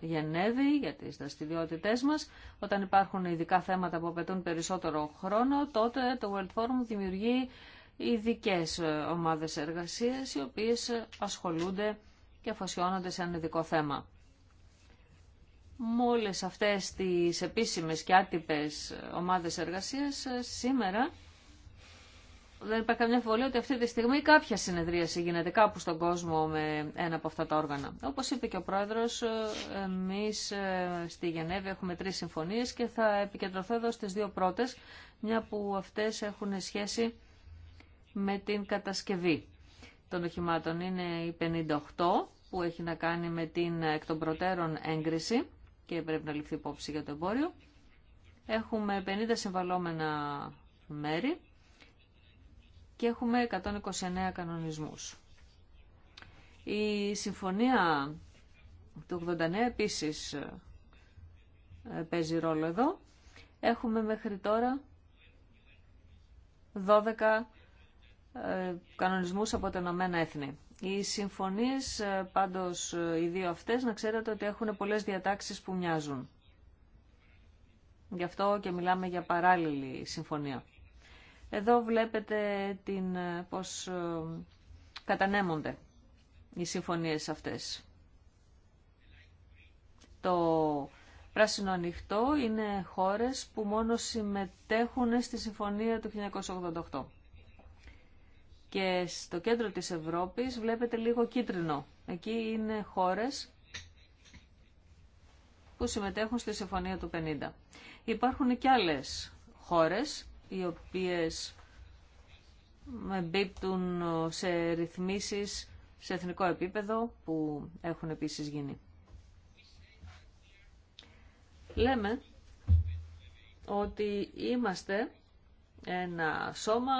S4: Γενέβη για τις δραστηριότητε μας, όταν υπάρχουν ειδικά θέματα που απαιτούν περισσότερο χρόνο, τότε το World Forum δημιουργεί ειδικέ ομάδες εργασίας οι οποίες ασχολούνται και αφοσιώνονται σε ένα ειδικό θέμα με όλε αυτές τις επίσημες και άτυπες ομάδες εργασίας ε, σήμερα δεν υπάρχει καμιά φωλή ότι αυτή τη στιγμή κάποια συνεδρίαση γίνεται κάπου στον κόσμο με ένα από αυτά τα όργανα. Όπως είπε και ο Πρόεδρος, ε, εμείς ε, στη Γενέβη έχουμε τρεις συμφωνίες και θα επικεντρωθώ εδώ στις δύο πρώτες, μια που αυτές έχουν σχέση με την κατασκευή των οχημάτων. Είναι η 58 που έχει να κάνει με την εκ των προτέρων έγκριση και πρέπει να ληφθεί υπόψη για το εμπόριο. Έχουμε 50 συμβαλόμενα μέρη και έχουμε 129 κανονισμούς. Η συμφωνία του 89 επίσης ε, παίζει ρόλο εδώ. Έχουμε μέχρι τώρα 12 ε, κανονισμούς από τα Ηνωμένα Έθνη. Οι συμφωνίες ε, πάντως ε, οι δύο αυτές να ξέρετε ότι έχουν πολλές διατάξεις που μοιάζουν. Γι' αυτό και μιλάμε για παράλληλη συμφωνία. Εδώ βλέπετε την, ε, πώς κατανέμονται οι συμφωνίες αυτές. Το πράσινο ανοιχτό είναι χώρες που μόνο συμμετέχουν στη συμφωνία του 1988 και στο κέντρο της Ευρώπης βλέπετε λίγο κίτρινο. Εκεί είναι χώρες που συμμετέχουν στη Συμφωνία του 50. Υπάρχουν και άλλες χώρες οι οποίες μπίπτουν σε ρυθμίσεις σε εθνικό επίπεδο που έχουν επίσης γίνει. Λέμε ότι είμαστε ένα σώμα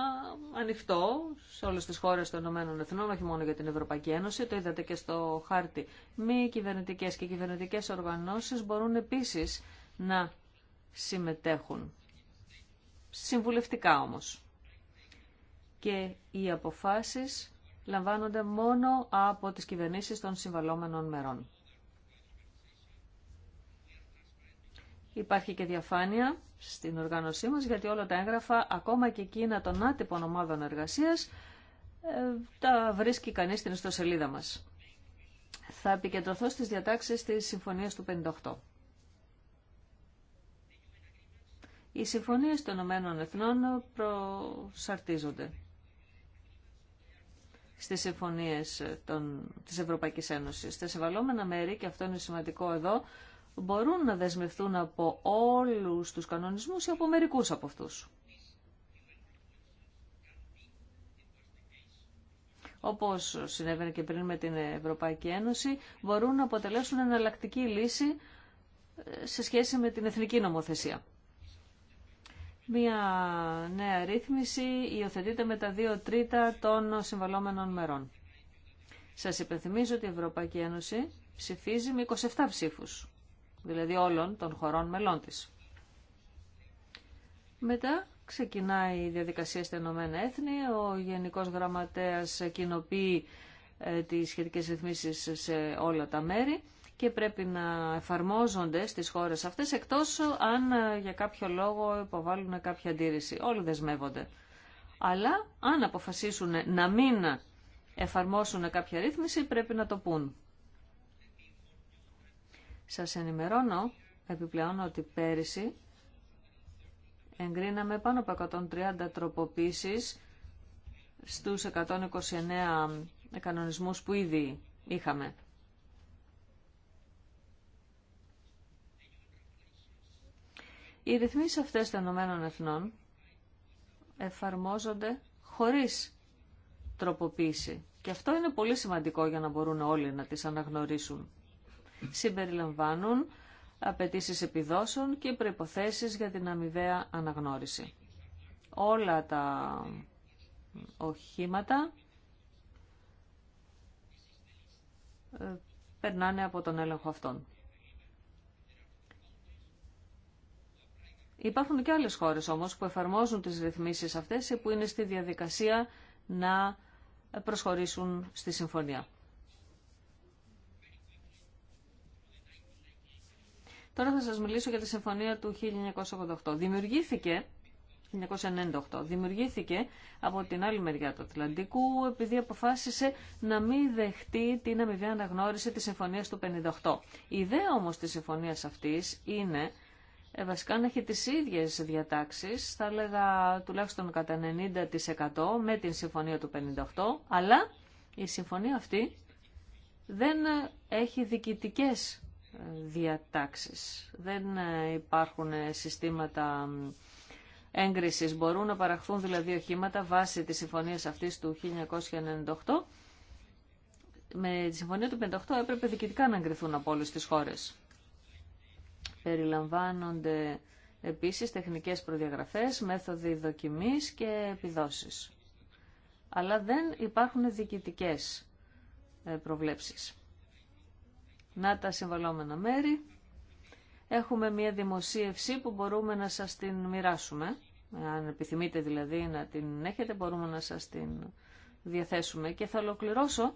S4: ανοιχτό σε όλες τις χώρες των ΗΠΑ όχι μόνο για την Ευρωπαϊκή Ένωση, το είδατε και στο χάρτη. Μη κυβερνητικέ και κυβερνητικέ οργανώσεις μπορούν επίσης να συμμετέχουν. Συμβουλευτικά όμως. Και οι αποφάσεις λαμβάνονται μόνο από τις κυβερνήσεις των συμβαλόμενων μερών. Υπάρχει και διαφάνεια στην οργάνωσή μας, γιατί όλα τα έγγραφα, ακόμα και εκείνα των άτυπων ομάδων εργασίας, ε, τα βρίσκει κανείς στην ιστοσελίδα μας. Θα επικεντρωθώ στις διατάξεις της Συμφωνίας του 58. Οι συμφωνίες των Ηνωμένων Εθνών προσαρτίζονται στις συμφωνίες των, της Ευρωπαϊκής Ένωσης. Στα Σεβαλόμενα μέρη, και αυτό είναι σημαντικό εδώ, μπορούν να δεσμευτούν από όλους τους κανονισμούς ή από μερικούς από αυτούς. Όπως συνέβαινε και πριν με την Ευρωπαϊκή Ένωση, μπορούν να αποτελέσουν εναλλακτική λύση ε, σε σχέση με την εθνική νομοθεσία. Μία νέα ρύθμιση υιοθετείται με τα δύο τρίτα των συμβαλόμενων μερών. Σας υπενθυμίζω ότι η Ευρωπαϊκή Ένωση ψηφίζει με 27 ψήφους δηλαδή όλων των χωρών μελών της. Μετά ξεκινάει η διαδικασία στα Ηνωμένα Έθνη, ο Γενικός Γραμματέας κοινοποιεί ε, τις σχετικές ρυθμίσεις σε όλα τα μέρη και πρέπει να εφαρμόζονται στις χώρες αυτές, εκτός αν ε, για κάποιο λόγο υποβάλλουν κάποια αντίρρηση. Όλοι δεσμεύονται. Αλλά αν αποφασίσουν να μην εφαρμόσουν κάποια ρύθμιση, πρέπει να το πούν. Σας ενημερώνω επιπλέον ότι πέρυσι εγκρίναμε πάνω από 130 τροποποίησεις στους 129 κανονισμούς που ήδη είχαμε. Οι ρυθμίσεις αυτές των Ηνωμένων Εθνών εφαρμόζονται χωρίς τροποποίηση. Και αυτό είναι πολύ σημαντικό για να μπορούν όλοι να τις αναγνωρίσουν συμπεριλαμβάνουν απαιτήσει επιδόσεων και προϋποθέσεις για την αμοιβαία αναγνώριση. Όλα τα οχήματα ε, περνάνε από τον έλεγχο αυτών. Υπάρχουν και άλλες χώρες όμως που εφαρμόζουν τις ρυθμίσεις αυτές και που είναι στη διαδικασία να προσχωρήσουν στη συμφωνία. Τώρα θα σας μιλήσω για τη συμφωνία του 1988. Δημιουργήθηκε 1998. Δημιουργήθηκε από την άλλη μεριά του Ατλαντικού επειδή αποφάσισε να μην δεχτεί την αμοιβή αναγνώριση της συμφωνίας του 58. Η ιδέα όμως της συμφωνίας αυτής είναι ε, βασικά να έχει τις ίδιες διατάξεις, θα έλεγα τουλάχιστον κατά 90% με την συμφωνία του 58, αλλά η συμφωνία αυτή δεν έχει διοικητικές διατάξεις. Δεν ε, υπάρχουν ε, συστήματα έγκρισης. Μπορούν να παραχθούν δηλαδή οχήματα βάσει της συμφωνίας αυτής του 1998. Με τη συμφωνία του 1958 έπρεπε διοικητικά να εγκριθούν από όλες τις χώρες. Περιλαμβάνονται επίσης τεχνικές προδιαγραφές, μέθοδοι δοκιμής και επιδόσεις. Αλλά δεν υπάρχουν διοικητικές ε, προβλέψεις. Να τα συμβαλόμενα μέρη. Έχουμε μια δημοσίευση που μπορούμε να σας την μοιράσουμε. Αν επιθυμείτε δηλαδή να την έχετε, μπορούμε να σας την διαθέσουμε. Και θα ολοκληρώσω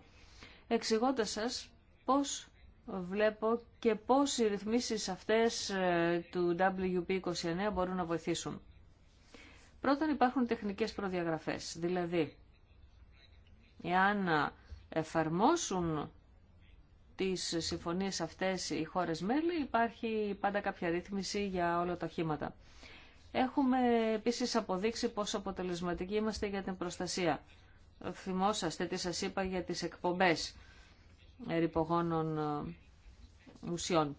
S4: εξηγώντας σας πώς βλέπω και πώς οι ρυθμίσεις αυτές ε, του WP29 μπορούν να βοηθήσουν. Πρώτον υπάρχουν τεχνικές προδιαγραφές, δηλαδή εάν εφαρμόσουν τις συμφωνίες αυτές οι χώρες μέλη υπάρχει πάντα κάποια ρύθμιση για όλα τα οχήματα. Έχουμε επίσης αποδείξει πόσο αποτελεσματικοί είμαστε για την προστασία. Θυμόσαστε τι σας είπα για τις εκπομπές ρηπογόνων ε, ουσιών.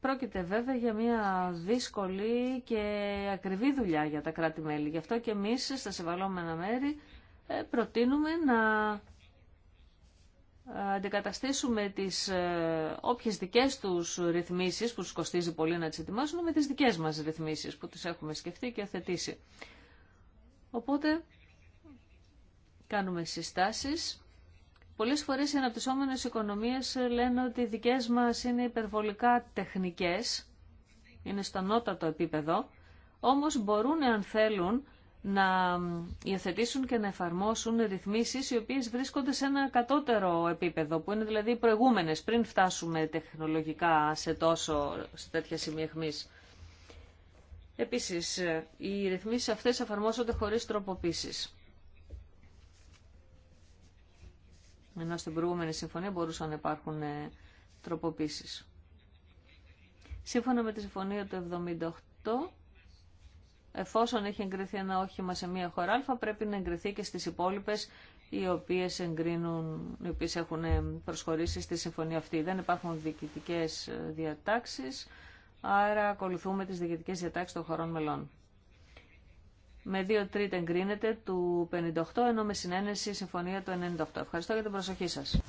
S4: Πρόκειται βέβαια για μια δύσκολη και ακριβή δουλειά για τα κράτη-μέλη. Γι' αυτό και εμείς στα συμβαλώμενα μέρη ε, προτείνουμε να αντικαταστήσουμε τις ε, όποιες δικές τους ρυθμίσεις που τους κοστίζει πολύ να τις ετοιμάσουν με τις δικές μας ρυθμίσεις που τους έχουμε σκεφτεί και αθετήσει. Οπότε κάνουμε συστάσεις. Πολλές φορές οι αναπτυσσόμενες οικονομίες λένε ότι οι δικές μας είναι υπερβολικά τεχνικές, είναι στο το επίπεδο, όμως μπορούν αν θέλουν να υιοθετήσουν και να εφαρμόσουν ρυθμίσεις οι οποίες βρίσκονται σε ένα κατώτερο επίπεδο, που είναι δηλαδή προηγούμενες, πριν φτάσουμε τεχνολογικά σε τόσο, σε τέτοια σημεία χμής. Επίσης, οι ρυθμίσεις αυτές εφαρμόζονται χωρίς τροποποίησης. Ενώ στην προηγούμενη συμφωνία μπορούσαν να υπάρχουν ε, τροποποίησεις. Σύμφωνα με τη συμφωνία του 78, εφόσον έχει εγκριθεί ένα όχημα σε μία χώρα α, πρέπει να εγκριθεί και στις υπόλοιπες οι οποίες, εγκρίνουν, οι έχουν προσχωρήσει στη συμφωνία αυτή. Δεν υπάρχουν διοικητικές διατάξεις, άρα ακολουθούμε τις διοικητικές διατάξεις των χωρών μελών. Με 2 τρίτα εγκρίνεται του 58, ενώ με συνένεση συμφωνία του 98. Ευχαριστώ για την προσοχή σας.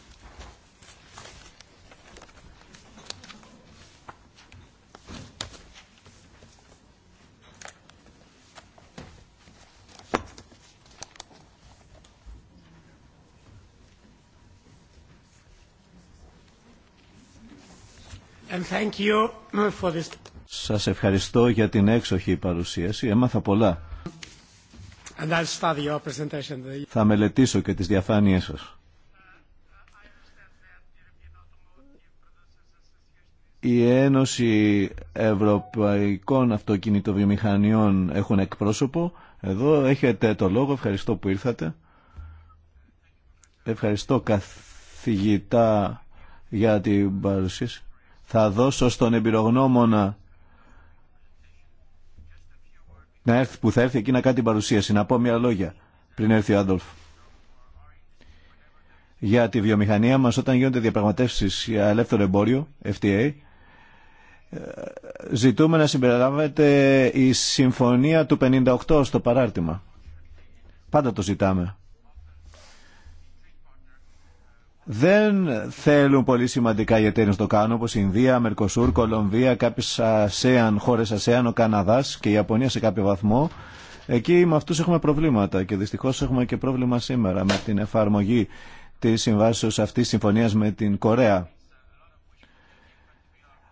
S2: Σας ευχαριστώ για την έξοχη παρουσίαση. Έμαθα πολλά. Θα μελετήσω και τις διαφάνειές σας. Η Ένωση Ευρωπαϊκών Αυτοκινητοβιομηχανιών έχουν εκπρόσωπο. Εδώ έχετε το λόγο. Ευχαριστώ που ήρθατε. Ευχαριστώ καθηγητά για την παρουσίαση θα δώσω στον εμπειρογνώμονα να έρθει, που θα έρθει εκεί να κάνει την παρουσίαση, να πω μια λόγια πριν έρθει ο Άντολφ. Για τη βιομηχανία μας όταν γίνονται διαπραγματεύσεις για ελεύθερο εμπόριο, FTA, ε, ζητούμε να συμπεριλάβεται η συμφωνία του 58 στο παράρτημα. Πάντα το ζητάμε δεν θέλουν πολύ σημαντικά οι εταιρείε να το κάνουν, όπω η Ινδία, Μερκοσούρ, Κολομβία, κάποιε ΑΣΕΑΝ, χώρε ΑΣΕΑΝ, ο Καναδά και η Ιαπωνία σε κάποιο βαθμό. Εκεί με αυτού έχουμε προβλήματα και δυστυχώ έχουμε και πρόβλημα σήμερα με την εφαρμογή τη συμβάσεω αυτή τη συμφωνία με την Κορέα.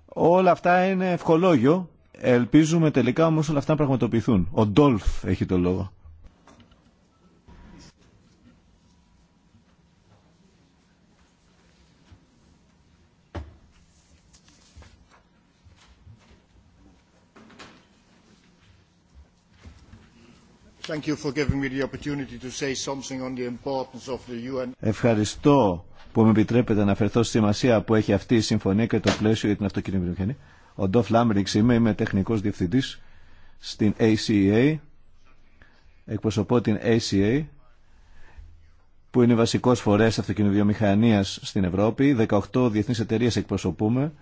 S2: Όλα αυτά είναι ευχολόγιο. Ελπίζουμε τελικά όμω όλα αυτά να πραγματοποιηθούν. Ο Ντόλφ έχει το λόγο. Ευχαριστώ που με επιτρέπετε να αναφερθώ στη σημασία που έχει αυτή η συμφωνία και το πλαίσιο για την αυτοκινητοβιομηχανία. Ο Ντόφ Λάμπριξ είμαι, είμαι τεχνικός διευθυντής στην ACA. Εκπροσωπώ την ACA που είναι βασικός φορέας αυτοκινητοβιομηχανίας στην Ευρώπη. 18 διεθνείς εταιρείες εκπροσωπούμε.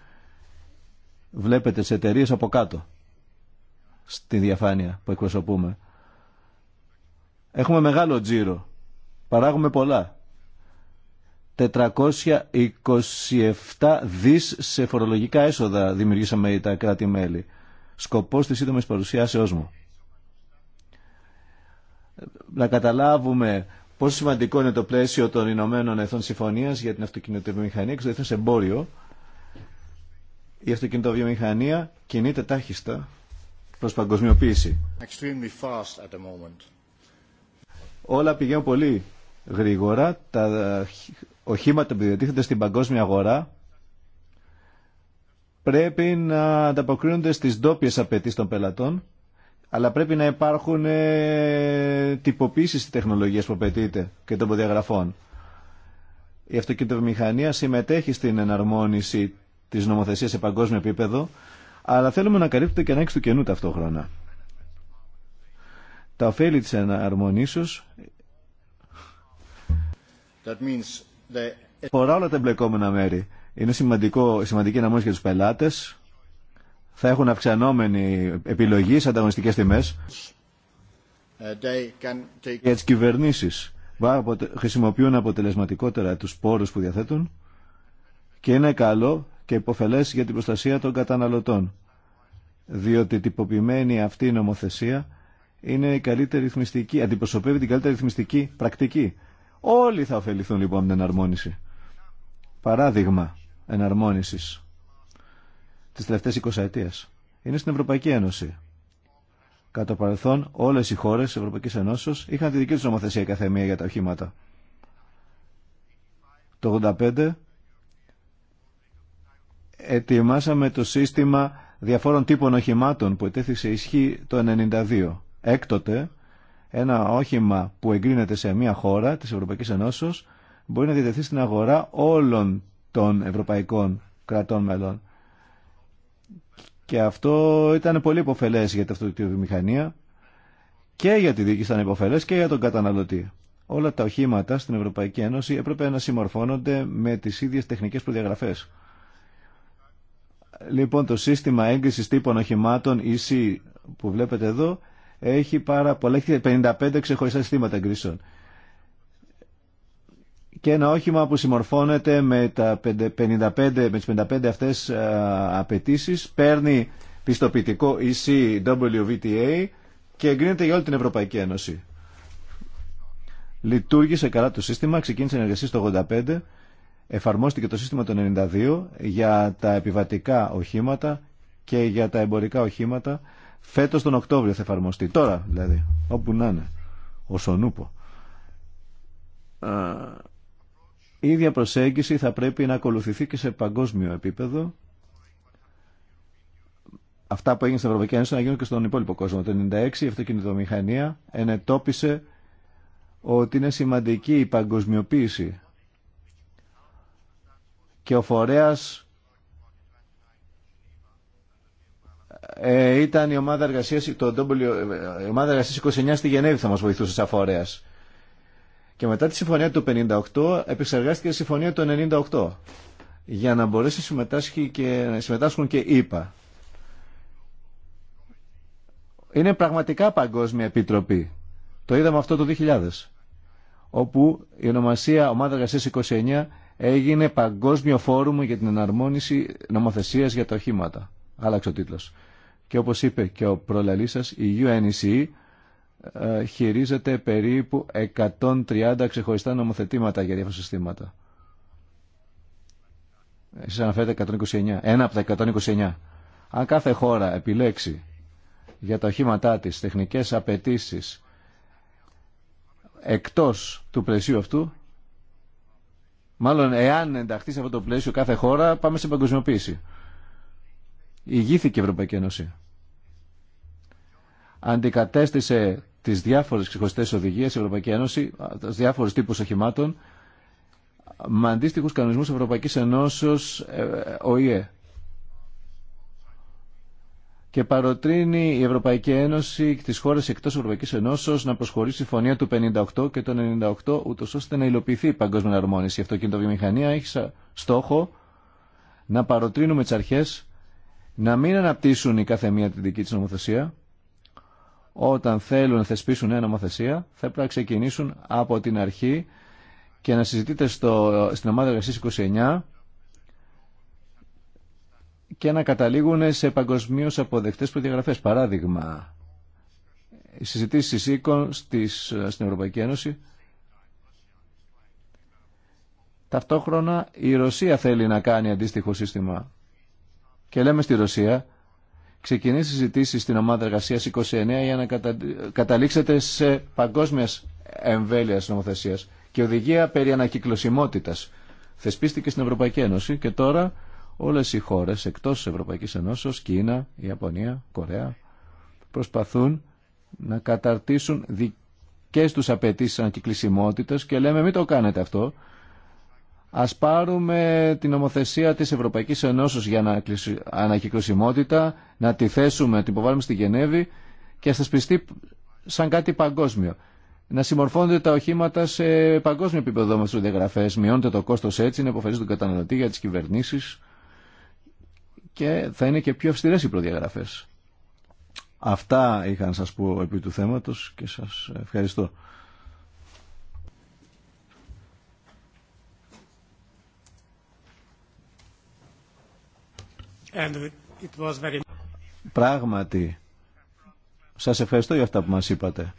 S2: Βλέπετε τις εταιρείε από κάτω στη διαφάνεια που εκπροσωπούμε. Έχουμε μεγάλο τζίρο. Παράγουμε πολλά. 427 δις σε φορολογικά έσοδα δημιουργήσαμε τα κράτη-μέλη. Σκοπός της σύντομης παρουσιάσεώς μου. Να καταλάβουμε πόσο σημαντικό είναι το πλαίσιο των Ηνωμένων Εθνών Συμφωνίας για την αυτοκινητοβιομηχανία και το εμπόριο. Η αυτοκινητοβιομηχανία κινείται τάχιστα προς παγκοσμιοποίηση όλα πηγαίνουν πολύ γρήγορα. Τα οχήματα που διατίθενται στην παγκόσμια αγορά πρέπει να ανταποκρίνονται στις ντόπιε απαιτήσει των πελατών, αλλά πρέπει να υπάρχουν ε, τυποποίησεις της τεχνολογίας που απαιτείται και των προδιαγραφών. Η αυτοκινητοβιομηχανία συμμετέχει στην εναρμόνιση της νομοθεσίας σε παγκόσμιο επίπεδο, αλλά θέλουμε να καλύπτεται και ανάγκη του καινού ταυτόχρονα τα ωφέλη της εναρμονήσεως. φορά όλα τα εμπλεκόμενα μέρη. Είναι σημαντικό, σημαντική εναρμόνιση για τους πελάτες. Θα έχουν αυξανόμενη επιλογή σε ανταγωνιστικές τιμές.
S5: Uh,
S2: για τις κυβερνήσεις χρησιμοποιούν αποτελεσματικότερα τους πόρους που διαθέτουν και είναι καλό και υποφελές για την προστασία των καταναλωτών διότι τυποποιημένη αυτή η νομοθεσία είναι η καλύτερη ρυθμιστική, αντιπροσωπεύει την καλύτερη ρυθμιστική πρακτική. Όλοι θα ωφεληθούν λοιπόν από την εναρμόνιση. Παράδειγμα εναρμόνισης τη τελευταία 20 ετία Είναι στην Ευρωπαϊκή Ένωση. Κατά παρελθόν όλε οι χώρε τη Ευρωπαϊκή Ένωσης είχαν τη δική του νομοθεσία καθεμία για τα οχήματα. Το 1985 ετοιμάσαμε το σύστημα διαφόρων τύπων οχημάτων που ετέθησε ισχύ το 1992. Έκτοτε, ένα όχημα που εγκρίνεται σε μια χώρα της Ευρωπαϊκής Ενώσεως μπορεί να διατεθεί στην αγορά όλων των ευρωπαϊκών κρατών μελών. Και αυτό ήταν πολύ υποφελές για την μηχανία και για τη διοίκηση ήταν υποφελές και για τον καταναλωτή. Όλα τα οχήματα στην Ευρωπαϊκή Ένωση έπρεπε να συμμορφώνονται με τις ίδιες τεχνικές προδιαγραφές. Λοιπόν, το σύστημα έγκρισης τύπων οχημάτων EC που βλέπετε εδώ έχει πάρα πολλά, 55 ξεχωριστά συστήματα εγκρίσεων. Και ένα όχημα που συμμορφώνεται με, τα 55, με τις 55 αυτές απαιτήσει, παίρνει πιστοποιητικό ECWVTA και εγκρίνεται για όλη την Ευρωπαϊκή Ένωση. Λειτουργήσε καλά το σύστημα, ξεκίνησε εργασία το 85, εφαρμόστηκε το σύστημα το 92 για τα επιβατικά οχήματα και για τα εμπορικά οχήματα Φέτος τον Οκτώβριο θα εφαρμοστεί. Τώρα δηλαδή, όπου να είναι. Ο Σονούπο. Η ίδια προσέγγιση θα πρέπει να ακολουθηθεί και σε παγκόσμιο επίπεδο. Αυτά που έγινε στην Ευρωπαϊκή Ένωση να γίνουν και στον υπόλοιπο κόσμο. Το 1996 η αυτοκινητομηχανία ενετόπισε ότι είναι σημαντική η παγκοσμιοποίηση και ο φορέας Ε, ήταν η ομάδα εργασίας, το ε, η ομάδα εργασίας 29 στη Γενέβη θα μας βοηθούσε σαν φορέας. Και μετά τη συμφωνία του 58 επεξεργάστηκε η συμφωνία του 98 για να μπορέσει να, και, να συμμετάσχουν και ΙΠΑ. Είναι πραγματικά παγκόσμια επιτροπή. Το είδαμε αυτό το 2000 όπου η ονομασία Ομάδα Εργασίας 29 έγινε Παγκόσμιο Φόρουμ για την Εναρμόνιση Νομοθεσίας για τα Οχήματα. Άλλαξε ο τίτλος. Και όπως είπε και ο προλαλής σας, η UNEC ε, χειρίζεται περίπου 130 ξεχωριστά νομοθετήματα για διάφορα συστήματα. Εσείς αναφέρετε 129. Ένα από τα 129. Αν κάθε χώρα επιλέξει για τα οχήματά της τεχνικές απαιτήσει εκτός του πλαισίου αυτού, μάλλον εάν ενταχθεί σε αυτό το πλαίσιο κάθε χώρα, πάμε στην παγκοσμιοποίηση ηγήθηκε η Ευρωπαϊκή Ένωση. Αντικατέστησε τις διάφορες ξεχωριστέ οδηγίες η Ευρωπαϊκή Ένωση, διάφορου τύπου τύπους οχημάτων, με αντίστοιχου κανονισμούς Ευρωπαϊκής ο ΙΕ. Ε, και παροτρύνει η Ευρωπαϊκή Ένωση τις χώρες εκτός Ευρωπαϊκής Ενώσης να προσχωρήσει η φωνία του 58 και του 98, ούτως ώστε να υλοποιηθεί η παγκόσμια αρμόνιση. Η αυτοκινητοβιομηχανία έχει στόχο να παροτρύνουμε τι αρχέ να μην αναπτύσσουν η κάθε μία την δική της νομοθεσία. Όταν θέλουν να θεσπίσουν νέα νομοθεσία, θα πρέπει να ξεκινήσουν από την αρχή και να συζητείτε στο, στην ομάδα εργασίας 29 και να καταλήγουν σε παγκοσμίως αποδεκτές προδιαγραφές. Παράδειγμα, οι συζητήσεις οίκων στις, στην Ευρωπαϊκή Ένωση Ταυτόχρονα η Ρωσία θέλει να κάνει αντίστοιχο σύστημα και λέμε στη Ρωσία, ξεκινήσει συζητήσει στην ομάδα εργασία 29 για να καταλήξετε σε παγκόσμια εμβέλεια νομοθεσία και οδηγία περί ανακυκλωσιμότητα. Θεσπίστηκε στην Ευρωπαϊκή Ένωση και τώρα όλε οι χώρε εκτό Ευρωπαϊκή Ένωση, Κίνα, Ιαπωνία, Κορέα, προσπαθούν να καταρτήσουν δικέ του απαιτήσει ανακυκλωσιμότητα και λέμε μην το κάνετε αυτό. Ας πάρουμε την νομοθεσία της Ευρωπαϊκής Ενώσεως για ανακυκλωσιμότητα, να τη θέσουμε, να την υποβάλουμε στη Γενέβη και θα σπιστεί σαν κάτι παγκόσμιο. Να συμμορφώνονται τα οχήματα σε παγκόσμιο επίπεδο με τις διαγραφές, μειώνεται το κόστος έτσι, να υποφελείς τον καταναλωτή για τις κυβερνήσεις και θα είναι και πιο αυστηρές οι προδιαγραφές. Αυτά είχα να σας πω επί του θέματος και σας ευχαριστώ. Πράγματι, σας ευχαριστώ για αυτά που μας είπατε.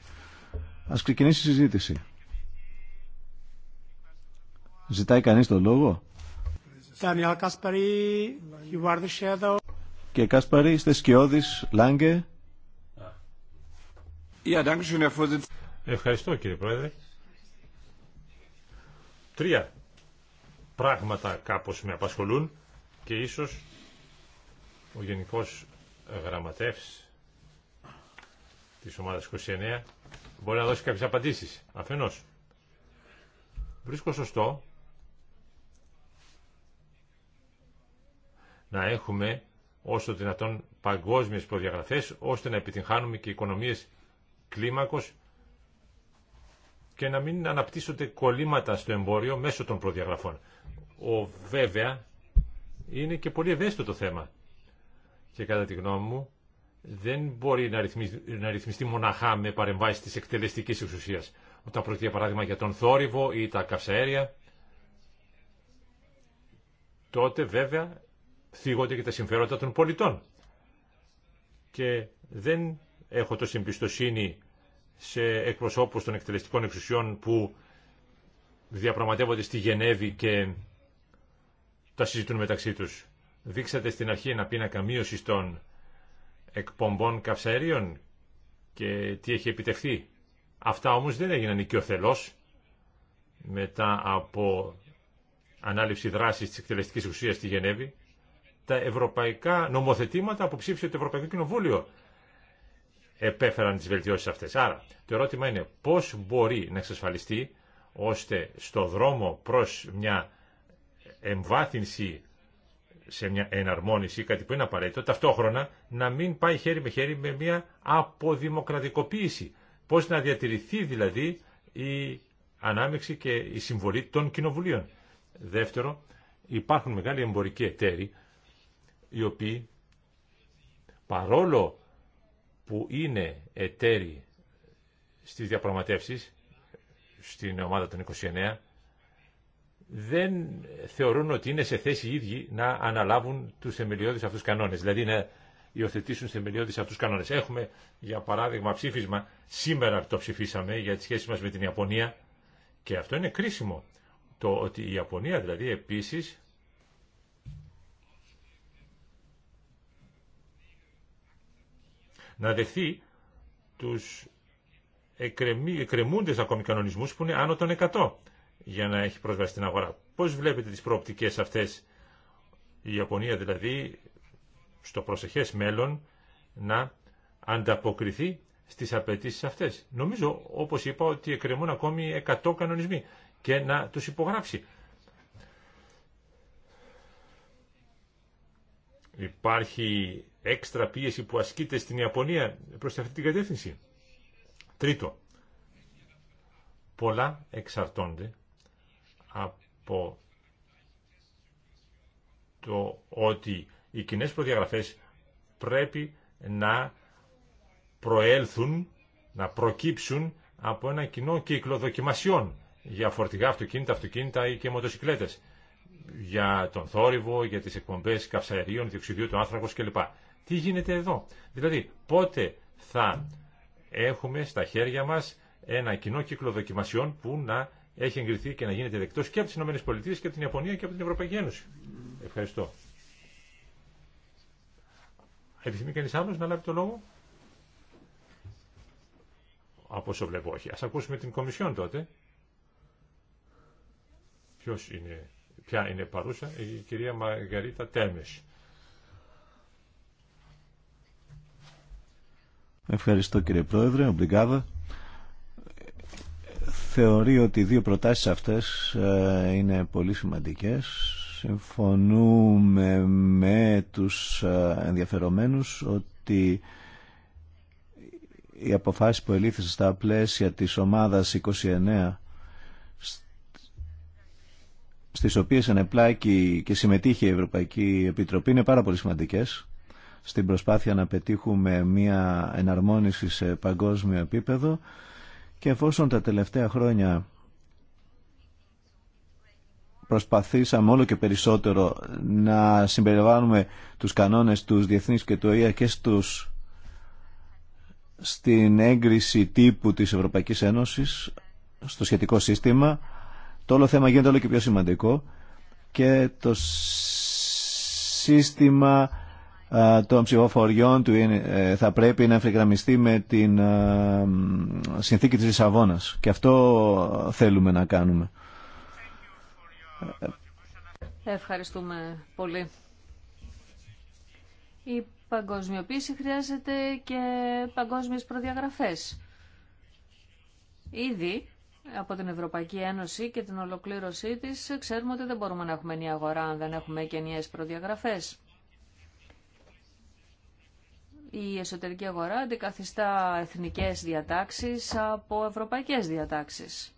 S2: Ας ξεκινήσει η συζήτηση. Ζητάει κανείς τον λόγο.
S1: Daniel Κάσπαρι, you are the
S2: Και Κάσπαρη, είστε σκιώδης, Λάγκε.
S3: Ευχαριστώ κύριε Πρόεδρε. Τρία πράγματα κάπως με απασχολούν και ίσως ο Γενικός Γραμματεύς της ομάδας 29 μπορεί να δώσει κάποιες απαντήσεις αφενός βρίσκω σωστό να έχουμε όσο δυνατόν παγκόσμιες προδιαγραφές ώστε να επιτυγχάνουμε και οικονομίες κλίμακος και να μην αναπτύσσονται κολλήματα στο εμπόριο μέσω των προδιαγραφών. Ο βέβαια είναι και πολύ ευαίσθητο το θέμα και κατά τη γνώμη μου δεν μπορεί να ρυθμιστεί, να ρυθμιστεί μοναχά με παρεμβάσει τη εκτελεστική εξουσία. Όταν πρόκειται για παράδειγμα για τον θόρυβο ή τα καυσαέρια, τότε βέβαια θίγονται και τα συμφέροντα των πολιτών. Και δεν έχω τόση εμπιστοσύνη σε εκπροσώπους των εκτελεστικών εξουσιών που διαπραγματεύονται στη Γενέβη και τα συζητούν μεταξύ τους δείξατε στην αρχή ένα πίνακα μείωση των εκπομπών καυσαερίων και τι έχει επιτευχθεί. Αυτά όμως δεν έγιναν οικειοθελώς μετά από ανάληψη δράσης της εκτελεστικής ουσίας στη Γενέβη. Τα ευρωπαϊκά νομοθετήματα που ψήφισε το Ευρωπαϊκό Κοινοβούλιο επέφεραν τις βελτιώσεις αυτές. Άρα το ερώτημα είναι πώς μπορεί να εξασφαλιστεί ώστε στο δρόμο προς μια εμβάθυνση σε μια εναρμόνιση, κάτι που είναι απαραίτητο, ταυτόχρονα να μην πάει χέρι με χέρι με μια αποδημοκρατικοποίηση. Πώς να διατηρηθεί δηλαδή η ανάμειξη και η συμβολή των κοινοβουλίων. Δεύτερο, υπάρχουν μεγάλοι εμπορικοί εταίροι, οι οποίοι παρόλο που είναι εταίροι στις διαπραγματεύσεις, στην ομάδα των 29, δεν θεωρούν ότι είναι σε θέση οι ίδιοι να αναλάβουν τους θεμελιώδεις αυτούς κανόνες, δηλαδή να υιοθετήσουν θεμελιώδεις αυτούς κανόνες. Έχουμε, για παράδειγμα, ψήφισμα, σήμερα το ψηφίσαμε για τη σχέση μας με την Ιαπωνία και αυτό είναι κρίσιμο. Το ότι η Ιαπωνία δηλαδή επίσης να δεχθεί τους εκκρεμούντες ακόμη κανονισμούς που είναι άνω των 100 για να έχει πρόσβαση στην αγορά. Πώς βλέπετε τις προοπτικές αυτές η Ιαπωνία δηλαδή στο προσεχές μέλλον να ανταποκριθεί στις απαιτήσει αυτές. Νομίζω, όπως είπα, ότι εκκρεμούν ακόμη 100 κανονισμοί και να τους υπογράψει. Υπάρχει έξτρα πίεση που ασκείται στην Ιαπωνία προς αυτή την κατεύθυνση. Τρίτο, πολλά εξαρτώνται από το ότι οι κοινέ προδιαγραφές πρέπει να προέλθουν, να προκύψουν από ένα κοινό κύκλο δοκιμασιών για φορτηγά αυτοκίνητα, αυτοκίνητα ή και μοτοσυκλέτες, για τον θόρυβο, για τις εκπομπές καυσαερίων, διοξιδίου του άνθρακος κλπ. Τι γίνεται εδώ. Δηλαδή, πότε θα έχουμε στα χέρια μας ένα κοινό κύκλο δοκιμασιών που να έχει εγκριθεί και να γίνεται δεκτό και από τις ΗΠΑ και από την Ιαπωνία και από την Ευρωπαϊκή Ένωση. Ευχαριστώ. Επιθυμεί κανείς άλλος να λάβει το λόγο. Από όσο βλέπω όχι. Α ακούσουμε την Κομισιόν τότε. Ποιο είναι, ποια είναι παρούσα, η κυρία Μαργαρίτα Τέρμε.
S2: Ευχαριστώ κύριε Πρόεδρε, ομπλικάδα θεωρεί ότι οι δύο προτάσεις αυτές ε, είναι πολύ σημαντικές. Συμφωνούμε με τους ε, ενδιαφερομένους ότι η αποφάση που ελήφθησαν στα πλαίσια της ομάδας 29 στις οποίες ενεπλάκη και συμμετείχε η Ευρωπαϊκή Επιτροπή είναι πάρα πολύ σημαντικές στην προσπάθεια να πετύχουμε μια εναρμόνιση σε παγκόσμιο επίπεδο και εφόσον τα τελευταία χρόνια προσπαθήσαμε όλο και περισσότερο να συμπεριλαμβάνουμε τους κανόνες τους διεθνείς και του ΟΗΑ και στην έγκριση τύπου της Ευρωπαϊκής Ένωσης στο σχετικό σύστημα το όλο θέμα γίνεται όλο και πιο σημαντικό και το σύστημα ε, των ψηφοφοριών του ε, θα πρέπει να εφηγραμμιστεί με την ε, συνθήκη της Λισαβόνα. Και αυτό θέλουμε να κάνουμε.
S4: Ευχαριστούμε πολύ. Η παγκοσμιοποίηση χρειάζεται και παγκόσμιες προδιαγραφές. Ήδη από την Ευρωπαϊκή Ένωση και την ολοκλήρωσή της ξέρουμε ότι δεν μπορούμε να έχουμε μια αγορά αν δεν έχουμε και νέες προδιαγραφές η εσωτερική αγορά αντικαθιστά εθνικές διατάξεις από ευρωπαϊκές διατάξεις.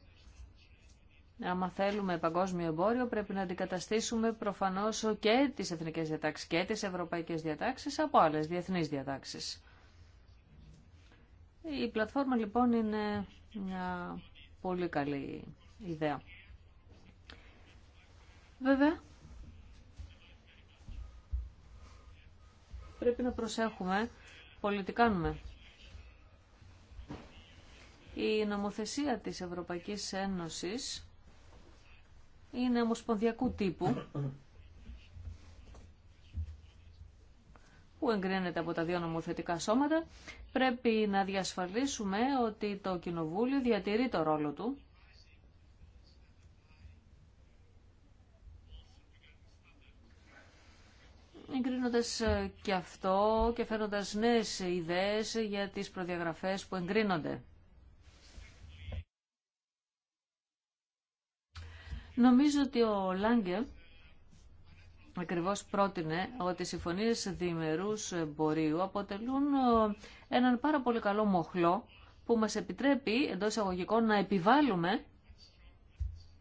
S4: Άμα θέλουμε παγκόσμιο εμπόριο πρέπει να αντικαταστήσουμε προφανώς και τις εθνικές διατάξεις και τις ευρωπαϊκές διατάξεις από άλλες διεθνείς διατάξεις. Η πλατφόρμα λοιπόν είναι μια πολύ καλή ιδέα. Βέβαια, πρέπει να προσέχουμε πολιτικάνουμε. Η νομοθεσία της Ευρωπαϊκής Ένωσης είναι ομοσπονδιακού τύπου που εγκρίνεται από τα δύο νομοθετικά σώματα. Πρέπει να διασφαλίσουμε ότι το Κοινοβούλιο διατηρεί το ρόλο του εγκρίνοντας ε, και αυτό και φέροντας νέες ιδέες για τις προδιαγραφές που εγκρίνονται. Νομίζω ότι ο Λάγκε ακριβώς πρότεινε ότι οι συμφωνίες διημερούς εμπορίου αποτελούν ε, έναν πάρα πολύ καλό μοχλό που μας επιτρέπει εντός εισαγωγικών να επιβάλλουμε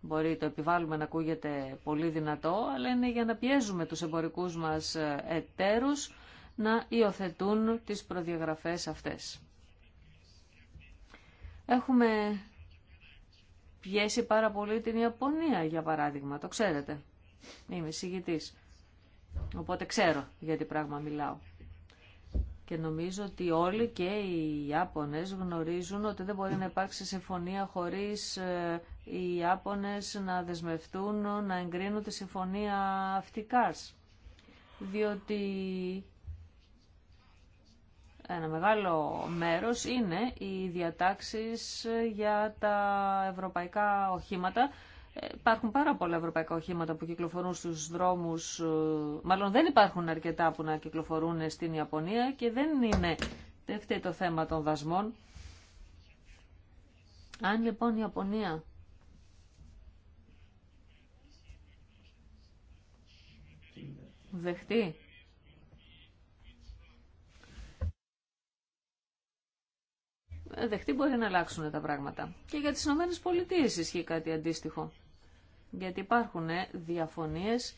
S4: Μπορεί το επιβάλλουμε να ακούγεται πολύ δυνατό, αλλά είναι για να πιέζουμε τους εμπορικούς μας ε, εταίρους να υιοθετούν τις προδιαγραφές αυτές. Έχουμε πιέσει πάρα πολύ την Ιαπωνία, για παράδειγμα, το ξέρετε. Είμαι συγγητής, οπότε ξέρω για τι πράγμα μιλάω. Και νομίζω ότι όλοι και οι Ιάπωνες γνωρίζουν ότι δεν μπορεί να υπάρξει συμφωνία χωρίς ε, οι Ιάπωνες να δεσμευτούν να εγκρίνουν τη συμφωνία αυτικάς. Διότι ένα μεγάλο μέρος είναι οι διατάξεις για τα ευρωπαϊκά οχήματα. Ε, υπάρχουν πάρα πολλά ευρωπαϊκά οχήματα που κυκλοφορούν στους δρόμους, ε, μάλλον δεν υπάρχουν αρκετά που να κυκλοφορούν στην Ιαπωνία και δεν είναι δεν το θέμα των δασμών. Αν λοιπόν η Ιαπωνία δεχτεί ε, δεχτεί μπορεί να αλλάξουν τα πράγματα. Και για τις Ηνωμένες Πολιτείες ισχύει κάτι αντίστοιχο. Γιατί υπάρχουν ε, διαφωνίες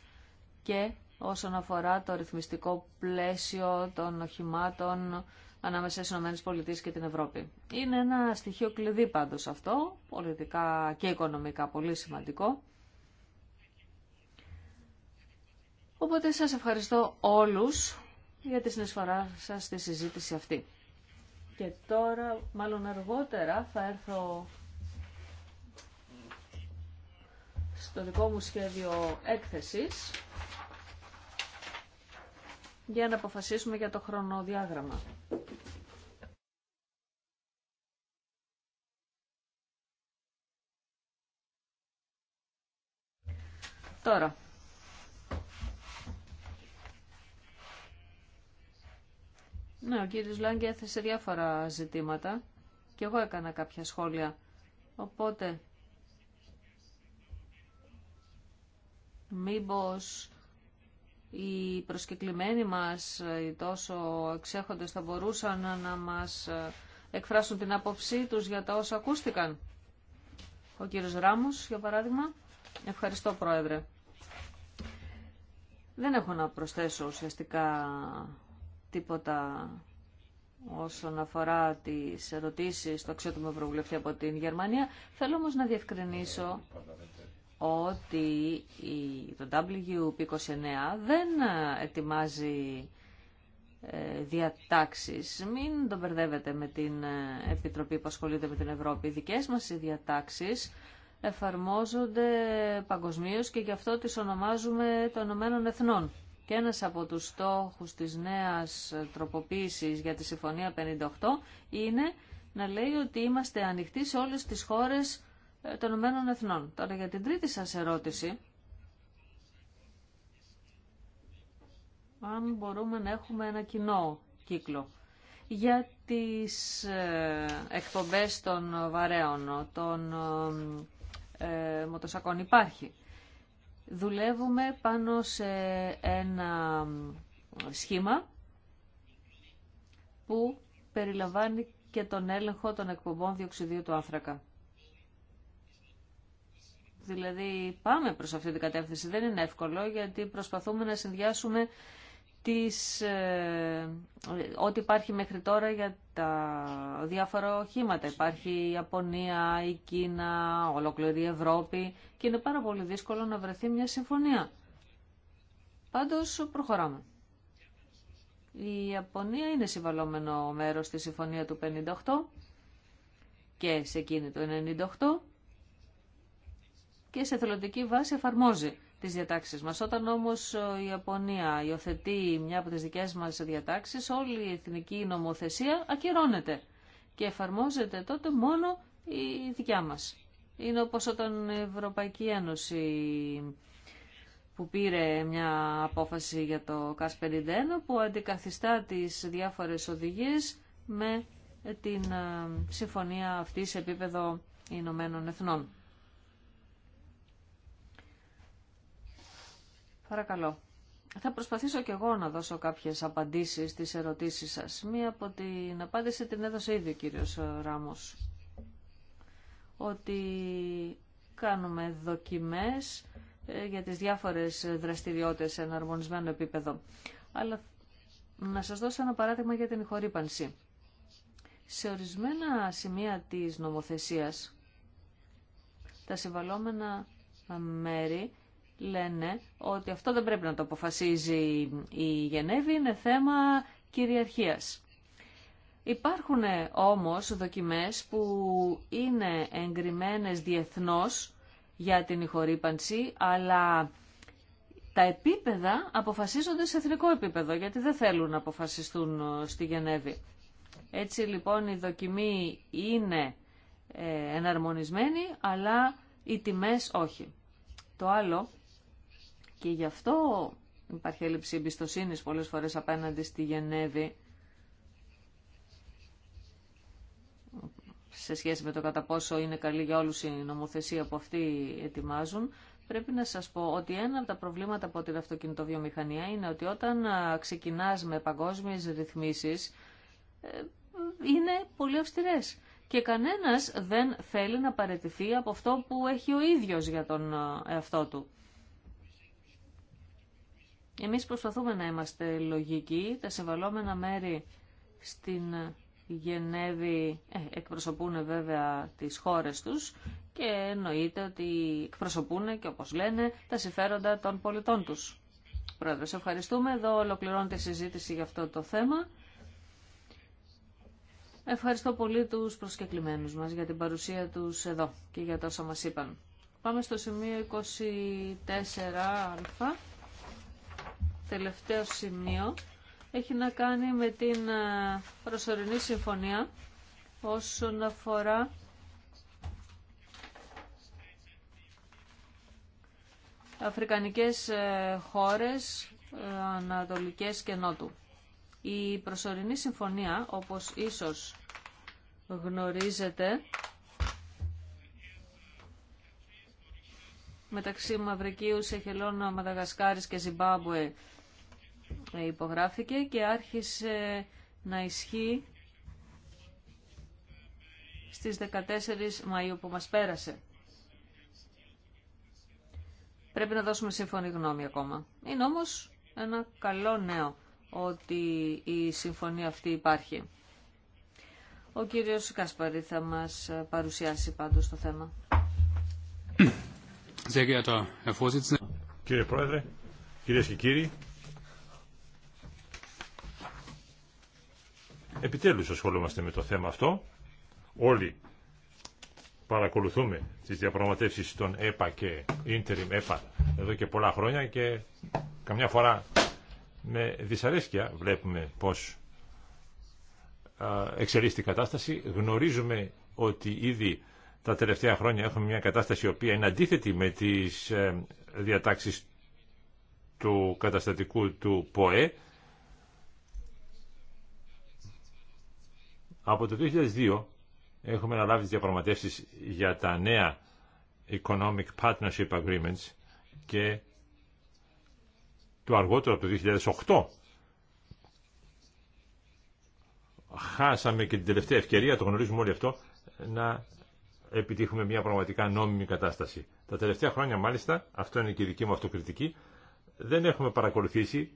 S4: και όσον αφορά το ρυθμιστικό πλαίσιο των οχημάτων ανάμεσα στις Ηνωμένες Πολιτείες και την Ευρώπη. Είναι ένα στοιχείο κλειδί πάντως αυτό, πολιτικά και οικονομικά πολύ σημαντικό. Οπότε σας ευχαριστώ όλους για τη συνεισφορά σας στη συζήτηση αυτή. Και τώρα, μάλλον αργότερα, θα έρθω στο δικό μου σχέδιο έκθεσης για να αποφασίσουμε για το χρονοδιάγραμμα. Τώρα, Ναι, ο κύριος Λάγκη έθεσε διάφορα ζητήματα και εγώ έκανα κάποια σχόλια. Οπότε, μήπως οι προσκεκλημένοι μας, οι τόσο εξέχοντες, θα μπορούσαν να μας ε, εκφράσουν την άποψή τους για τα όσα ακούστηκαν. Ο κύριος Ράμος, για παράδειγμα. Ευχαριστώ, Πρόεδρε. Δεν έχω να προσθέσω ουσιαστικά τίποτα όσον αφορά τις ερωτήσεις στο αξιότιμο ευρωβουλευτή από την Γερμανία. Θέλω όμως να διευκρινίσω ότι το WP29 δεν ετοιμάζει ε, διατάξεις. Μην τον μπερδεύετε με την ε, Επιτροπή που ασχολείται με την Ευρώπη. Οι δικές μας οι διατάξεις εφαρμόζονται παγκοσμίως και γι' αυτό τις ονομάζουμε των Ηνωμένων Εθνών. Και ένας από τους στόχους της νέας τροποποίησης για τη Συμφωνία 58 είναι να λέει ότι είμαστε ανοιχτοί σε όλες τις χώρες ε, των Ηνωμένων Εθνών. Τώρα για την τρίτη σας ερώτηση, αν μπορούμε να έχουμε ένα κοινό κύκλο για τις ε, εκπομπές των βαρέων, των ε, ε μοτοσακών υπάρχει δουλεύουμε πάνω σε ένα σχήμα που περιλαμβάνει και τον έλεγχο των εκπομπών διοξιδίου του άνθρακα. Δηλαδή πάμε προς αυτή την κατεύθυνση. Δεν είναι εύκολο γιατί προσπαθούμε να συνδυάσουμε τις, ε, ό,τι υπάρχει μέχρι τώρα για τα διάφορα οχήματα. Υπάρχει η Ιαπωνία, η Κίνα, ολόκληρη η Ευρώπη και είναι πάρα πολύ δύσκολο να βρεθεί μια συμφωνία. Πάντως προχωράμε. Η Ιαπωνία είναι συμβαλόμενο μέρος στη συμφωνία του 58 και σε εκείνη του 98 και σε θελοντική βάση εφαρμόζει τις Όταν όμω ε, η Ιαπωνία υιοθετεί μια από τι δικέ μα διατάξει, όλη η εθνική νομοθεσία ακυρώνεται και εφαρμόζεται τότε μόνο η δικιά μας. Είναι όπω όταν η Ευρωπαϊκή Ένωση που πήρε μια απόφαση για το ΚΑΣ 51 που αντικαθιστά τις διάφορες οδηγίες με την ε, συμφωνία αυτή σε επίπεδο Ηνωμένων Εθνών. Παρακαλώ. Θα προσπαθήσω και εγώ να δώσω κάποιες απαντήσεις στις ερωτήσεις σας. Μία από την απάντηση την έδωσε ήδη ο κύριος Ράμος. Ότι κάνουμε δοκιμές ε, για τις διάφορες δραστηριότητες σε εναρμονισμένο επίπεδο. Αλλά να σας δώσω ένα παράδειγμα για την ηχορύπανση. Σε ορισμένα σημεία της νομοθεσίας, τα συμβαλόμενα μέρη λένε ότι αυτό δεν πρέπει να το αποφασίζει η Γενέβη, είναι θέμα κυριαρχίας. Υπάρχουν ε, όμως δοκιμές που είναι εγκριμένες διεθνώς για την ηχορύπανση, αλλά τα επίπεδα αποφασίζονται σε εθνικό επίπεδο, γιατί δεν θέλουν να αποφασιστούν ε, στη Γενέβη. Έτσι λοιπόν η δοκιμή είναι ε, εναρμονισμένη, αλλά οι τιμές όχι. Το άλλο και γι' αυτό υπάρχει έλλειψη εμπιστοσύνης πολλές φορές απέναντι στη Γενέβη σε σχέση με το κατά πόσο είναι καλή για όλους η νομοθεσία που αυτοί ετοιμάζουν. Πρέπει να σας πω ότι ένα από τα προβλήματα από την αυτοκινητοβιομηχανία είναι ότι όταν ξεκινάς με παγκόσμιες ρυθμίσεις ε, είναι πολύ αυστηρές και κανένας δεν θέλει να παραιτηθεί από αυτό που έχει ο ίδιος για τον εαυτό του. Εμείς προσπαθούμε να είμαστε λογικοί. Τα συμβαλόμενα μέρη στην Γενέβη ε, εκπροσωπούν βέβαια τις χώρες τους και εννοείται ότι εκπροσωπούν και όπως λένε τα συμφέροντα των πολιτών τους. Πρόεδρος, ευχαριστούμε. Εδώ ολοκληρώνεται η συζήτηση για αυτό το θέμα. Ευχαριστώ πολύ τους προσκεκλημένους μας για την παρουσία τους εδώ και για τόσα μας είπαν. Πάμε στο σημείο 24α τελευταίο σημείο έχει να κάνει με την ε, προσωρινή συμφωνία όσον αφορά αφρικανικές ε, χώρες ε, ανατολικές και νότου. Η προσωρινή συμφωνία, όπως ίσως γνωρίζετε, μεταξύ Μαυρικίου, Σεχελών, Μαδαγασκάρης και Ζιμπάμπουε υπογράφηκε και άρχισε να ισχύει στις 14 Μαΐου που μας πέρασε. Πρέπει να δώσουμε σύμφωνη γνώμη ακόμα. Είναι όμως ένα καλό νέο ότι η συμφωνία αυτή υπάρχει. Ο κύριος Κάσπαρη θα μας παρουσιάσει πάντως το θέμα.
S3: Κύριε Πρόεδρε, κυρίες και κύριοι, Επιτέλους ασχολούμαστε με το θέμα αυτό. Όλοι παρακολουθούμε τις διαπραγματεύσεις των ΕΠΑ και Interim ΕΠΑ εδώ και πολλά χρόνια και καμιά φορά με δυσαρέσκεια βλέπουμε πώς εξελίσσεται η κατάσταση. Γνωρίζουμε ότι ήδη τα τελευταία χρόνια έχουμε μια κατάσταση η οποία είναι αντίθετη με τις ε, διατάξεις του καταστατικού του ΠΟΕ Από το 2002 έχουμε αναλάβει τις διαπραγματεύσεις για τα νέα Economic Partnership Agreements και το αργότερο από το 2008 χάσαμε και την τελευταία ευκαιρία, το γνωρίζουμε όλοι αυτό, να επιτύχουμε μια πραγματικά νόμιμη κατάσταση. Τα τελευταία χρόνια μάλιστα, αυτό είναι και η δική μου αυτοκριτική, δεν έχουμε παρακολουθήσει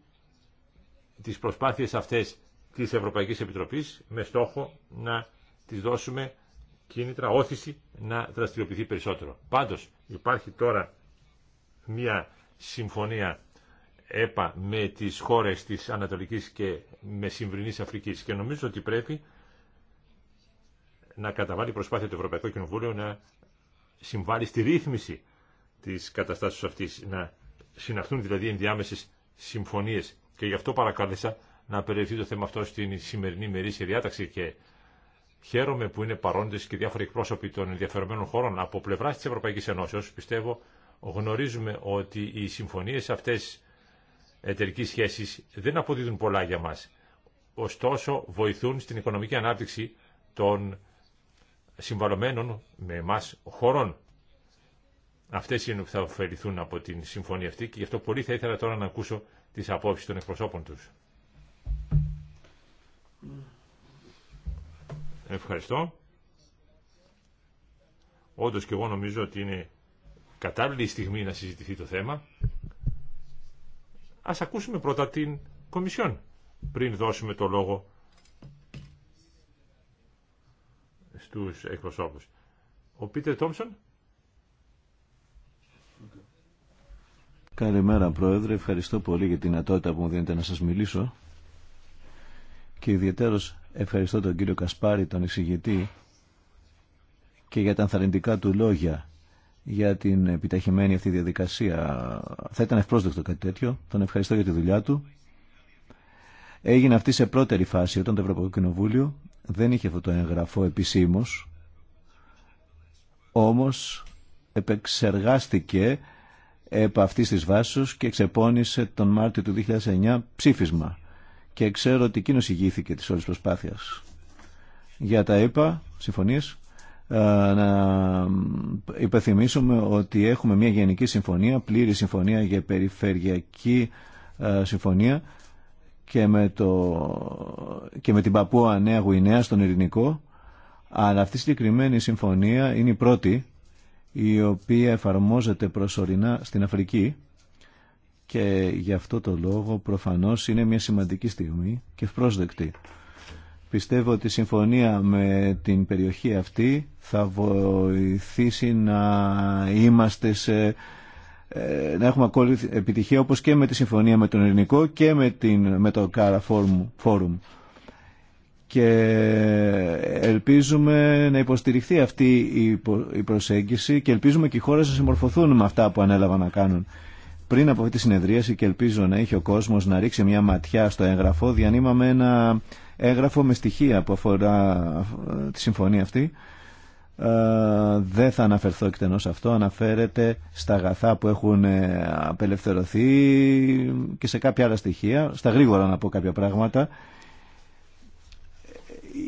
S3: τις προσπάθειες αυτές της Ευρωπαϊκής Επιτροπής με στόχο να της δώσουμε κίνητρα, όθηση να δραστηριοποιηθεί περισσότερο. Πάντως υπάρχει τώρα μια συμφωνία ΕΠΑ με τις χώρες της Ανατολικής και με συμβρινής Αφρικής και νομίζω ότι πρέπει να καταβάλει προσπάθεια το Ευρωπαϊκό Κοινοβούλιο να συμβάλλει στη ρύθμιση της καταστάσεως αυτής, να συναχθούν δηλαδή ενδιάμεσες συμφωνίες και γι' αυτό παρακάλεσα να απελευθεί το θέμα αυτό στην σημερινή μερίσια διάταξη και χαίρομαι που είναι παρόντες και διάφοροι εκπρόσωποι των ενδιαφερομένων χωρών από πλευρά της Ευρωπαϊκής Ενώσεω, Πιστεύω γνωρίζουμε ότι οι συμφωνίες αυτές εταιρική σχέσης δεν αποδίδουν πολλά για μας. Ωστόσο βοηθούν στην οικονομική ανάπτυξη των συμβαλωμένων με εμά χωρών. Αυτέ είναι που θα ωφεληθούν από την συμφωνία αυτή και γι' αυτό πολύ θα ήθελα τώρα να ακούσω τι απόψει των εκπροσώπων του. Ευχαριστώ. Όντως και εγώ νομίζω ότι είναι κατάλληλη στιγμή να συζητηθεί το θέμα. Ας ακούσουμε πρώτα την Κομισιόν πριν δώσουμε το λόγο στους εκπροσώπους. Ο Πίτερ Τόμσον.
S2: Καλημέρα Πρόεδρε, ευχαριστώ πολύ για την δυνατότητα που μου δίνετε να σας μιλήσω και ιδιαίτερος ευχαριστώ τον κύριο Κασπάρη, τον εξηγητή και για τα ανθαρρυντικά του λόγια για την επιταχυμένη αυτή διαδικασία. Θα ήταν ευπρόσδεκτο κάτι τέτοιο. Τον ευχαριστώ για τη δουλειά του. Έγινε αυτή σε πρώτερη φάση όταν το Ευρωπαϊκό Κοινοβούλιο δεν είχε αυτό το εγγραφό επισήμω. Όμως επεξεργάστηκε επ' αυτής της βάσης και εξεπώνησε τον Μάρτιο του 2009 ψήφισμα και ξέρω ότι εκείνο ηγήθηκε τη όλη προσπάθεια. Για τα έπα συμφωνεί, ε, Να υπενθυμίσουμε ότι έχουμε μια γενική συμφωνία, πλήρη συμφωνία για περιφερειακή ε, συμφωνία και με, το, και με την Παππούα Νέα Γουινέα στον Ειρηνικό αλλά αυτή η συγκεκριμένη συμφωνία είναι η πρώτη η οποία εφαρμόζεται προσωρινά στην Αφρική και γι' αυτό το λόγο προφανώς είναι μια σημαντική στιγμή και ευπρόσδεκτη. Πιστεύω ότι η συμφωνία με την περιοχή αυτή θα βοηθήσει να είμαστε σε, ε, να έχουμε επιτυχία όπως και με τη συμφωνία με τον Ελληνικό και με, την, με το Κάρα Φόρουμ. Και ελπίζουμε να υποστηριχθεί αυτή η προσέγγιση και ελπίζουμε και οι χώρες να συμμορφωθούν με αυτά που ανέλαβαν να κάνουν. Πριν από αυτή τη συνεδρίαση και ελπίζω να έχει ο κόσμος να ρίξει μια ματιά στο έγγραφο, διανύμαμε ένα έγγραφο με στοιχεία που αφορά τη συμφωνία αυτή. Ε, δεν θα αναφερθώ εκτενώς αυτό, αναφέρεται στα αγαθά που έχουν ε, απελευθερωθεί και σε κάποια άλλα στοιχεία. Στα γρήγορα να πω κάποια πράγματα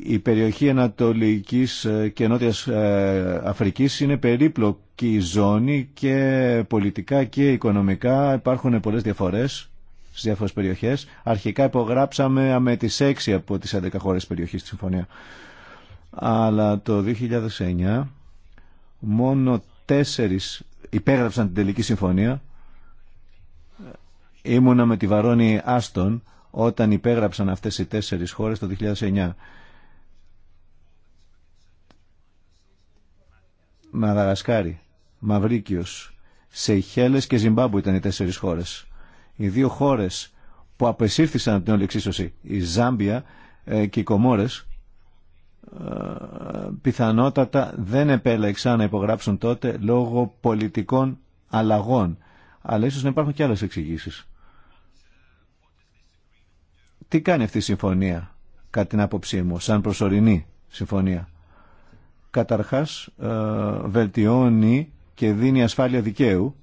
S2: η περιοχή ανατολική ε, και Νότιας ε, Αφρικής είναι περίπλοκη ζώνη και πολιτικά και οικονομικά υπάρχουν πολλές διαφορές στις διάφορες περιοχές. Αρχικά υπογράψαμε με τις 6 από τις 11 χώρες περιοχής τη Συμφωνία. Αλλά το 2009 μόνο τέσσερι υπέγραψαν την τελική συμφωνία. Ήμουνα με τη Βαρόνη Άστον όταν υπέγραψαν αυτές οι τέσσερις χώρες το 2009. Μαδαγασκάρη, Μαυρίκιος, Σεϊχέλες και Ζιμπάμπου ήταν οι τέσσερις χώρες. Οι δύο χώρες που απεσύρθησαν από την όλη εξίσωση, η Ζάμπια ε, και οι Κομόρες, ε, πιθανότατα δεν επέλεξαν να υπογράψουν τότε λόγω πολιτικών αλλαγών. Αλλά ίσως να υπάρχουν και άλλες εξηγήσεις. Τι κάνει αυτή η συμφωνία, κατά την άποψή μου, σαν προσωρινή συμφωνία καταρχάς ε, βελτιώνει και δίνει ασφάλεια δικαίου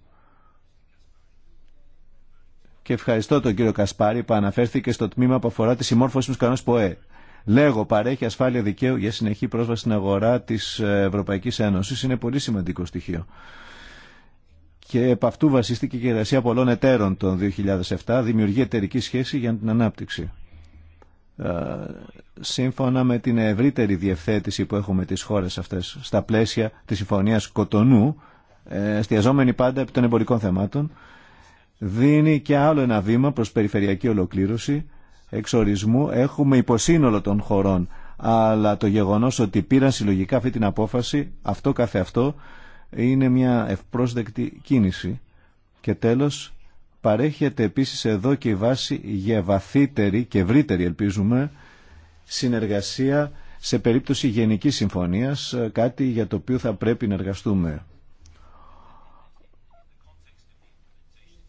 S2: και ευχαριστώ τον κύριο Κασπάρη που αναφέρθηκε στο τμήμα που αφορά τη συμμόρφωση του κανόνε ΠΟΕ. Λέγω, παρέχει ασφάλεια δικαίου για συνεχή πρόσβαση στην αγορά τη Ευρωπαϊκή Ένωση. Είναι πολύ σημαντικό στοιχείο. Και επ' αυτού βασίστηκε η εργασία πολλών εταίρων το 2007. Δημιουργεί εταιρική σχέση για την ανάπτυξη. Ε, σύμφωνα με την ευρύτερη διευθέτηση που έχουμε τις χώρες αυτές στα πλαίσια της Συμφωνίας Κοτονού, ε, εστιαζόμενη πάντα επί των εμπορικών θεμάτων, δίνει και άλλο ένα βήμα προς περιφερειακή ολοκλήρωση, εξορισμού, έχουμε υποσύνολο των χωρών, αλλά το γεγονός ότι πήραν συλλογικά αυτή την απόφαση, αυτό καθε αυτό, είναι μια ευπρόσδεκτη κίνηση. Και τέλος, παρέχεται επίσης εδώ και η βάση για βαθύτερη και ευρύτερη ελπίζουμε συνεργασία σε περίπτωση γενικής συμφωνίας, κάτι για το οποίο θα πρέπει να εργαστούμε.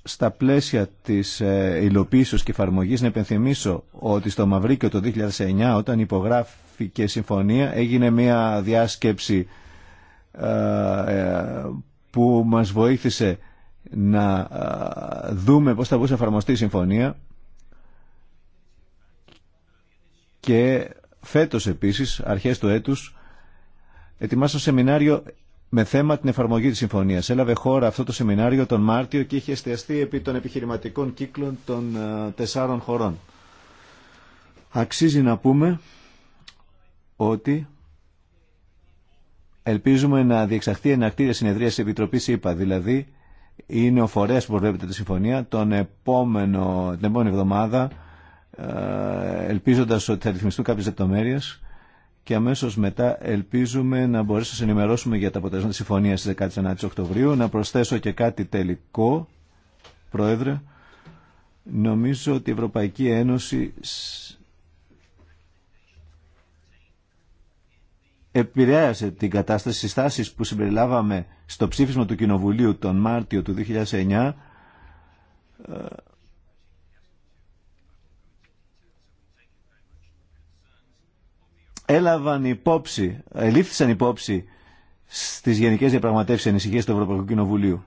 S2: Στα πλαίσια της ε, υλοποίησης και εφαρμογή να επενθυμίσω ότι στο Μαυρίκιο το 2009 όταν υπογράφηκε συμφωνία έγινε μια διάσκεψη ε, ε, που μας βοήθησε να δούμε πώς θα μπορούσε να εφαρμοστεί η συμφωνία και φέτος επίσης, αρχές του έτους, ετοιμάσαμε σεμινάριο με θέμα την εφαρμογή της συμφωνίας. Έλαβε χώρα αυτό το σεμινάριο τον Μάρτιο και είχε εστιαστεί επί των επιχειρηματικών κύκλων των τεσσάρων χωρών. Αξίζει να πούμε ότι ελπίζουμε να διεξαχθεί ενακτήρια συνεδρία της Επιτροπής δηλαδή είναι ο φορέας που προβλέπεται τη συμφωνία τον επόμενο, την επόμενη εβδομάδα ε, ελπίζοντας ότι θα ρυθμιστούν κάποιες λεπτομέρειε και αμέσως μετά ελπίζουμε να μπορέσουμε να ενημερώσουμε για τα αποτελέσματα της συμφωνίας στις 19 Οκτωβρίου. Να προσθέσω και κάτι τελικό, Πρόεδρε. Νομίζω ότι η Ευρωπαϊκή Ένωση επηρέασε την κατάσταση στις στάσεις που συμπεριλάβαμε στο ψήφισμα του Κοινοβουλίου τον Μάρτιο του 2009 ε, έλαβαν υπόψη, ελήφθησαν υπόψη στις γενικές διαπραγματεύσεις ανησυχίες του Ευρωπαϊκού Κοινοβουλίου.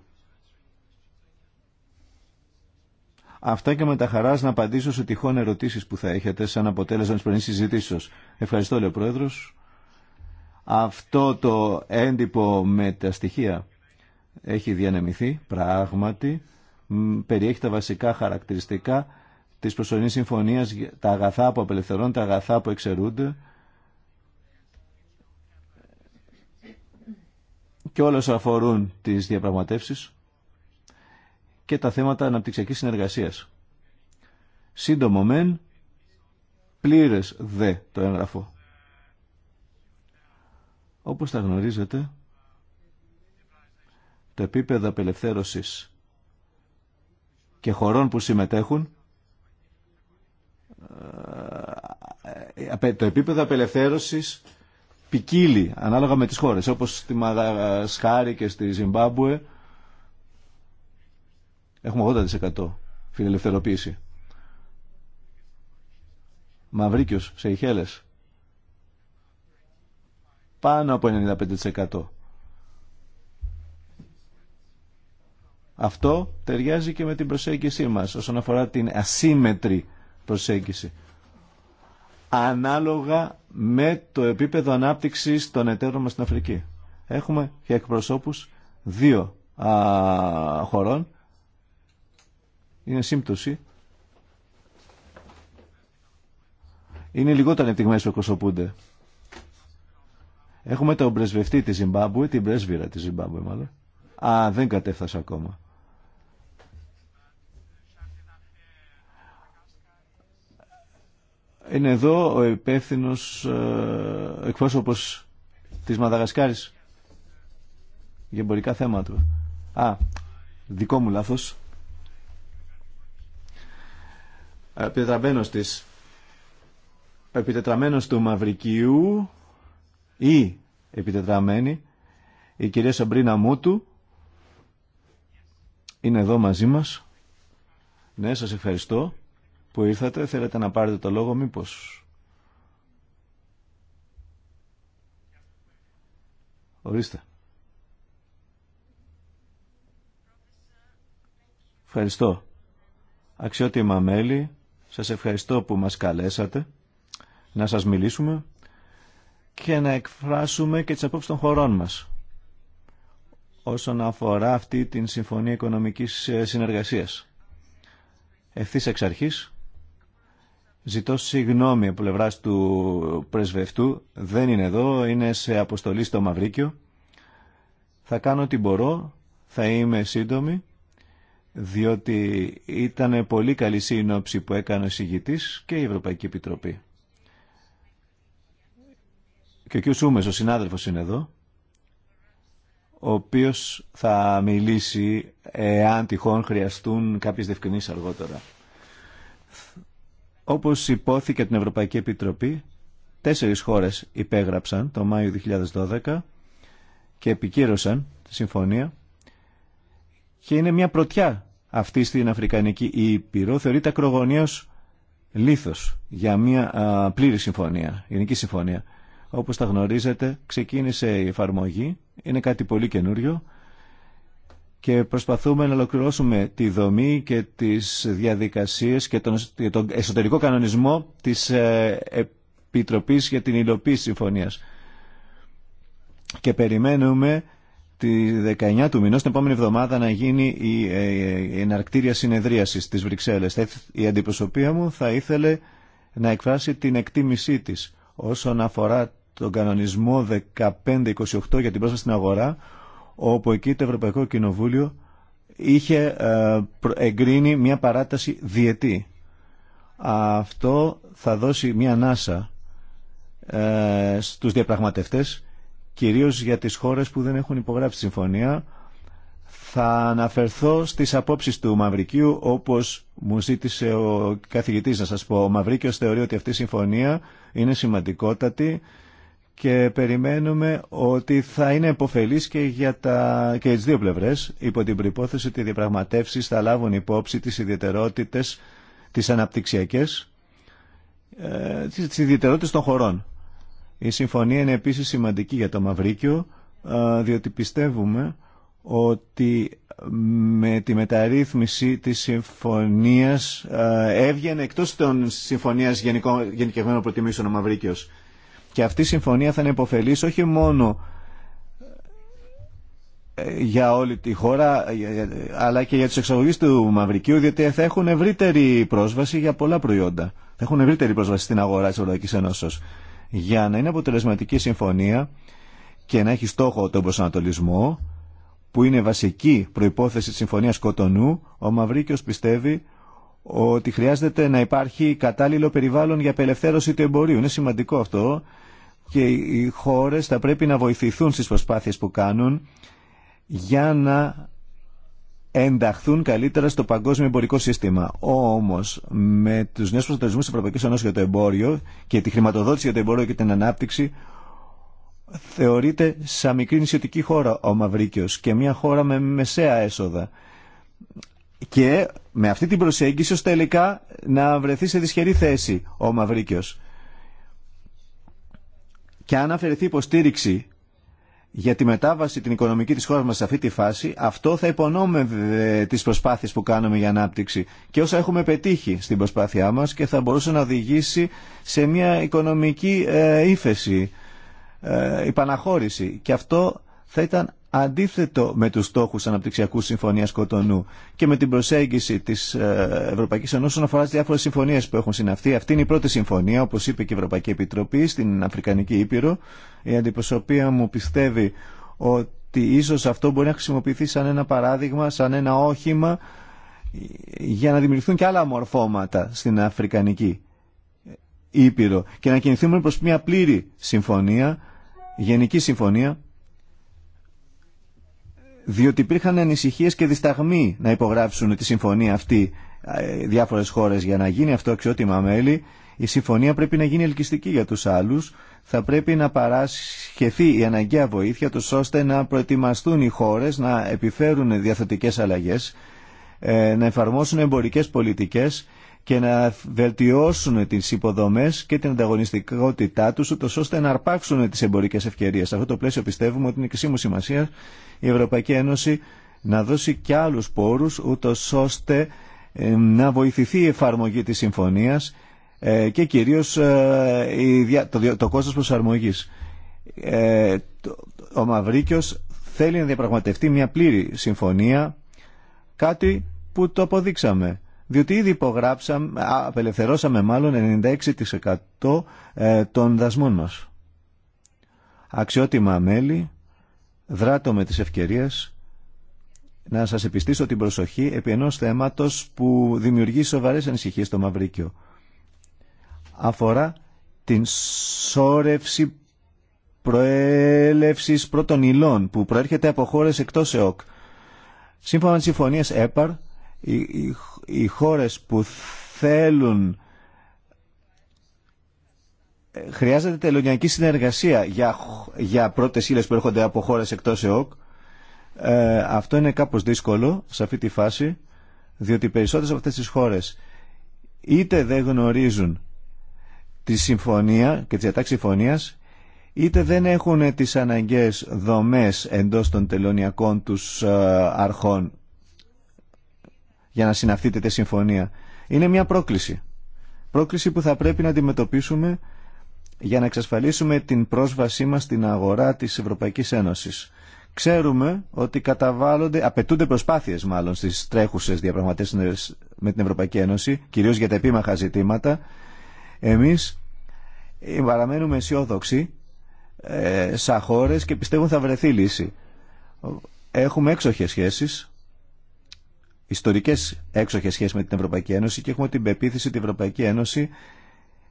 S2: Αυτά και με τα χαρά να απαντήσω σε τυχόν ερωτήσεις που θα έχετε σαν αποτέλεσμα της πρωινής συζητήσεως. Ευχαριστώ, λέει Πρόεδρος αυτό το έντυπο με τα στοιχεία έχει διανεμηθεί πράγματι, περιέχει τα βασικά χαρακτηριστικά της προσωρινής συμφωνίας, τα αγαθά που απελευθερώνουν, τα αγαθά που εξαιρούνται και όλες αφορούν τις διαπραγματεύσεις και τα θέματα αναπτυξιακής συνεργασίας. Σύντομο μεν, πλήρες δε το έγγραφο. Όπως τα γνωρίζετε, το επίπεδο απελευθέρωσης και χωρών που συμμετέχουν ε, το επίπεδο απελευθέρωσης ποικίλει ανάλογα με τις χώρες όπως στη Μαδασχάρη και στη Ζιμπάμπουε έχουμε 80% φιλελευθερωποίηση. Μαυρίκιος, Σεϊχέλες πάνω από 95%. Αυτό ταιριάζει και με την προσέγγιση μας όσον αφορά την ασύμετρη προσέγγιση. Ανάλογα με το επίπεδο ανάπτυξης των εταίρων μας στην Αφρική. Έχουμε και εκπροσώπους δύο χωρών. Είναι σύμπτωση. Είναι λιγότερο ανεπτυγμένες που εκπροσωπούνται Έχουμε τον πρεσβευτή της Ζιμπάμπουε, την πρέσβυρα της Ζιμπάμπουε μάλλον. Α, δεν κατέφθασα ακόμα. Είναι εδώ ο υπεύθυνο ε, εκπρόσωπος της Μαδαγασκάρης για εμπορικά θέματα. Α, δικό μου λάθος. Επιτετραμένο τη. Επιτετραμένο του Μαυρικίου ή επιτετραμένη. Η κυρία Σαμπρίνα Μούτου είναι εδώ μαζί μας. Ναι, σας ευχαριστώ που ήρθατε. Θέλετε να πάρετε το λόγο μήπως. Ορίστε. Ευχαριστώ. Αξιότιμα μέλη, σας ευχαριστώ που μας καλέσατε να σας μιλήσουμε και να εκφράσουμε και τις απόψεις των χωρών μας όσον αφορά αυτή την Συμφωνία Οικονομικής ε, Συνεργασίας. Ευθύς εξ αρχής, ζητώ συγγνώμη από πλευρά του πρεσβευτού, δεν είναι εδώ, είναι σε αποστολή στο Μαυρίκιο. Θα κάνω ό,τι μπορώ, θα είμαι σύντομη, διότι ήταν πολύ καλή σύνοψη που έκανε ο συγητής και η Ευρωπαϊκή Επιτροπή. Και ο κ. ο συνάδελφος είναι εδώ, ο οποίος θα μιλήσει εάν τυχόν χρειαστούν κάποιες διευκρινήσεις αργότερα. Όπως υπόθηκε την Ευρωπαϊκή Επιτροπή, τέσσερις χώρες υπέγραψαν το Μάιο 2012 και επικύρωσαν τη συμφωνία και είναι μια πρωτιά αυτή στην Αφρικανική Ήπειρο θεωρείται ακρογωνίως λήθος για μια πλήρη συμφωνία, γενική συμφωνία. Όπως τα γνωρίζετε, ξεκίνησε η εφαρμογή, είναι κάτι πολύ καινούριο και προσπαθούμε να ολοκληρώσουμε τη δομή και τις διαδικασίες και τον, εσωτερικό κανονισμό της ε, Επιτροπής για την υλοποίηση συμφωνίας. Και περιμένουμε τη 19 του μηνός, την επόμενη εβδομάδα, να γίνει η ε, εναρκτήρια συνεδριασης της Βρυξέλλες. Η αντιπροσωπεία μου θα ήθελε να εκφράσει την εκτίμησή της όσον αφορά τον κανονισμό 1528 για την πρόσβαση στην αγορά, όπου εκεί το Ευρωπαϊκό Κοινοβούλιο είχε ε, εγκρίνει μια παράταση διετή. Αυτό θα δώσει μια ανάσα ε, στους διαπραγματευτές, κυρίως για τις χώρες που δεν έχουν υπογράψει τη συμφωνία. Θα αναφερθώ στις απόψεις του Μαυρικίου, όπως μου ζήτησε ο καθηγητής να σας πω. Ο Μαυρίκιος θεωρεί ότι αυτή η συμφωνία είναι σημαντικότατη και περιμένουμε ότι θα είναι επωφελής και για τα... και τις δύο πλευρές υπό την προϋπόθεση ότι οι διαπραγματεύσεις θα λάβουν υπόψη τις ιδιαιτερότητες τις αναπτυξιακές ε, τις ιδιαιτερότητες των χωρών. Η συμφωνία είναι επίσης σημαντική για το Μαυρίκιο ε, διότι πιστεύουμε ότι με τη μεταρρύθμιση της συμφωνίας ε, έβγαινε εκτός των συμφωνίας γενικευμένων προτιμήσεων ο Μαυρίκιος και αυτή η συμφωνία θα είναι υποφελής όχι μόνο ε, για όλη τη χώρα ε, ε, αλλά και για τους εξαγωγείς του Μαυρικίου διότι θα έχουν ευρύτερη πρόσβαση για πολλά προϊόντα. Θα έχουν ευρύτερη πρόσβαση στην αγορά της Ευρωπαϊκής Ένωσης. Για να είναι αποτελεσματική συμφωνία και να έχει στόχο τον προσανατολισμό που είναι βασική προϋπόθεση της Συμφωνίας Κοτονού ο Μαυρίκιος πιστεύει ότι χρειάζεται να υπάρχει κατάλληλο περιβάλλον για απελευθέρωση του εμπορίου. Είναι σημαντικό αυτό και οι χώρες θα πρέπει να βοηθηθούν στις προσπάθειες που κάνουν για να ενταχθούν καλύτερα στο παγκόσμιο εμπορικό σύστημα. Όμω, με του νέου προσδιορισμού τη Ευρωπαϊκή Ένωση για το εμπόριο και τη χρηματοδότηση για το εμπόριο και την ανάπτυξη, θεωρείται σαν μικρή νησιωτική χώρα ο Μαυρίκιο και μια χώρα με μεσαία έσοδα και με αυτή την προσέγγιση ως τελικά να βρεθεί σε δυσχερή θέση ο Μαυρίκιος. Και αν αφαιρεθεί υποστήριξη για τη μετάβαση την οικονομική της χώρας μας σε αυτή τη φάση, αυτό θα υπονόμευε τις προσπάθειες που κάνουμε για ανάπτυξη και όσα έχουμε πετύχει στην προσπάθειά μας και θα μπορούσε να οδηγήσει σε μια οικονομική ε, ύφεση, ε, υπαναχώρηση. Και αυτό θα ήταν αντίθετο με τους στόχους αναπτυξιακού συμφωνίας Κοτονού και με την προσέγγιση της ε, Ευρωπαϊκής Ενώσης όσον αφορά τις διάφορες συμφωνίες που έχουν συναυθεί. Αυτή είναι η πρώτη συμφωνία, όπως είπε και η Ευρωπαϊκή Επιτροπή στην Αφρικανική Ήπειρο. Η αντιπροσωπεία μου πιστεύει ότι ίσως αυτό μπορεί να χρησιμοποιηθεί σαν ένα παράδειγμα, σαν ένα όχημα για να δημιουργηθούν και άλλα μορφώματα στην Αφρικανική Ήπειρο και να κινηθούμε προς μια πλήρη συμφωνία, γενική συμφωνία διότι υπήρχαν ανησυχίες και δισταγμοί να υπογράψουν τη συμφωνία αυτή ε, διάφορες χώρες για να γίνει αυτό αξιότιμα μέλη η συμφωνία πρέπει να γίνει ελκυστική για τους άλλους θα πρέπει να παρασχεθεί η αναγκαία βοήθεια του ώστε να προετοιμαστούν οι χώρες να επιφέρουν διαθετικές αλλαγές ε, να εφαρμόσουν εμπορικές πολιτικές και να βελτιώσουν τις υποδομές και την ανταγωνιστικότητά του ώστε να αρπάξουν τις εμπορικές ευκαιρίες. Σε αυτό το πλαίσιο πιστεύουμε ότι είναι κρισίμου σημασία η Ευρωπαϊκή Ένωση να δώσει και άλλους πόρους ούτως ώστε ε, να βοηθηθεί η εφαρμογή της συμφωνίας ε, και κυρίως ε, το κόστος προσαρμογής. Ο Μαυρίκιος θέλει να διαπραγματευτεί μια πλήρη συμφωνία, κάτι που το αποδείξαμε. Διότι ήδη υπογράψαμε, απελευθερώσαμε μάλλον 96% των δασμών μας. Αξιότιμα μέλη, Δράτω με τις ευκαιρίες να σας επιστήσω την προσοχή επί ενός θέματος που δημιουργεί σοβαρές ανησυχίες στο Μαυρίκιο. Αφορά την σόρευση προέλευσης πρώτων υλών που προέρχεται από χώρες εκτός ΕΟΚ. Σύμφωνα με τις συμφωνίες ΕΠΑΡ, οι, οι, οι χώρες που θέλουν χρειάζεται τελωνιακή συνεργασία για, για πρώτες ύλες που έρχονται από χώρες εκτός ΕΟΚ. Ε, αυτό είναι κάπως δύσκολο σε αυτή τη φάση, διότι οι περισσότερες από αυτές τις χώρες είτε δεν γνωρίζουν τη συμφωνία και τη διατάξη συμφωνίας, είτε δεν έχουν τις αναγκαίες δομές εντός των τελωνιακών τους ε, αρχών για να συναυθείτε τη συμφωνία. Είναι μια πρόκληση. Πρόκληση που θα πρέπει να αντιμετωπίσουμε για να εξασφαλίσουμε την πρόσβασή μας στην αγορά της Ευρωπαϊκής Ένωσης. Ξέρουμε ότι καταβάλλονται, απαιτούνται προσπάθειες μάλλον στις τρέχουσες διαπραγματεύσεις με την Ευρωπαϊκή Ένωση, κυρίως για τα επίμαχα ζητήματα. Εμείς παραμένουμε αισιόδοξοι ε, σαν χώρε και πιστεύουν θα βρεθεί λύση. Έχουμε έξοχες σχέσεις, ιστορικές έξοχες σχέσεις με την Ευρωπαϊκή Ένωση και έχουμε την πεποίθηση ότι Ευρωπαϊκή Ένωση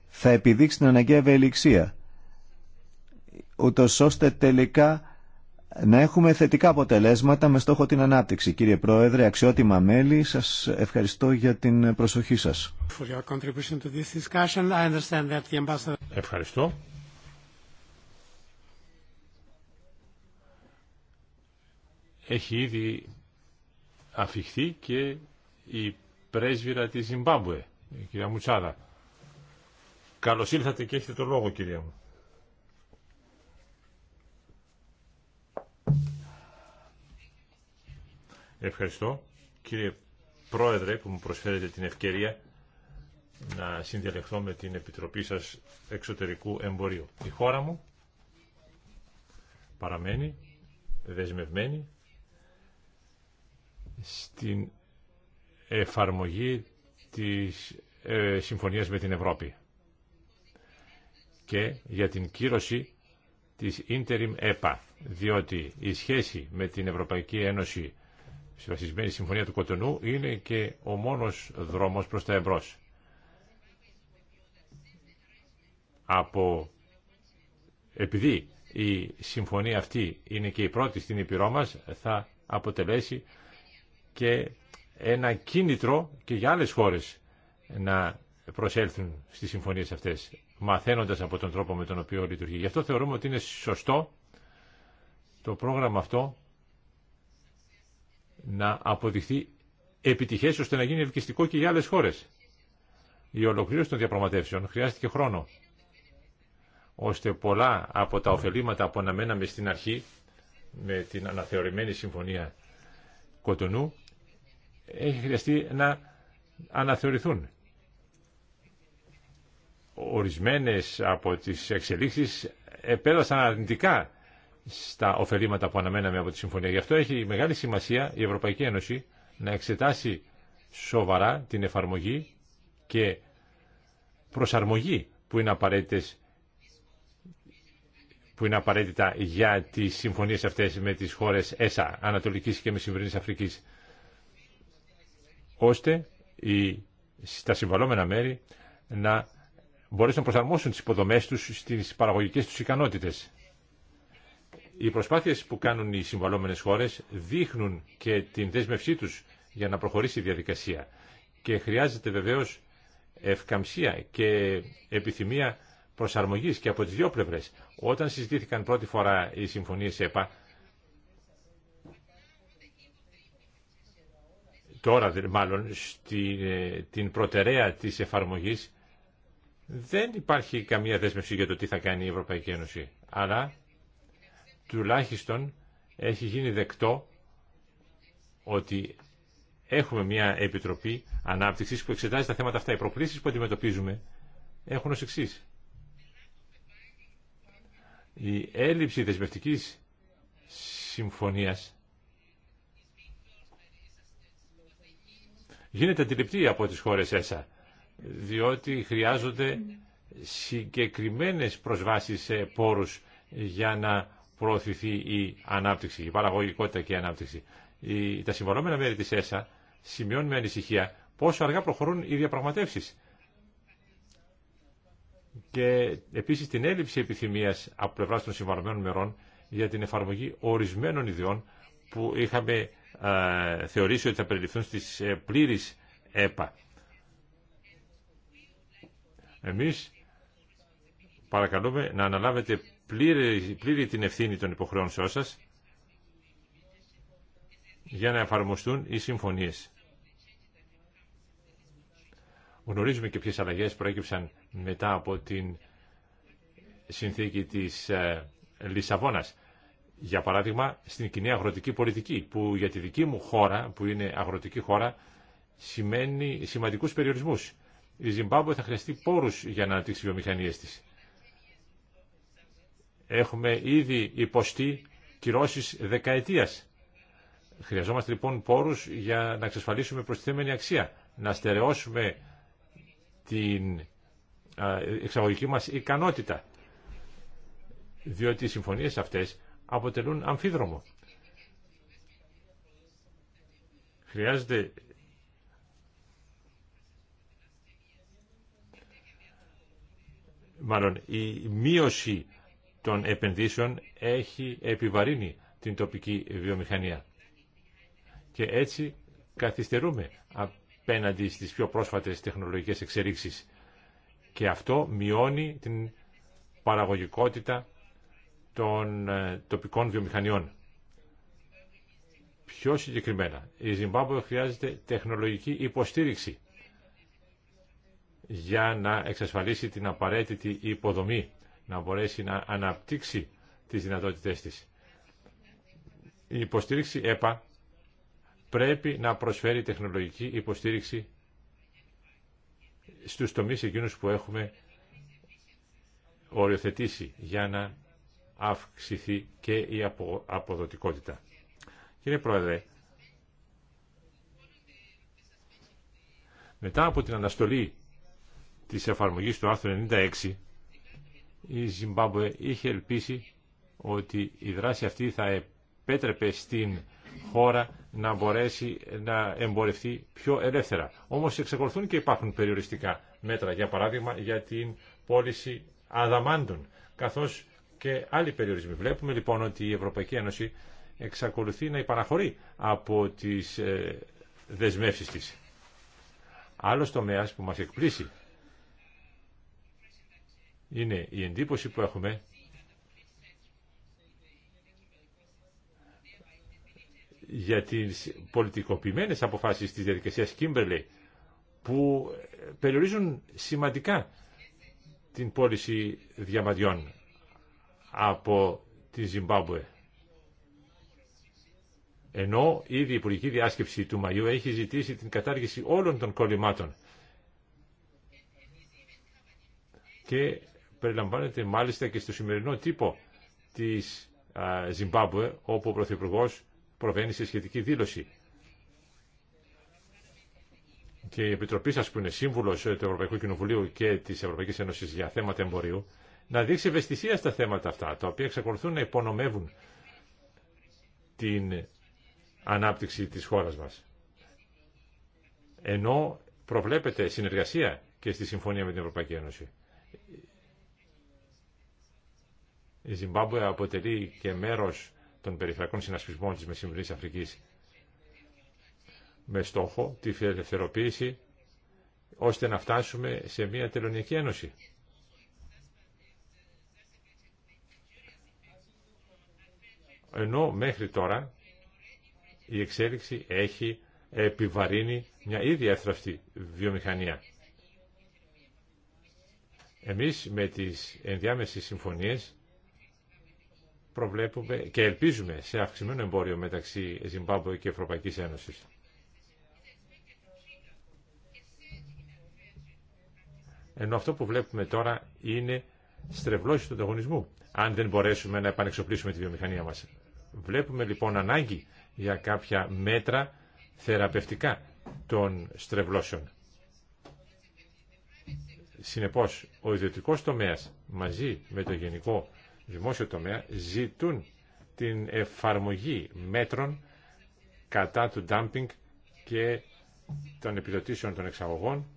S2: θα επιδείξει την αναγκαία ευελιξία, ούτως ώστε τελικά να έχουμε θετικά αποτελέσματα με στόχο την ανάπτυξη. Κύριε Πρόεδρε, αξιότιμα μέλη, σας ευχαριστώ για την προσοχή σας. Ευχαριστώ.
S3: Έχει ήδη αφηχθεί και η πρέσβυρα της Ζιμπάμπουε, η κυρία Μουτσάδα. Καλώς ήλθατε και έχετε το λόγο κυρία μου. Ευχαριστώ κύριε Πρόεδρε που μου προσφέρετε την ευκαιρία να συνδιαλεχθώ με την Επιτροπή σας Εξωτερικού Εμπορίου. Η χώρα μου παραμένει δεσμευμένη στην εφαρμογή της ε, συμφωνίας με την Ευρώπη και για την κύρωση της Interim ΕΠΑ, e διότι η σχέση με την Ευρωπαϊκή Ένωση στη βασισμένη συμφωνία του Κοτονού είναι και ο μόνος δρόμος προς τα εμπρός. Από... Επειδή η συμφωνία αυτή είναι και η πρώτη στην Ήπειρό μας, θα αποτελέσει και ένα κίνητρο και για άλλες χώρες να προσέλθουν στι συμφωνίε αυτές, μαθαίνοντα από τον τρόπο με τον οποίο λειτουργεί. Γι' αυτό θεωρούμε ότι είναι σωστό το πρόγραμμα αυτό να αποδειχθεί επιτυχές ώστε να γίνει ευκαιστικό και για άλλες χώρες. Η ολοκλήρωση των διαπραγματεύσεων χρειάστηκε χρόνο ώστε πολλά από τα ωφελήματα που αναμέναμε στην αρχή με την αναθεωρημένη συμφωνία Κοτονού έχει χρειαστεί να αναθεωρηθούν ορισμένες από τις εξελίξεις επέλασαν αρνητικά στα ωφελήματα που αναμέναμε από τη Συμφωνία. Γι' αυτό έχει μεγάλη σημασία η Ευρωπαϊκή Ένωση να εξετάσει σοβαρά την εφαρμογή και προσαρμογή που είναι, απαραίτητες, που είναι απαραίτητα για τις συμφωνίες αυτές με τις χώρες ΕΣΑ, Ανατολικής και Μεσημβρινής Αφρικής, ώστε οι, συμβαλόμενα μέρη να μπορέσουν να προσαρμόσουν τις υποδομές τους στις παραγωγικές τους ικανότητες. Οι προσπάθειες που κάνουν οι συμβαλόμενες χώρες δείχνουν και την δέσμευσή τους για να προχωρήσει η διαδικασία και χρειάζεται βεβαίως ευκαμψία και επιθυμία προσαρμογής και από τις δύο πλευρές. Όταν συζητήθηκαν πρώτη φορά οι συμφωνίες ΕΠΑ, τώρα μάλλον στην, ε, την προτεραία της εφαρμογής δεν υπάρχει καμία δέσμευση για το τι θα κάνει η Ευρωπαϊκή Ένωση, αλλά τουλάχιστον έχει γίνει δεκτό ότι έχουμε μια επιτροπή ανάπτυξης που εξετάζει τα θέματα αυτά. Οι προκλήσει που αντιμετωπίζουμε έχουν ω εξή. Η έλλειψη δεσμευτική συμφωνίας γίνεται αντιληπτή από τις χώρες ΕΣΑ διότι χρειάζονται συγκεκριμένες προσβάσεις σε πόρους για να προωθηθεί η ανάπτυξη, η παραγωγικότητα και η ανάπτυξη. Η, τα συμβαλόμενα μέρη της ΕΣΑ σημειώνουν με ανησυχία πόσο αργά προχωρούν οι διαπραγματεύσεις και επίσης την έλλειψη επιθυμίας από πλευρά των συμβαλωμένων μερών για την εφαρμογή ορισμένων ιδιών που είχαμε ε, θεωρήσει ότι θα περιληφθούν στις ε, ΕΠΑ. Εμείς παρακαλούμε να αναλάβετε πλήρη, πλήρη την ευθύνη των υποχρεών σας για να εφαρμοστούν οι συμφωνίες. Γνωρίζουμε και ποιες αλλαγές προέκυψαν μετά από την συνθήκη της ε, Λισαβόνας. Για παράδειγμα, στην κοινή αγροτική πολιτική, που για τη δική μου χώρα, που είναι αγροτική χώρα, σημαίνει σημαντικούς περιορισμούς η Ζιμπάμπουε θα χρειαστεί πόρους για να αναπτύξει βιομηχανίες της. Έχουμε ήδη υποστεί κυρώσεις δεκαετίας. Χρειαζόμαστε λοιπόν πόρους για να εξασφαλίσουμε προστιθέμενη αξία, να στερεώσουμε την εξαγωγική μας ικανότητα, διότι οι συμφωνίες αυτές αποτελούν αμφίδρομο. Χρειάζεται μάλλον η μείωση των επενδύσεων έχει επιβαρύνει την τοπική βιομηχανία. Και έτσι καθυστερούμε απέναντι στις πιο πρόσφατες τεχνολογικές εξελίξεις. Και αυτό μειώνει την παραγωγικότητα των ε, τοπικών βιομηχανιών. Πιο συγκεκριμένα, η Ζιμπάμπουε χρειάζεται τεχνολογική υποστήριξη για να εξασφαλίσει την απαραίτητη υποδομή, να μπορέσει να αναπτύξει τις δυνατότητές της. Η υποστήριξη ΕΠΑ πρέπει να προσφέρει τεχνολογική υποστήριξη στους τομείς εκείνους που έχουμε οριοθετήσει για να αυξηθεί και η αποδοτικότητα. Κύριε Πρόεδρε, μετά από την αναστολή της εφαρμογής του άρθρου 96 η Ζιμπάμπουε είχε ελπίσει ότι η δράση αυτή θα επέτρεπε στην χώρα να μπορέσει να εμπορευτεί πιο ελεύθερα. Όμως εξακολουθούν και υπάρχουν περιοριστικά μέτρα, για παράδειγμα για την πώληση αδαμάντων, καθώς και άλλοι περιορισμοί. Βλέπουμε λοιπόν ότι η Ευρωπαϊκή Ένωση εξακολουθεί να υπαναχωρεί από τις ε, δεσμεύσεις της. Άλλος τομέας που μας εκπλήσει είναι η εντύπωση που έχουμε για τις πολιτικοποιημένες αποφάσεις της διαδικασίας Κίμπερλε που περιορίζουν σημαντικά την πώληση διαμαδιών από τη Ζιμπάμπουε. Ενώ ήδη η Υπουργική Διάσκεψη του Μαΐου έχει ζητήσει την κατάργηση όλων των κολλημάτων και περιλαμβάνεται μάλιστα και στο σημερινό τύπο της Ζιμπάμπουε, όπου ο Πρωθυπουργό προβαίνει σε σχετική δήλωση. Και η Επιτροπή σας που είναι σύμβουλος του Ευρωπαϊκού Κοινοβουλίου και της Ευρωπαϊκής Ένωσης για θέματα εμπορίου, να δείξει ευαισθησία στα θέματα αυτά, τα οποία εξακολουθούν να υπονομεύουν την ανάπτυξη της χώρας μας. Ενώ προβλέπεται συνεργασία και στη συμφωνία με την Ευρωπαϊκή Ένωση. Η Ζιμπάμπουε αποτελεί και μέρος των περιφερειακών συνασπισμών της Μεσημβρινής Αφρικής με στόχο τη φιλελευθερωποίηση ώστε να φτάσουμε σε μια τελωνιακή ένωση. Ενώ μέχρι τώρα η εξέλιξη έχει επιβαρύνει μια ήδη εύθραυστη βιομηχανία. Εμείς με τις ενδιάμεσες συμφωνίες προβλέπουμε και ελπίζουμε σε αυξημένο εμπόριο μεταξύ Ζιμπάμπου και Ευρωπαϊκής Ένωσης. Ενώ αυτό που βλέπουμε τώρα είναι στρεβλώσει του ανταγωνισμού, αν δεν μπορέσουμε να επανεξοπλίσουμε τη βιομηχανία μας. Βλέπουμε λοιπόν ανάγκη για κάποια μέτρα θεραπευτικά των στρεβλώσεων. Συνεπώς, ο ιδιωτικός τομέας μαζί με το γενικό δημόσιο τομέα ζητούν την εφαρμογή μέτρων κατά του ντάμπινγκ και των επιδοτήσεων των εξαγωγών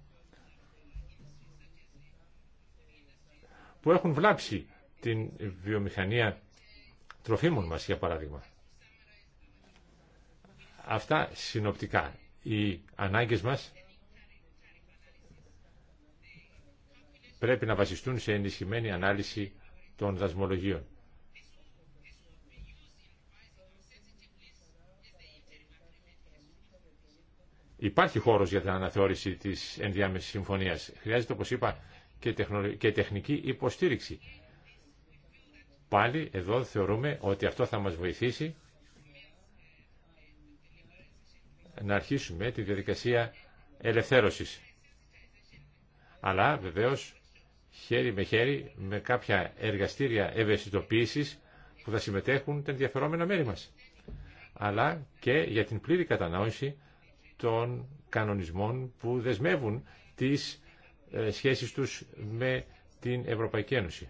S3: που έχουν βλάψει την βιομηχανία τροφίμων μας, για παράδειγμα. Αυτά συνοπτικά. Οι ανάγκες μας πρέπει να βασιστούν σε ενισχυμένη ανάλυση των δασμολογίων. Υπάρχει χώρος για την αναθεώρηση της ενδιάμεσης συμφωνίας. Χρειάζεται, όπως είπα, και τεχνική υποστήριξη. Πάλι εδώ θεωρούμε ότι αυτό θα μας βοηθήσει να αρχίσουμε τη διαδικασία ελευθέρωσης. Αλλά βεβαίως χέρι με χέρι με κάποια εργαστήρια ευαισθητοποίησης που θα συμμετέχουν τα ενδιαφερόμενα μέρη μας, αλλά και για την πλήρη κατανόηση των κανονισμών που δεσμεύουν τις ε, σχέσεις τους με την Ευρωπαϊκή Ένωση.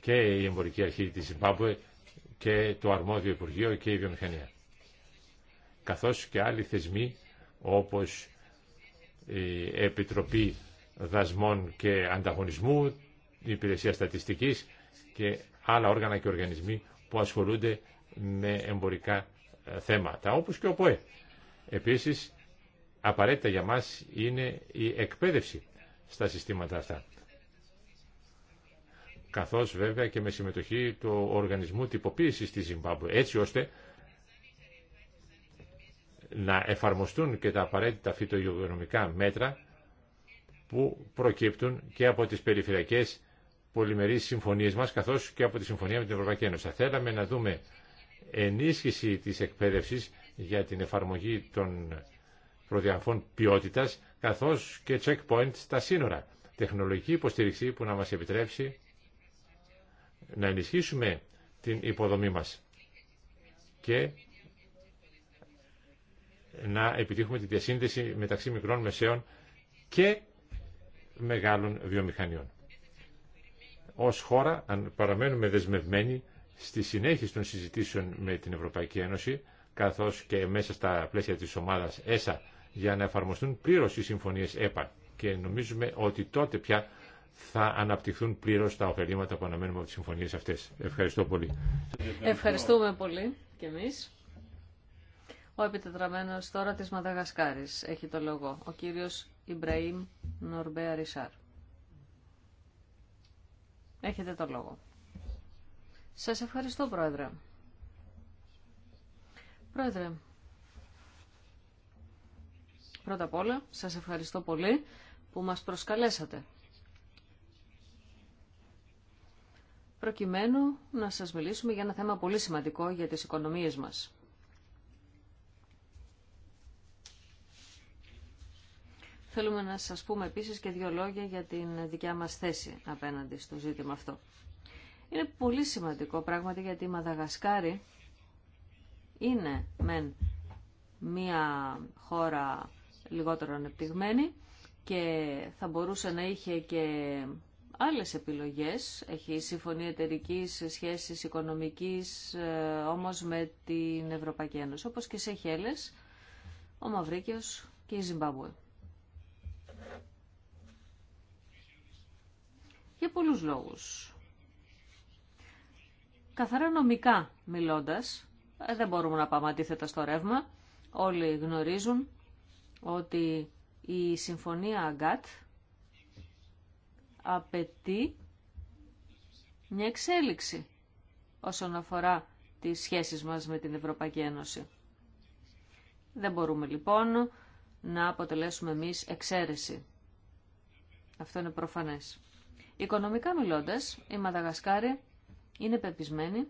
S3: Και η Εμπορική Αρχή της Ζιμπάμπουε και το αρμόδιο Υπουργείο και η Βιομηχανία. Καθώς και άλλοι θεσμοί όπως η Επιτροπή Δασμών και Ανταγωνισμού, η Υπηρεσία Στατιστικής και άλλα όργανα και οργανισμοί που ασχολούνται με εμπορικά ε, θέματα, όπως και ο ΠΟΕ. Επίσης, απαραίτητα για μας είναι η εκπαίδευση στα συστήματα αυτά. Καθώς βέβαια και με συμμετοχή του οργανισμού τυποποίησης στη Ζιμπάμπου, έτσι ώστε να εφαρμοστούν και τα απαραίτητα φυτογειονομικά μέτρα που προκύπτουν και από τις περιφερειακές πολυμερείς συμφωνίες μας καθώς και από τη συμφωνία με την Ευρωπαϊκή Ένωση. θέλαμε να δούμε ενίσχυση της εκπαίδευσης για την εφαρμογή των προδιαγραφών ποιότητας καθώς και checkpoints στα σύνορα. Τεχνολογική υποστήριξη που να μας επιτρέψει να ενισχύσουμε την υποδομή μας και να επιτύχουμε τη διασύνδεση μεταξύ μικρών μεσαίων και μεγάλων βιομηχανιών. Ως χώρα αν παραμένουμε δεσμευμένοι στη συνέχιση των συζητήσεων με την Ευρωπαϊκή Ένωση καθώς και μέσα στα πλαίσια της ομάδας ΕΣΑ για να εφαρμοστούν πλήρως οι συμφωνίες ΕΠΑ και νομίζουμε ότι τότε πια θα αναπτυχθούν πλήρως τα ωφελήματα που αναμένουμε από τις συμφωνίες αυτές. Ευχαριστώ πολύ. Ευχαριστούμε
S4: πολύ και εμείς. Ο επιτετραμένος τώρα της Μαδαγασκάρης έχει το λόγο, ο κύριος Ιμπραήμ Νορμπέα Ρισάρ. Έχετε το λόγο. Σας ευχαριστώ, Πρόεδρε. Πρόεδρε, πρώτα απ' όλα, σας ευχαριστώ πολύ που μας προσκαλέσατε. Προκειμένου να σας μιλήσουμε για ένα θέμα πολύ σημαντικό για τις οικονομίες μας. Θέλουμε να σας πούμε επίσης και δύο λόγια για την δικιά μας θέση απέναντι στο ζήτημα αυτό. Είναι πολύ σημαντικό πράγματι γιατί η Μαδαγασκάρη είναι μεν μία χώρα λιγότερο ανεπτυγμένη και θα μπορούσε να είχε και άλλες επιλογές. Έχει συμφωνία εταιρική σχέσης οικονομικής ε, όμως με την Ευρωπαϊκή Ένωση, όπως και σε Χέλες, ο Μαυρίκιος και η Ζιμπάμπουε. Για πολλούς λόγους. Καθαρά νομικά μιλώντας, ε, δεν μπορούμε να πάμε αντίθετα στο ρεύμα. Όλοι γνωρίζουν ότι η συμφωνία ΑΓΑΤ απαιτεί μια εξέλιξη όσον αφορά τις σχέσεις μας με την Ευρωπαϊκή Ένωση. Δεν μπορούμε λοιπόν να αποτελέσουμε εμείς εξαίρεση. Αυτό είναι προφανές. Οικονομικά μιλώντας, η Μαδαγασκάρη είναι πεπισμένη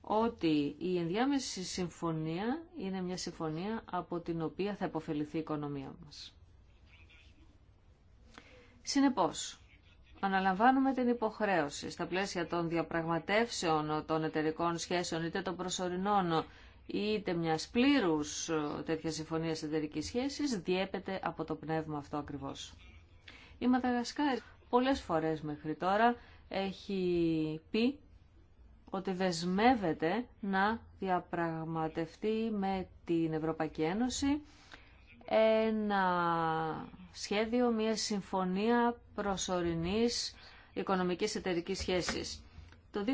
S4: ότι η ενδιάμεση συμφωνία είναι μια συμφωνία από την οποία θα υποφεληθεί η οικονομία μας. Συνεπώς, αναλαμβάνουμε την υποχρέωση στα πλαίσια των διαπραγματεύσεων των εταιρικών σχέσεων είτε των προσωρινών είτε μια πλήρου τέτοια συμφωνία εταιρική σχέση διέπεται από το πνεύμα αυτό ακριβώς. Η Μαδαγασκάρη πολλές φορές μέχρι τώρα έχει πει ότι δεσμεύεται να διαπραγματευτεί με την Ευρωπαϊκή Ένωση ένα σχέδιο, μια συμφωνία προσωρινής οικονομικής εταιρικής σχέσης. Το 2007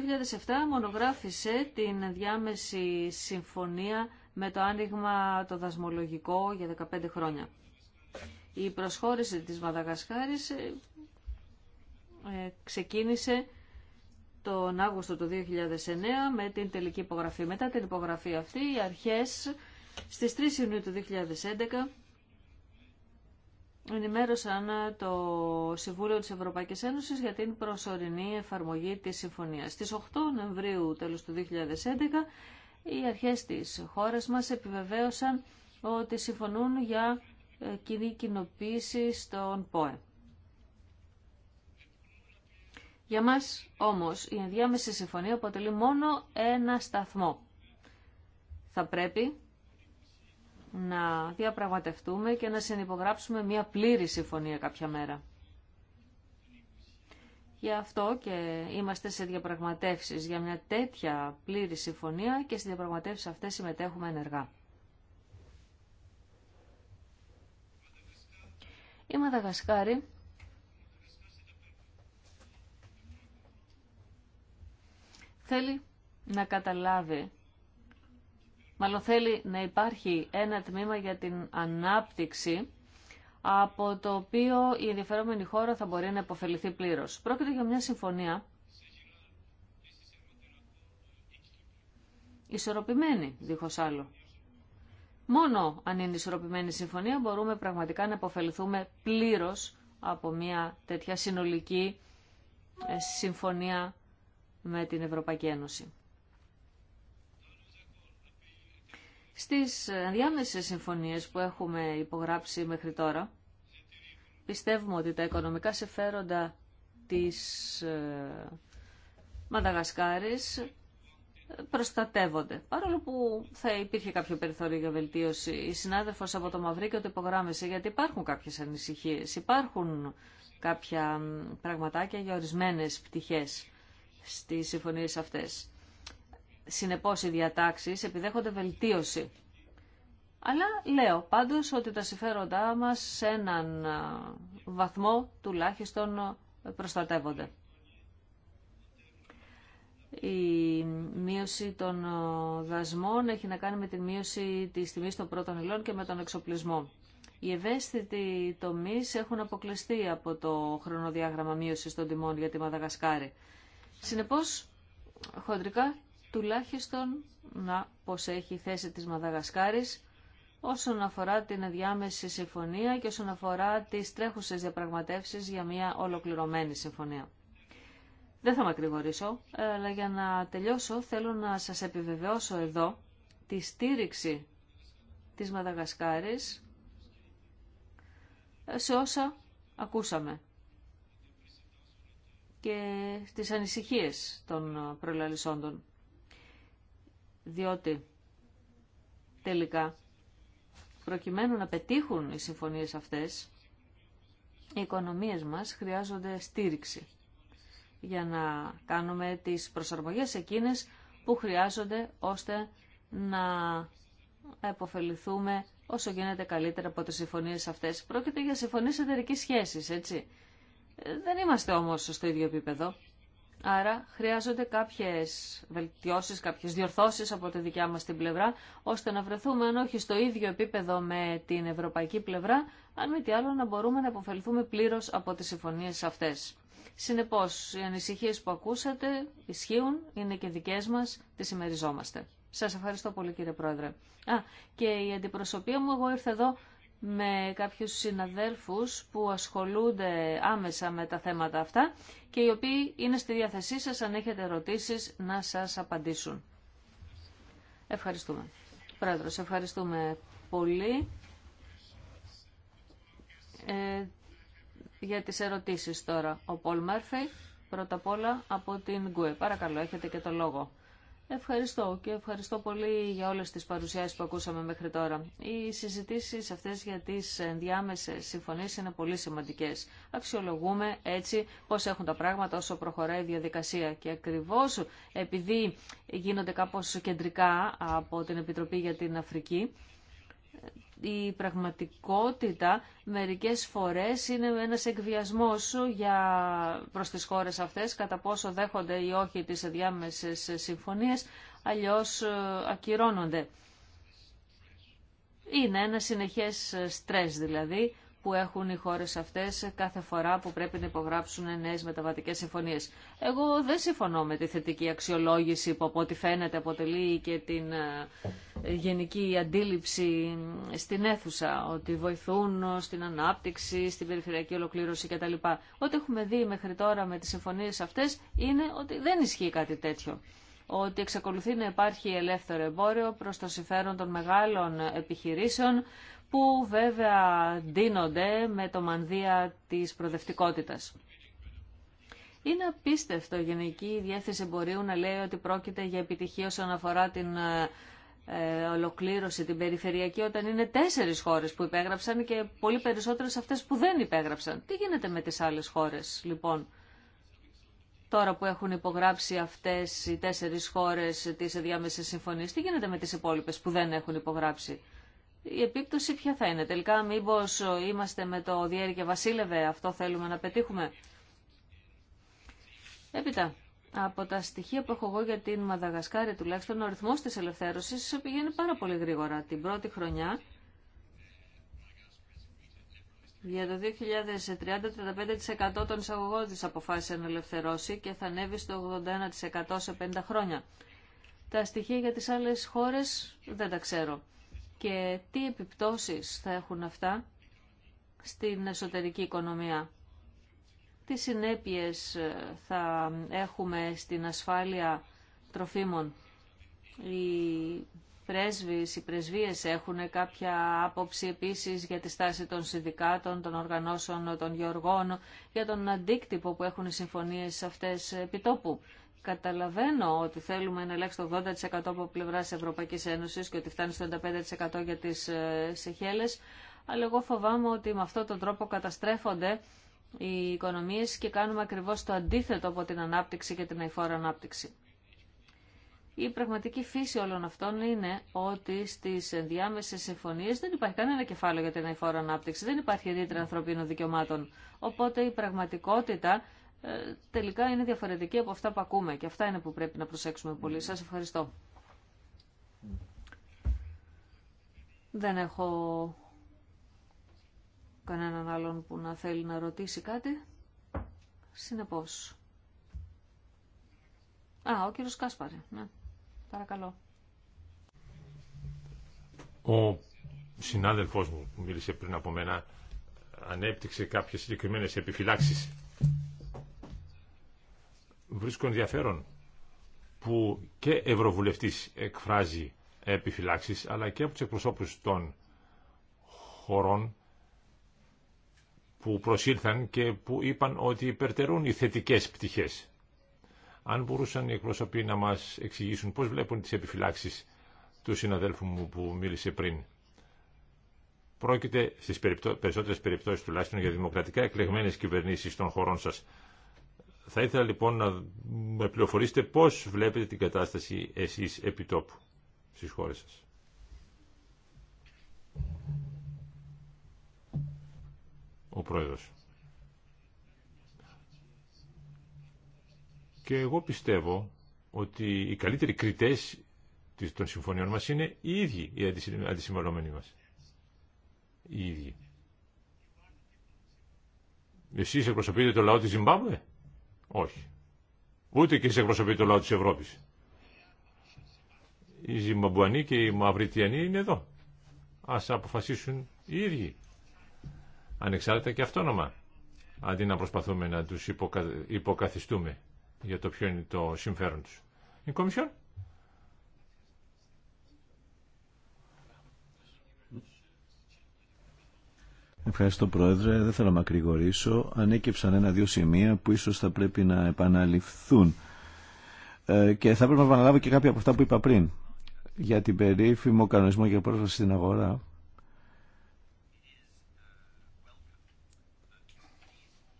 S4: μονογράφησε την διάμεση συμφωνία με το άνοιγμα το δασμολογικό για 15 χρόνια. Η προσχώρηση της Μαδαγασκάρης ε, ε, ξεκίνησε τον Αύγουστο του 2009 με την τελική υπογραφή. Μετά την υπογραφή αυτή, οι αρχές στις 3 Ιουνίου του 2011 ενημέρωσαν το Συμβούλιο της Ευρωπαϊκής Ένωσης για την προσωρινή εφαρμογή της συμφωνίας. Στις 8 Νοεμβρίου τέλος του 2011 οι αρχές της χώρας μας επιβεβαίωσαν ότι συμφωνούν για ε, κοινή κοινοποίηση στον ΠΟΕ. Για μας όμως η ενδιάμεση συμφωνία αποτελεί μόνο ένα σταθμό. Θα πρέπει να διαπραγματευτούμε και να συνυπογράψουμε μια πλήρη συμφωνία κάποια μέρα. Γι' αυτό και είμαστε σε διαπραγματεύσεις για μια τέτοια πλήρη συμφωνία και στις διαπραγματεύσεις αυτές συμμετέχουμε ενεργά. Η Μαδαγασκάρη θέλει να καταλάβει, μάλλον θέλει να υπάρχει ένα τμήμα για την ανάπτυξη από το οποίο η ενδιαφερόμενη χώρα θα μπορεί να υποφεληθεί πλήρως. Πρόκειται για μια συμφωνία ισορροπημένη, δίχως άλλο. Μόνο αν είναι ισορροπημένη συμφωνία μπορούμε πραγματικά να αποφεληθούμε πλήρως από μια τέτοια συνολική ε, συμφωνία με την Ευρωπαϊκή Ένωση. Στις διάμεσες συμφωνίες που έχουμε υπογράψει μέχρι τώρα, πιστεύουμε ότι τα οικονομικά συμφέροντα της ε, Μανταγασκάρης προστατεύονται. Παρόλο που θα υπήρχε κάποιο περιθώριο για βελτίωση, η συνάδελφος από το Μαυρίκιο το υπογράμμισε γιατί υπάρχουν κάποιες ανησυχίες, υπάρχουν κάποια πραγματάκια για ορισμένες πτυχές στι συμφωνίε αυτές. Συνεπώς οι διατάξεις επιδέχονται βελτίωση. Αλλά λέω πάντως ότι τα συμφέροντά μας σε έναν βαθμό τουλάχιστον προστατεύονται. Η μείωση των ε, δασμών έχει να κάνει με τη μείωση της τιμής των πρώτων υλών και με τον εξοπλισμό. Οι ευαίσθητοι τομεί έχουν αποκλειστεί από το χρονοδιάγραμμα μείωσης των τιμών για τη Μαδαγασκάρη. Συνεπώς, χοντρικά, τουλάχιστον να πως έχει η θέση της Μαδαγασκάρης όσον αφορά την διάμεση συμφωνία και όσον αφορά τις τρέχουσες διαπραγματεύσεις για μια ολοκληρωμένη συμφωνία. Δεν θα μακρηγορήσω, αλλά για να τελειώσω θέλω να σας επιβεβαιώσω εδώ τη στήριξη της Μαδαγασκάρης σε όσα ακούσαμε και στις ανησυχίες των προλαλισσόντων. Διότι τελικά προκειμένου να πετύχουν οι συμφωνίες αυτές οι οικονομίες μας χρειάζονται στήριξη για να κάνουμε τις προσαρμογές εκείνες που χρειάζονται ώστε να επωφεληθούμε όσο γίνεται καλύτερα από τις συμφωνίες αυτές. Πρόκειται για συμφωνίες εταιρική σχέσης, έτσι. Ε, δεν είμαστε όμως στο ίδιο επίπεδο. Άρα χρειάζονται κάποιες βελτιώσεις, κάποιες διορθώσεις από τη δικιά μας την πλευρά, ώστε να βρεθούμε αν όχι στο ίδιο επίπεδο με την ευρωπαϊκή πλευρά, αν μη τι άλλο να μπορούμε να επωφεληθούμε πλήρως από τις συμφωνίες αυτές. Συνεπώς, οι ανησυχίες που ακούσατε ισχύουν, είναι και δικές μας, τις ημεριζόμαστε. Σας ευχαριστώ πολύ κύριε Πρόεδρε. Α, και η αντιπροσωπεία μου, εγώ ήρθα εδώ με κάποιους συναδέλφους που ασχολούνται άμεσα με τα θέματα αυτά και οι οποίοι είναι στη διάθεσή σας αν έχετε ερωτήσεις να σας απαντήσουν. Ευχαριστούμε. Πρόεδρος, ευχαριστούμε πολύ. Ε, για τις ερωτήσεις τώρα. Ο Πολ Μέρφυ, πρώτα απ' όλα από την ΓΚΟΕ. Παρακαλώ, έχετε και το λόγο. Ευχαριστώ και ευχαριστώ πολύ για όλες τις παρουσιάσεις που ακούσαμε μέχρι τώρα. Οι συζητήσεις αυτές για τις ενδιάμεσες συμφωνίες είναι πολύ σημαντικές. Αξιολογούμε έτσι πώς έχουν τα πράγματα όσο προχωράει η διαδικασία. Και ακριβώς επειδή γίνονται κάπως κεντρικά από την Επιτροπή για την Αφρική, η πραγματικότητα μερικές φορές είναι ένας εκβιασμός για, προς τις χώρες αυτές, κατά πόσο δέχονται ή όχι τις διάμεσες συμφωνίες, αλλιώς ε, ακυρώνονται. Είναι ένα συνεχές στρες δηλαδή, που έχουν οι χώρες αυτές κάθε φορά που πρέπει να υπογράψουν νέες μεταβατικές συμφωνίες. Εγώ δεν συμφωνώ με τη θετική αξιολόγηση που από ό,τι φαίνεται αποτελεί και την ε, γενική αντίληψη στην αίθουσα ότι βοηθούν στην ανάπτυξη, στην περιφερειακή ολοκλήρωση κτλ. Ό,τι έχουμε δει μέχρι τώρα με τις συμφωνίες αυτές είναι ότι δεν ισχύει κάτι τέτοιο ότι εξακολουθεί να υπάρχει ελεύθερο εμπόριο προς το συμφέρον των μεγάλων επιχειρήσεων που βέβαια ντύνονται με το μανδύα της προδευτικότητας. Είναι απίστευτο η Γενική Διεύθυνση Εμπορίου να λέει ότι πρόκειται για επιτυχία όσον αφορά την ε, ε, ολοκλήρωση, την περιφερειακή, όταν είναι τέσσερις χώρες που υπέγραψαν και πολύ περισσότερες αυτές που δεν υπέγραψαν. Τι γίνεται με τις άλλες χώρες, λοιπόν, τώρα που έχουν υπογράψει αυτές οι τέσσερις χώρες τις διάμεσες συμφωνίες, τι γίνεται με τις υπόλοιπες που δεν έχουν υπογράψει η επίπτωση ποια θα είναι. Τελικά μήπως είμαστε με το διέρη και βασίλευε, αυτό θέλουμε να πετύχουμε. Έπειτα, από τα στοιχεία που έχω εγώ για την Μαδαγασκάρη τουλάχιστον, ο ρυθμός της ελευθέρωσης πηγαίνει πάρα πολύ γρήγορα. Την πρώτη χρονιά για το 2030, 35% των εισαγωγών της αποφάσισε να ελευθερώσει και θα ανέβει στο 81% σε 50 χρόνια. Τα στοιχεία για τις άλλες χώρες δεν τα ξέρω και τι επιπτώσεις θα έχουν αυτά στην εσωτερική οικονομία. Τι συνέπειες ε, θα έχουμε στην ασφάλεια τροφίμων. Οι πρέσβεις, οι πρεσβείες έχουν κάποια άποψη επίσης για τη στάση των συνδικάτων, των οργανώσεων, των γεωργών, για τον αντίκτυπο που έχουν οι συμφωνίες αυτές επιτόπου. Καταλαβαίνω ότι θέλουμε να ελέγξει το 80% από πλευρά τη Ευρωπαϊκή Ένωση και ότι φτάνει στο 95% για τι ε, Σεχέλε, αλλά εγώ φοβάμαι ότι με αυτόν τον τρόπο καταστρέφονται οι οικονομίε και κάνουμε ακριβώς το αντίθετο από την ανάπτυξη και την αηφόρα ανάπτυξη. Η πραγματική φύση όλων αυτών είναι ότι στις ενδιάμεσε συμφωνίε δεν υπάρχει κανένα κεφάλαιο για την αηφόρα ανάπτυξη, δεν υπάρχει ρήτρα ανθρωπίνων δικαιωμάτων. Οπότε η πραγματικότητα ε, τελικά είναι διαφορετική από αυτά που ακούμε και αυτά είναι που πρέπει να προσέξουμε πολύ. Σας ευχαριστώ. Δεν έχω κανέναν άλλον που να θέλει να ρωτήσει κάτι. Συνεπώς. Α, ο κύριος Κάσπαρη. Ναι. Παρακαλώ.
S3: Ο συνάδελφός μου που μίλησε πριν από μένα ανέπτυξε κάποιες συγκεκριμένες επιφυλάξεις βρίσκω ενδιαφέρον που και ευρωβουλευτής εκφράζει επιφυλάξεις αλλά και από τους εκπροσώπους των χωρών που προσήλθαν και που είπαν ότι υπερτερούν οι θετικές πτυχές. Αν μπορούσαν οι εκπρόσωποι να μας εξηγήσουν πώς βλέπουν τις επιφυλάξεις του συναδέλφου μου που μίλησε πριν. Πρόκειται στις περισσότερες περιπτώσεις τουλάχιστον για δημοκρατικά εκλεγμένες κυβερνήσεις των χωρών σας θα ήθελα λοιπόν να με πληροφορήσετε πώς βλέπετε την κατάσταση εσείς επιτόπου στις χώρες σας. Ο Πρόεδρος. Και εγώ πιστεύω ότι οι καλύτεροι κριτές των συμφωνιών μας είναι οι ίδιοι οι αντισημερώμενοι μας. Οι ίδιοι. Εσείς εκπροσωπείτε το λαό της Ζιμπάμπουε. Όχι. Ούτε και σε εκπροσωπεί το λαό της Ευρώπης. Οι Ζιμπαμπουανοί και οι Μαυριτιανοί είναι εδώ. Ας αποφασίσουν οι ίδιοι. Ανεξάρτητα και αυτόνομα. Αντί να προσπαθούμε να τους υποκαθιστούμε για το ποιο είναι το συμφέρον τους. Η Κομισιόν.
S2: Ευχαριστώ Πρόεδρε. Δεν θέλω να μακρηγορήσω. Ανέκυψαν ένα-δύο σημεία που ίσως θα πρέπει να επαναληφθούν. Ε, και θα πρέπει να επαναλάβω και κάποια από αυτά που είπα πριν. Για την περίφημο κανονισμό για πρόσβαση στην αγορά.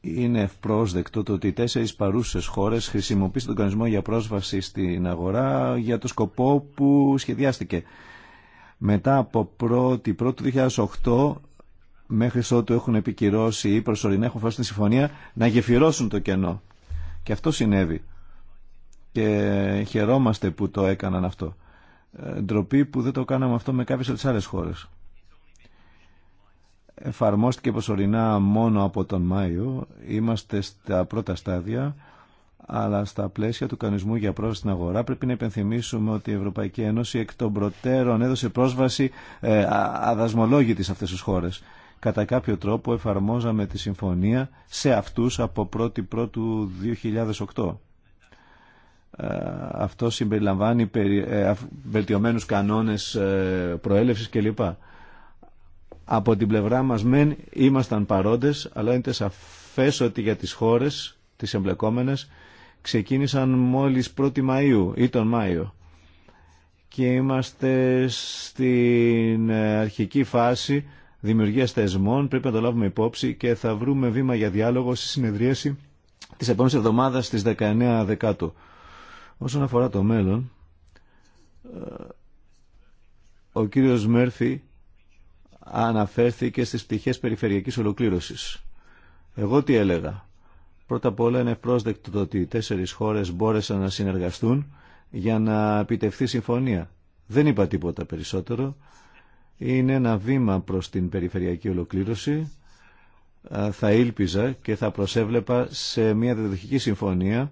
S2: Είναι ευπρόσδεκτο το ότι οι τέσσερις παρούσες χώρες χρησιμοποίησαν τον κανονισμό για πρόσβαση στην αγορά για το σκοπό που σχεδιάστηκε μετά από του 2008 μέχρι ότου έχουν επικυρώσει ή προσωρινά έχουν φάσει τη συμφωνία να γεφυρώσουν το κενό. Και αυτό συνέβη. Και χαιρόμαστε που το έκαναν αυτό. Ε, ντροπή που δεν το κάναμε αυτό με κάποιες από τις άλλες χώρες. Εφαρμόστηκε προσωρινά μόνο από τον Μάιο. Είμαστε στα πρώτα στάδια αλλά στα πλαίσια του κανονισμού για πρόσβαση στην αγορά πρέπει να υπενθυμίσουμε ότι η Ευρωπαϊκή Ένωση εκ των προτέρων έδωσε πρόσβαση ε, αδασμολόγητη σε αυτές κατά κάποιο τρόπο εφαρμόζαμε τη συμφωνία σε αυτούς από 1η Πρώτου 2008. Ε, αυτό συμπεριλαμβάνει ε, βελτιωμένους κανόνες ε, προέλευσης κλπ. Από την πλευρά μας μεν ήμασταν παρόντες, αλλά είναι σαφές ότι για τις χώρες, τις εμπλεκόμενες, ξεκίνησαν μόλις 1η Μαΐου ή τον Μάιο και είμαστε στην αρχική φάση δημιουργίας θεσμών πρέπει να το λάβουμε υπόψη και θα βρούμε βήμα για διάλογο στη συνεδρίαση της επόμενης εβδομάδας στι 19 Δεκάτου. Όσον αφορά το μέλλον, ε, ο κύριος Μέρφυ αναφέρθηκε στις πτυχές περιφερειακής ολοκλήρωσης. Εγώ τι έλεγα. Πρώτα απ' όλα είναι πρόσδεκτο το ότι οι τέσσερις χώρες μπόρεσαν να συνεργαστούν για να επιτευχθεί συμφωνία. Δεν είπα τίποτα περισσότερο είναι ένα βήμα προς την περιφερειακή ολοκλήρωση. Θα ήλπιζα και θα προσέβλεπα σε μια διαδοχική συμφωνία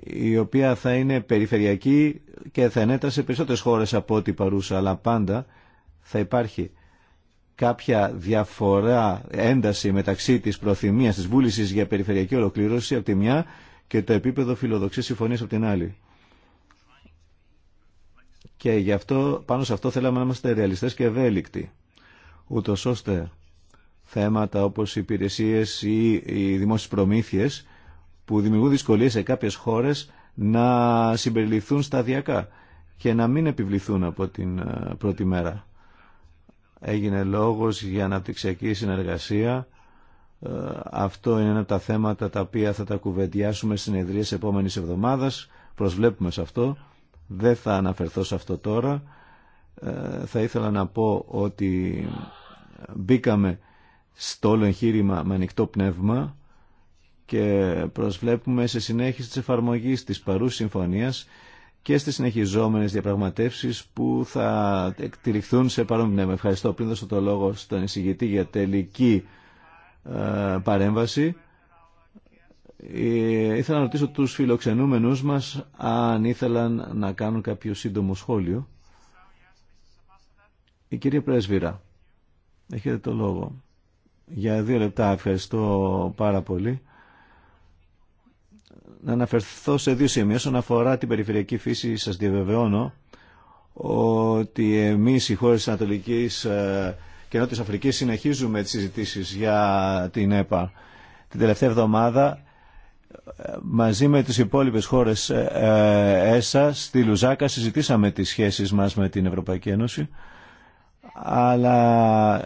S2: η οποία θα είναι περιφερειακή και θα σε περισσότερες χώρες από ό,τι παρούσα, αλλά πάντα θα υπάρχει κάποια διαφορά, ένταση μεταξύ της προθυμίας, της βούλησης για περιφερειακή ολοκλήρωση από τη μια και το επίπεδο φιλοδοξής συμφωνίας από την άλλη. Και γι' αυτό, πάνω σε αυτό θέλαμε να είμαστε ρεαλιστές και ευέλικτοι, ούτω ώστε θέματα όπως οι υπηρεσίες ή οι δημόσιες προμήθειες που δημιουργούν δυσκολίες σε κάποιες χώρες να συμπεριληφθούν σταδιακά και να μην επιβληθούν από την ε, πρώτη μέρα. Έγινε λόγος για αναπτυξιακή συνεργασία. Ε, αυτό είναι ένα από τα θέματα τα οποία θα τα κουβεντιάσουμε στις συνεδρίες επόμενης εβδομάδας. Προσβλέπουμε σε αυτό. Δεν θα αναφερθώ σε αυτό τώρα. Ε, θα ήθελα να πω ότι μπήκαμε στο όλο εγχείρημα με ανοιχτό πνεύμα και προσβλέπουμε σε συνέχιση της εφαρμογής της παρούς συμφωνίας και στις συνεχιζόμενες διαπραγματεύσεις που θα εκτηριχθούν σε παρόν πνεύμα. Ευχαριστώ πριν δώσω το λόγο στον εισηγητή για τελική ε, παρέμβαση. Ε, ήθελα να ρωτήσω τους φιλοξενούμενους μας αν ήθελαν να κάνουν κάποιο σύντομο σχόλιο. Η κυρία Πρέσβυρα, έχετε το λόγο. Για δύο λεπτά ευχαριστώ πάρα πολύ. Να αναφερθώ σε δύο σημεία. Όσον αφορά την περιφερειακή φύση, σας διαβεβαιώνω ότι εμείς οι χώρες της Ανατολικής ε, και Νότιας Αφρικής συνεχίζουμε τις συζητήσεις για την ΕΠΑ. Την τελευταία εβδομάδα μαζί με τις υπόλοιπες χώρες ε, ε, ΕΣΑ στη Λουζάκα συζητήσαμε τις σχέσεις μας με την Ευρωπαϊκή Ένωση αλλά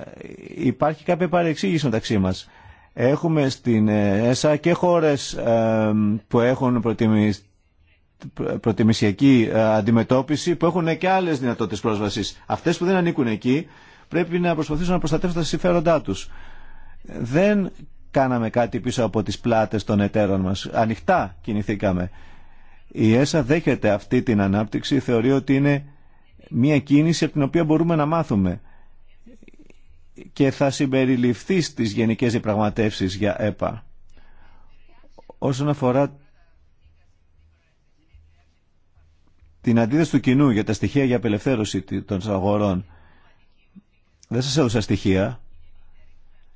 S2: υπάρχει κάποια παρεξήγηση μεταξύ μας. Έχουμε στην ε, ΕΣΑ και χώρες που έχουν προτιμη, προτιμησιακή αντιμετώπιση που έχουν και άλλες δυνατότητες πρόσβασης. Αυτές που δεν ανήκουν εκεί πρέπει να προσπαθήσουν να προστατεύσουν τα συμφέροντά τους. Δεν κάναμε κάτι πίσω από τις πλάτες των εταίρων μας. Ανοιχτά κινηθήκαμε. Η ΕΣΑ δέχεται αυτή την ανάπτυξη, θεωρεί ότι είναι μια κίνηση από την οποία μπορούμε να μάθουμε και θα συμπεριληφθεί στις γενικές διαπραγματεύσεις για ΕΠΑ. Όσον αφορά την αντίθεση του κοινού για τα στοιχεία για απελευθέρωση των αγορών, δεν σας έδωσα στοιχεία,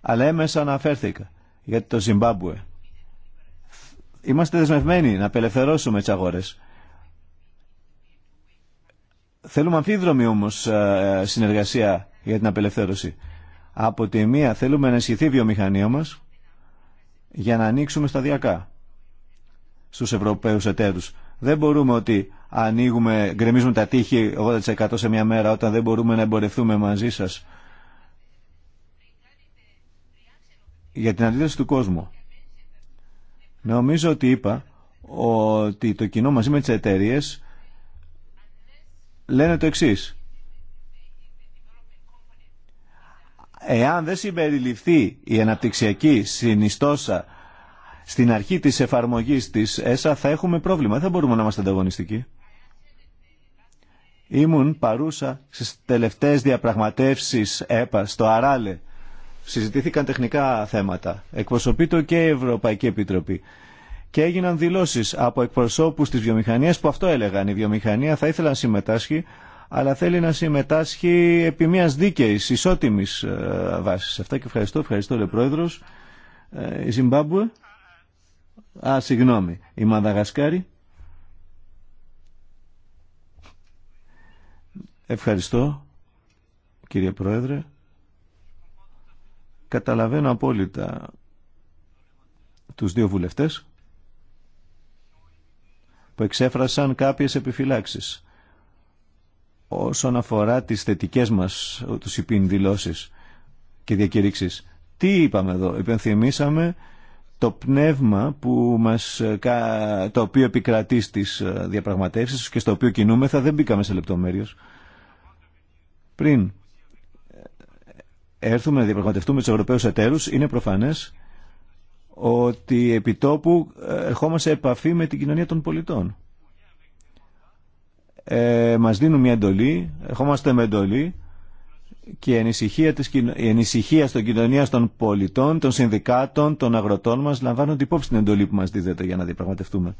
S2: αλλά έμεσα αναφέρθηκα για το Ζιμπάμπουε. Είμαστε δεσμευμένοι να απελευθερώσουμε τι αγορέ. Θέλουμε αμφίδρομη όμω ε, συνεργασία για την απελευθέρωση. Από τη μία θέλουμε να ενισχυθεί η βιομηχανία μα για να ανοίξουμε σταδιακά στους Ευρωπαίους εταίρους. Δεν μπορούμε ότι ανοίγουμε, γκρεμίζουμε τα τείχη 80% σε μια μέρα όταν δεν μπορούμε να εμπορευτούμε μαζί σας. για την αντίδραση του κόσμου. Νομίζω ότι είπα ότι το κοινό μαζί με τις εταιρείε λένε το εξής. Εάν δεν συμπεριληφθεί η αναπτυξιακή συνιστόσα στην αρχή της εφαρμογής της ΕΣΑ θα έχουμε πρόβλημα. Δεν μπορούμε να είμαστε ανταγωνιστικοί. Ήμουν παρούσα στις τελευταίες διαπραγματεύσεις ΕΠΑ στο Αράλε συζητήθηκαν τεχνικά θέματα. Εκπροσωπεί και η Ευρωπαϊκή Επιτροπή. Και έγιναν δηλώσεις από εκπροσώπους τη Βιομηχανία που αυτό έλεγαν. Η βιομηχανία θα ήθελα να συμμετάσχει, αλλά θέλει να συμμετάσχει επί μιας δίκαιης, ισότιμης ε, βάσης. Αυτά και ευχαριστώ. Ευχαριστώ, Λε Πρόεδρος. Ε, η Ζιμπάμπουε. Α, συγγνώμη. Η Μαδαγασκάρη. Ευχαριστώ, κύριε Πρόεδρε. Καταλαβαίνω απόλυτα τους δύο βουλευτές που εξέφρασαν κάποιες επιφυλάξεις όσον αφορά τις θετικές μας τους υπήν και διακηρύξεις. Τι είπαμε εδώ, υπενθυμίσαμε το πνεύμα που μας, το οποίο επικρατεί στις ε, διαπραγματεύσεις και στο οποίο κινούμεθα δεν μπήκαμε σε λεπτομέρειες. Πριν έρθουμε να διαπραγματευτούμε του Ευρωπαίου εταίρου, είναι προφανέ ότι επιτόπου ε, ερχόμαστε σε επαφή με την κοινωνία των πολιτών. Ε, μας δίνουν μια εντολή, ερχόμαστε με εντολή και η ανησυχία, της, η των κοινωνία των πολιτών, των συνδικάτων, των αγροτών μας την υπόψη την εντολή που μας δίδεται για να διαπραγματευτούμε.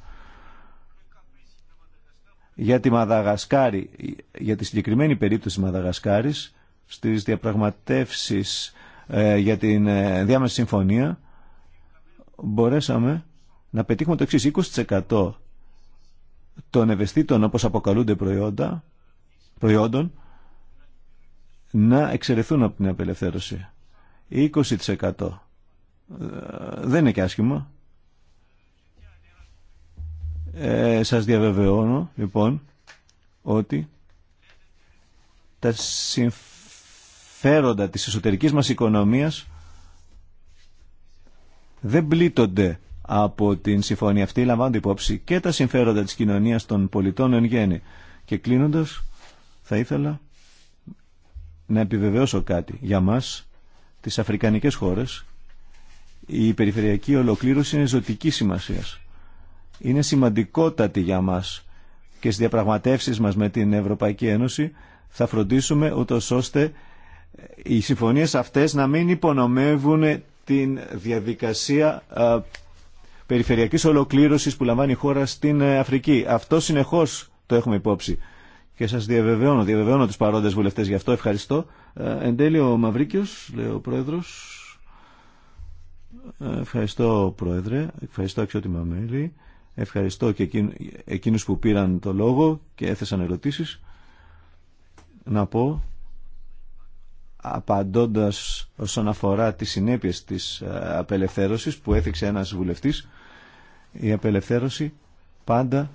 S2: Για τη Μαδαγασκάρη, για τη συγκεκριμένη περίπτωση Μαδαγασκάρης, στις διαπραγματεύσεις ε, για την ε, διάμεση συμφωνία μπορέσαμε να πετύχουμε το εξής 20% των ευαισθητών όπως αποκαλούνται προϊόντα, προϊόντων να εξαιρεθούν από την απελευθέρωση. 20%. Ε, δεν είναι και άσχημα. Ε, σας διαβεβαιώνω λοιπόν ότι τα συμφωνία συμφέροντα της εσωτερικής μας οικονομίας δεν πλήττονται από την συμφωνία αυτή, λαμβάνονται υπόψη και τα συμφέροντα της κοινωνίας των πολιτών εν γέννη. Και κλείνοντας, θα ήθελα να επιβεβαιώσω κάτι για μας, τις αφρικανικές χώρες, η περιφερειακή ολοκλήρωση είναι ζωτική σημασία. Είναι σημαντικότατη για μας και στις διαπραγματεύσεις μας με την Ευρωπαϊκή Ένωση θα φροντίσουμε ούτω ώστε οι συμφωνίες αυτές να μην υπονομεύουν την διαδικασία ε, περιφερειακής ολοκλήρωσης που λαμβάνει η χώρα στην ε, Αφρική. Αυτό συνεχώς το έχουμε υπόψη. Και σας διαβεβαιώνω, διαβεβαιώνω τους παρόντες βουλευτές γι' αυτό. Ευχαριστώ. Ε, εν τέλει ο Μαυρίκιος, λέει ο Πρόεδρος. Ευχαριστώ Πρόεδρε, ευχαριστώ αξιότιμα μέλη, ευχαριστώ και εκείνους που πήραν το λόγο και έθεσαν ερωτήσεις. Να πω απαντώντας όσον αφορά τις συνέπειες της ε, απελευθέρωσης που έθιξε ένας βουλευτής η απελευθέρωση πάντα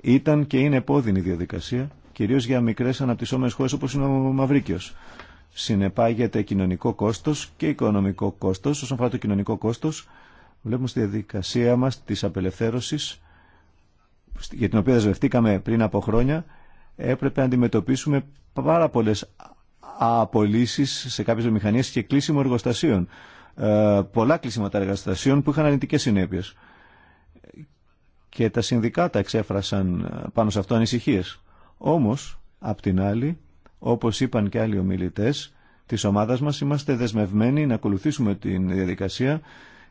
S2: ήταν και είναι επώδυνη διαδικασία κυρίως για μικρές αναπτυσσόμενες χώρες όπως είναι ο Μαυρίκιος συνεπάγεται κοινωνικό κόστος και οικονομικό κόστος όσον αφορά το κοινωνικό κόστος βλέπουμε στη διαδικασία μας της απελευθέρωσης για την οποία δεσμευτήκαμε πριν από χρόνια έπρεπε να αντιμετωπίσουμε πάρα πολλές απολύσει σε κάποιε μηχανίε και κλείσιμο εργοστασίων. Ε, πολλά κλείσιματα εργοστασίων που είχαν αρνητικέ συνέπειε. Και τα συνδικάτα εξέφρασαν ε, πάνω σε αυτό ανησυχίε. Όμω, απ' την άλλη, όπω είπαν και άλλοι ομιλητέ τη ομάδα μα, είμαστε δεσμευμένοι να ακολουθήσουμε την διαδικασία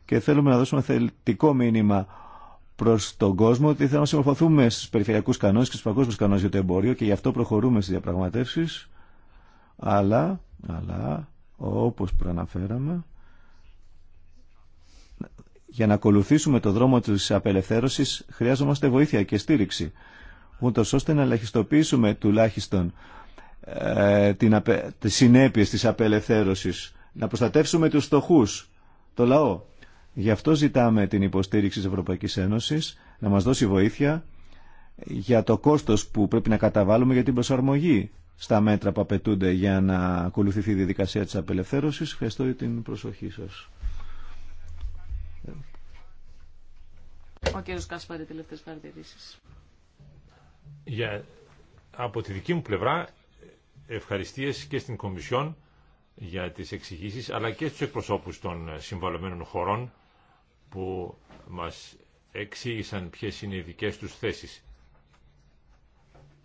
S2: και θέλουμε να δώσουμε θελτικό μήνυμα προ τον κόσμο ότι θέλουμε να συμμορφωθούμε στου περιφερειακού κανόνε και στου παγκόσμιου κανόνε για το εμπόριο και γι' αυτό προχωρούμε στι διαπραγματεύσει αλλά, αλλά όπως προαναφέραμε για να ακολουθήσουμε το δρόμο της απελευθέρωσης χρειάζομαστε βοήθεια και στήριξη ούτως ώστε να ελαχιστοποιήσουμε τουλάχιστον ε, την απε, τις της απελευθέρωσης να προστατεύσουμε τους στοχούς το λαό γι' αυτό ζητάμε την υποστήριξη της Ευρωπαϊκής Ένωσης να μας δώσει βοήθεια για το κόστος που πρέπει να καταβάλουμε για την προσαρμογή στα μέτρα που απαιτούνται για να ακολουθηθεί η διαδικασία της απελευθέρωσης. Ευχαριστώ για την προσοχή σας.
S4: Ο Κάσπαρη, τελευταίες παρατηρήσεις.
S3: Για, από τη δική μου πλευρά, ευχαριστίες και στην Κομισιόν για τις εξηγήσεις, αλλά και στους εκπροσώπους των συμβαλωμένων χωρών που μας εξήγησαν ποιες είναι οι δικές τους θέσεις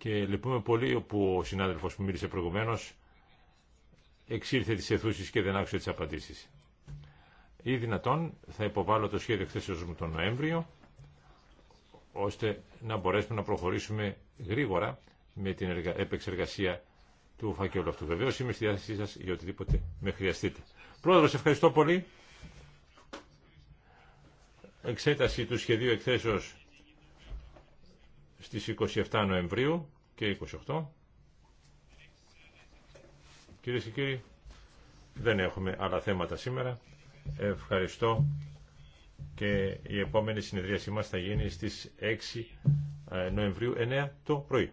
S3: και λυπούμε πολύ που ο συνάδελφο που μίλησε προηγουμένω εξήλθε τι αιθούσει και δεν άκουσε τι απαντήσει. Ή δυνατόν θα υποβάλω το σχέδιο εκθέσεως μου τον Νοέμβριο, ώστε να μπορέσουμε να προχωρήσουμε γρήγορα με την επεξεργασία του φακέλου αυτού. Βεβαίω είμαι στη διάθεσή σα για οτιδήποτε με χρειαστείτε. Πρόεδρο ευχαριστώ πολύ. Εξέταση του σχεδίου εκθέσεως στις 27 Νοεμβρίου και 28. Κυρίες και κύριοι, δεν έχουμε άλλα θέματα σήμερα. Ευχαριστώ και η επόμενη συνεδρίασή μας θα γίνει στις 6 ε, Νοεμβρίου 9 το πρωί.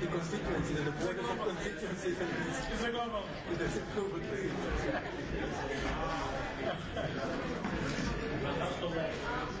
S5: the constituency, the of constituency is It a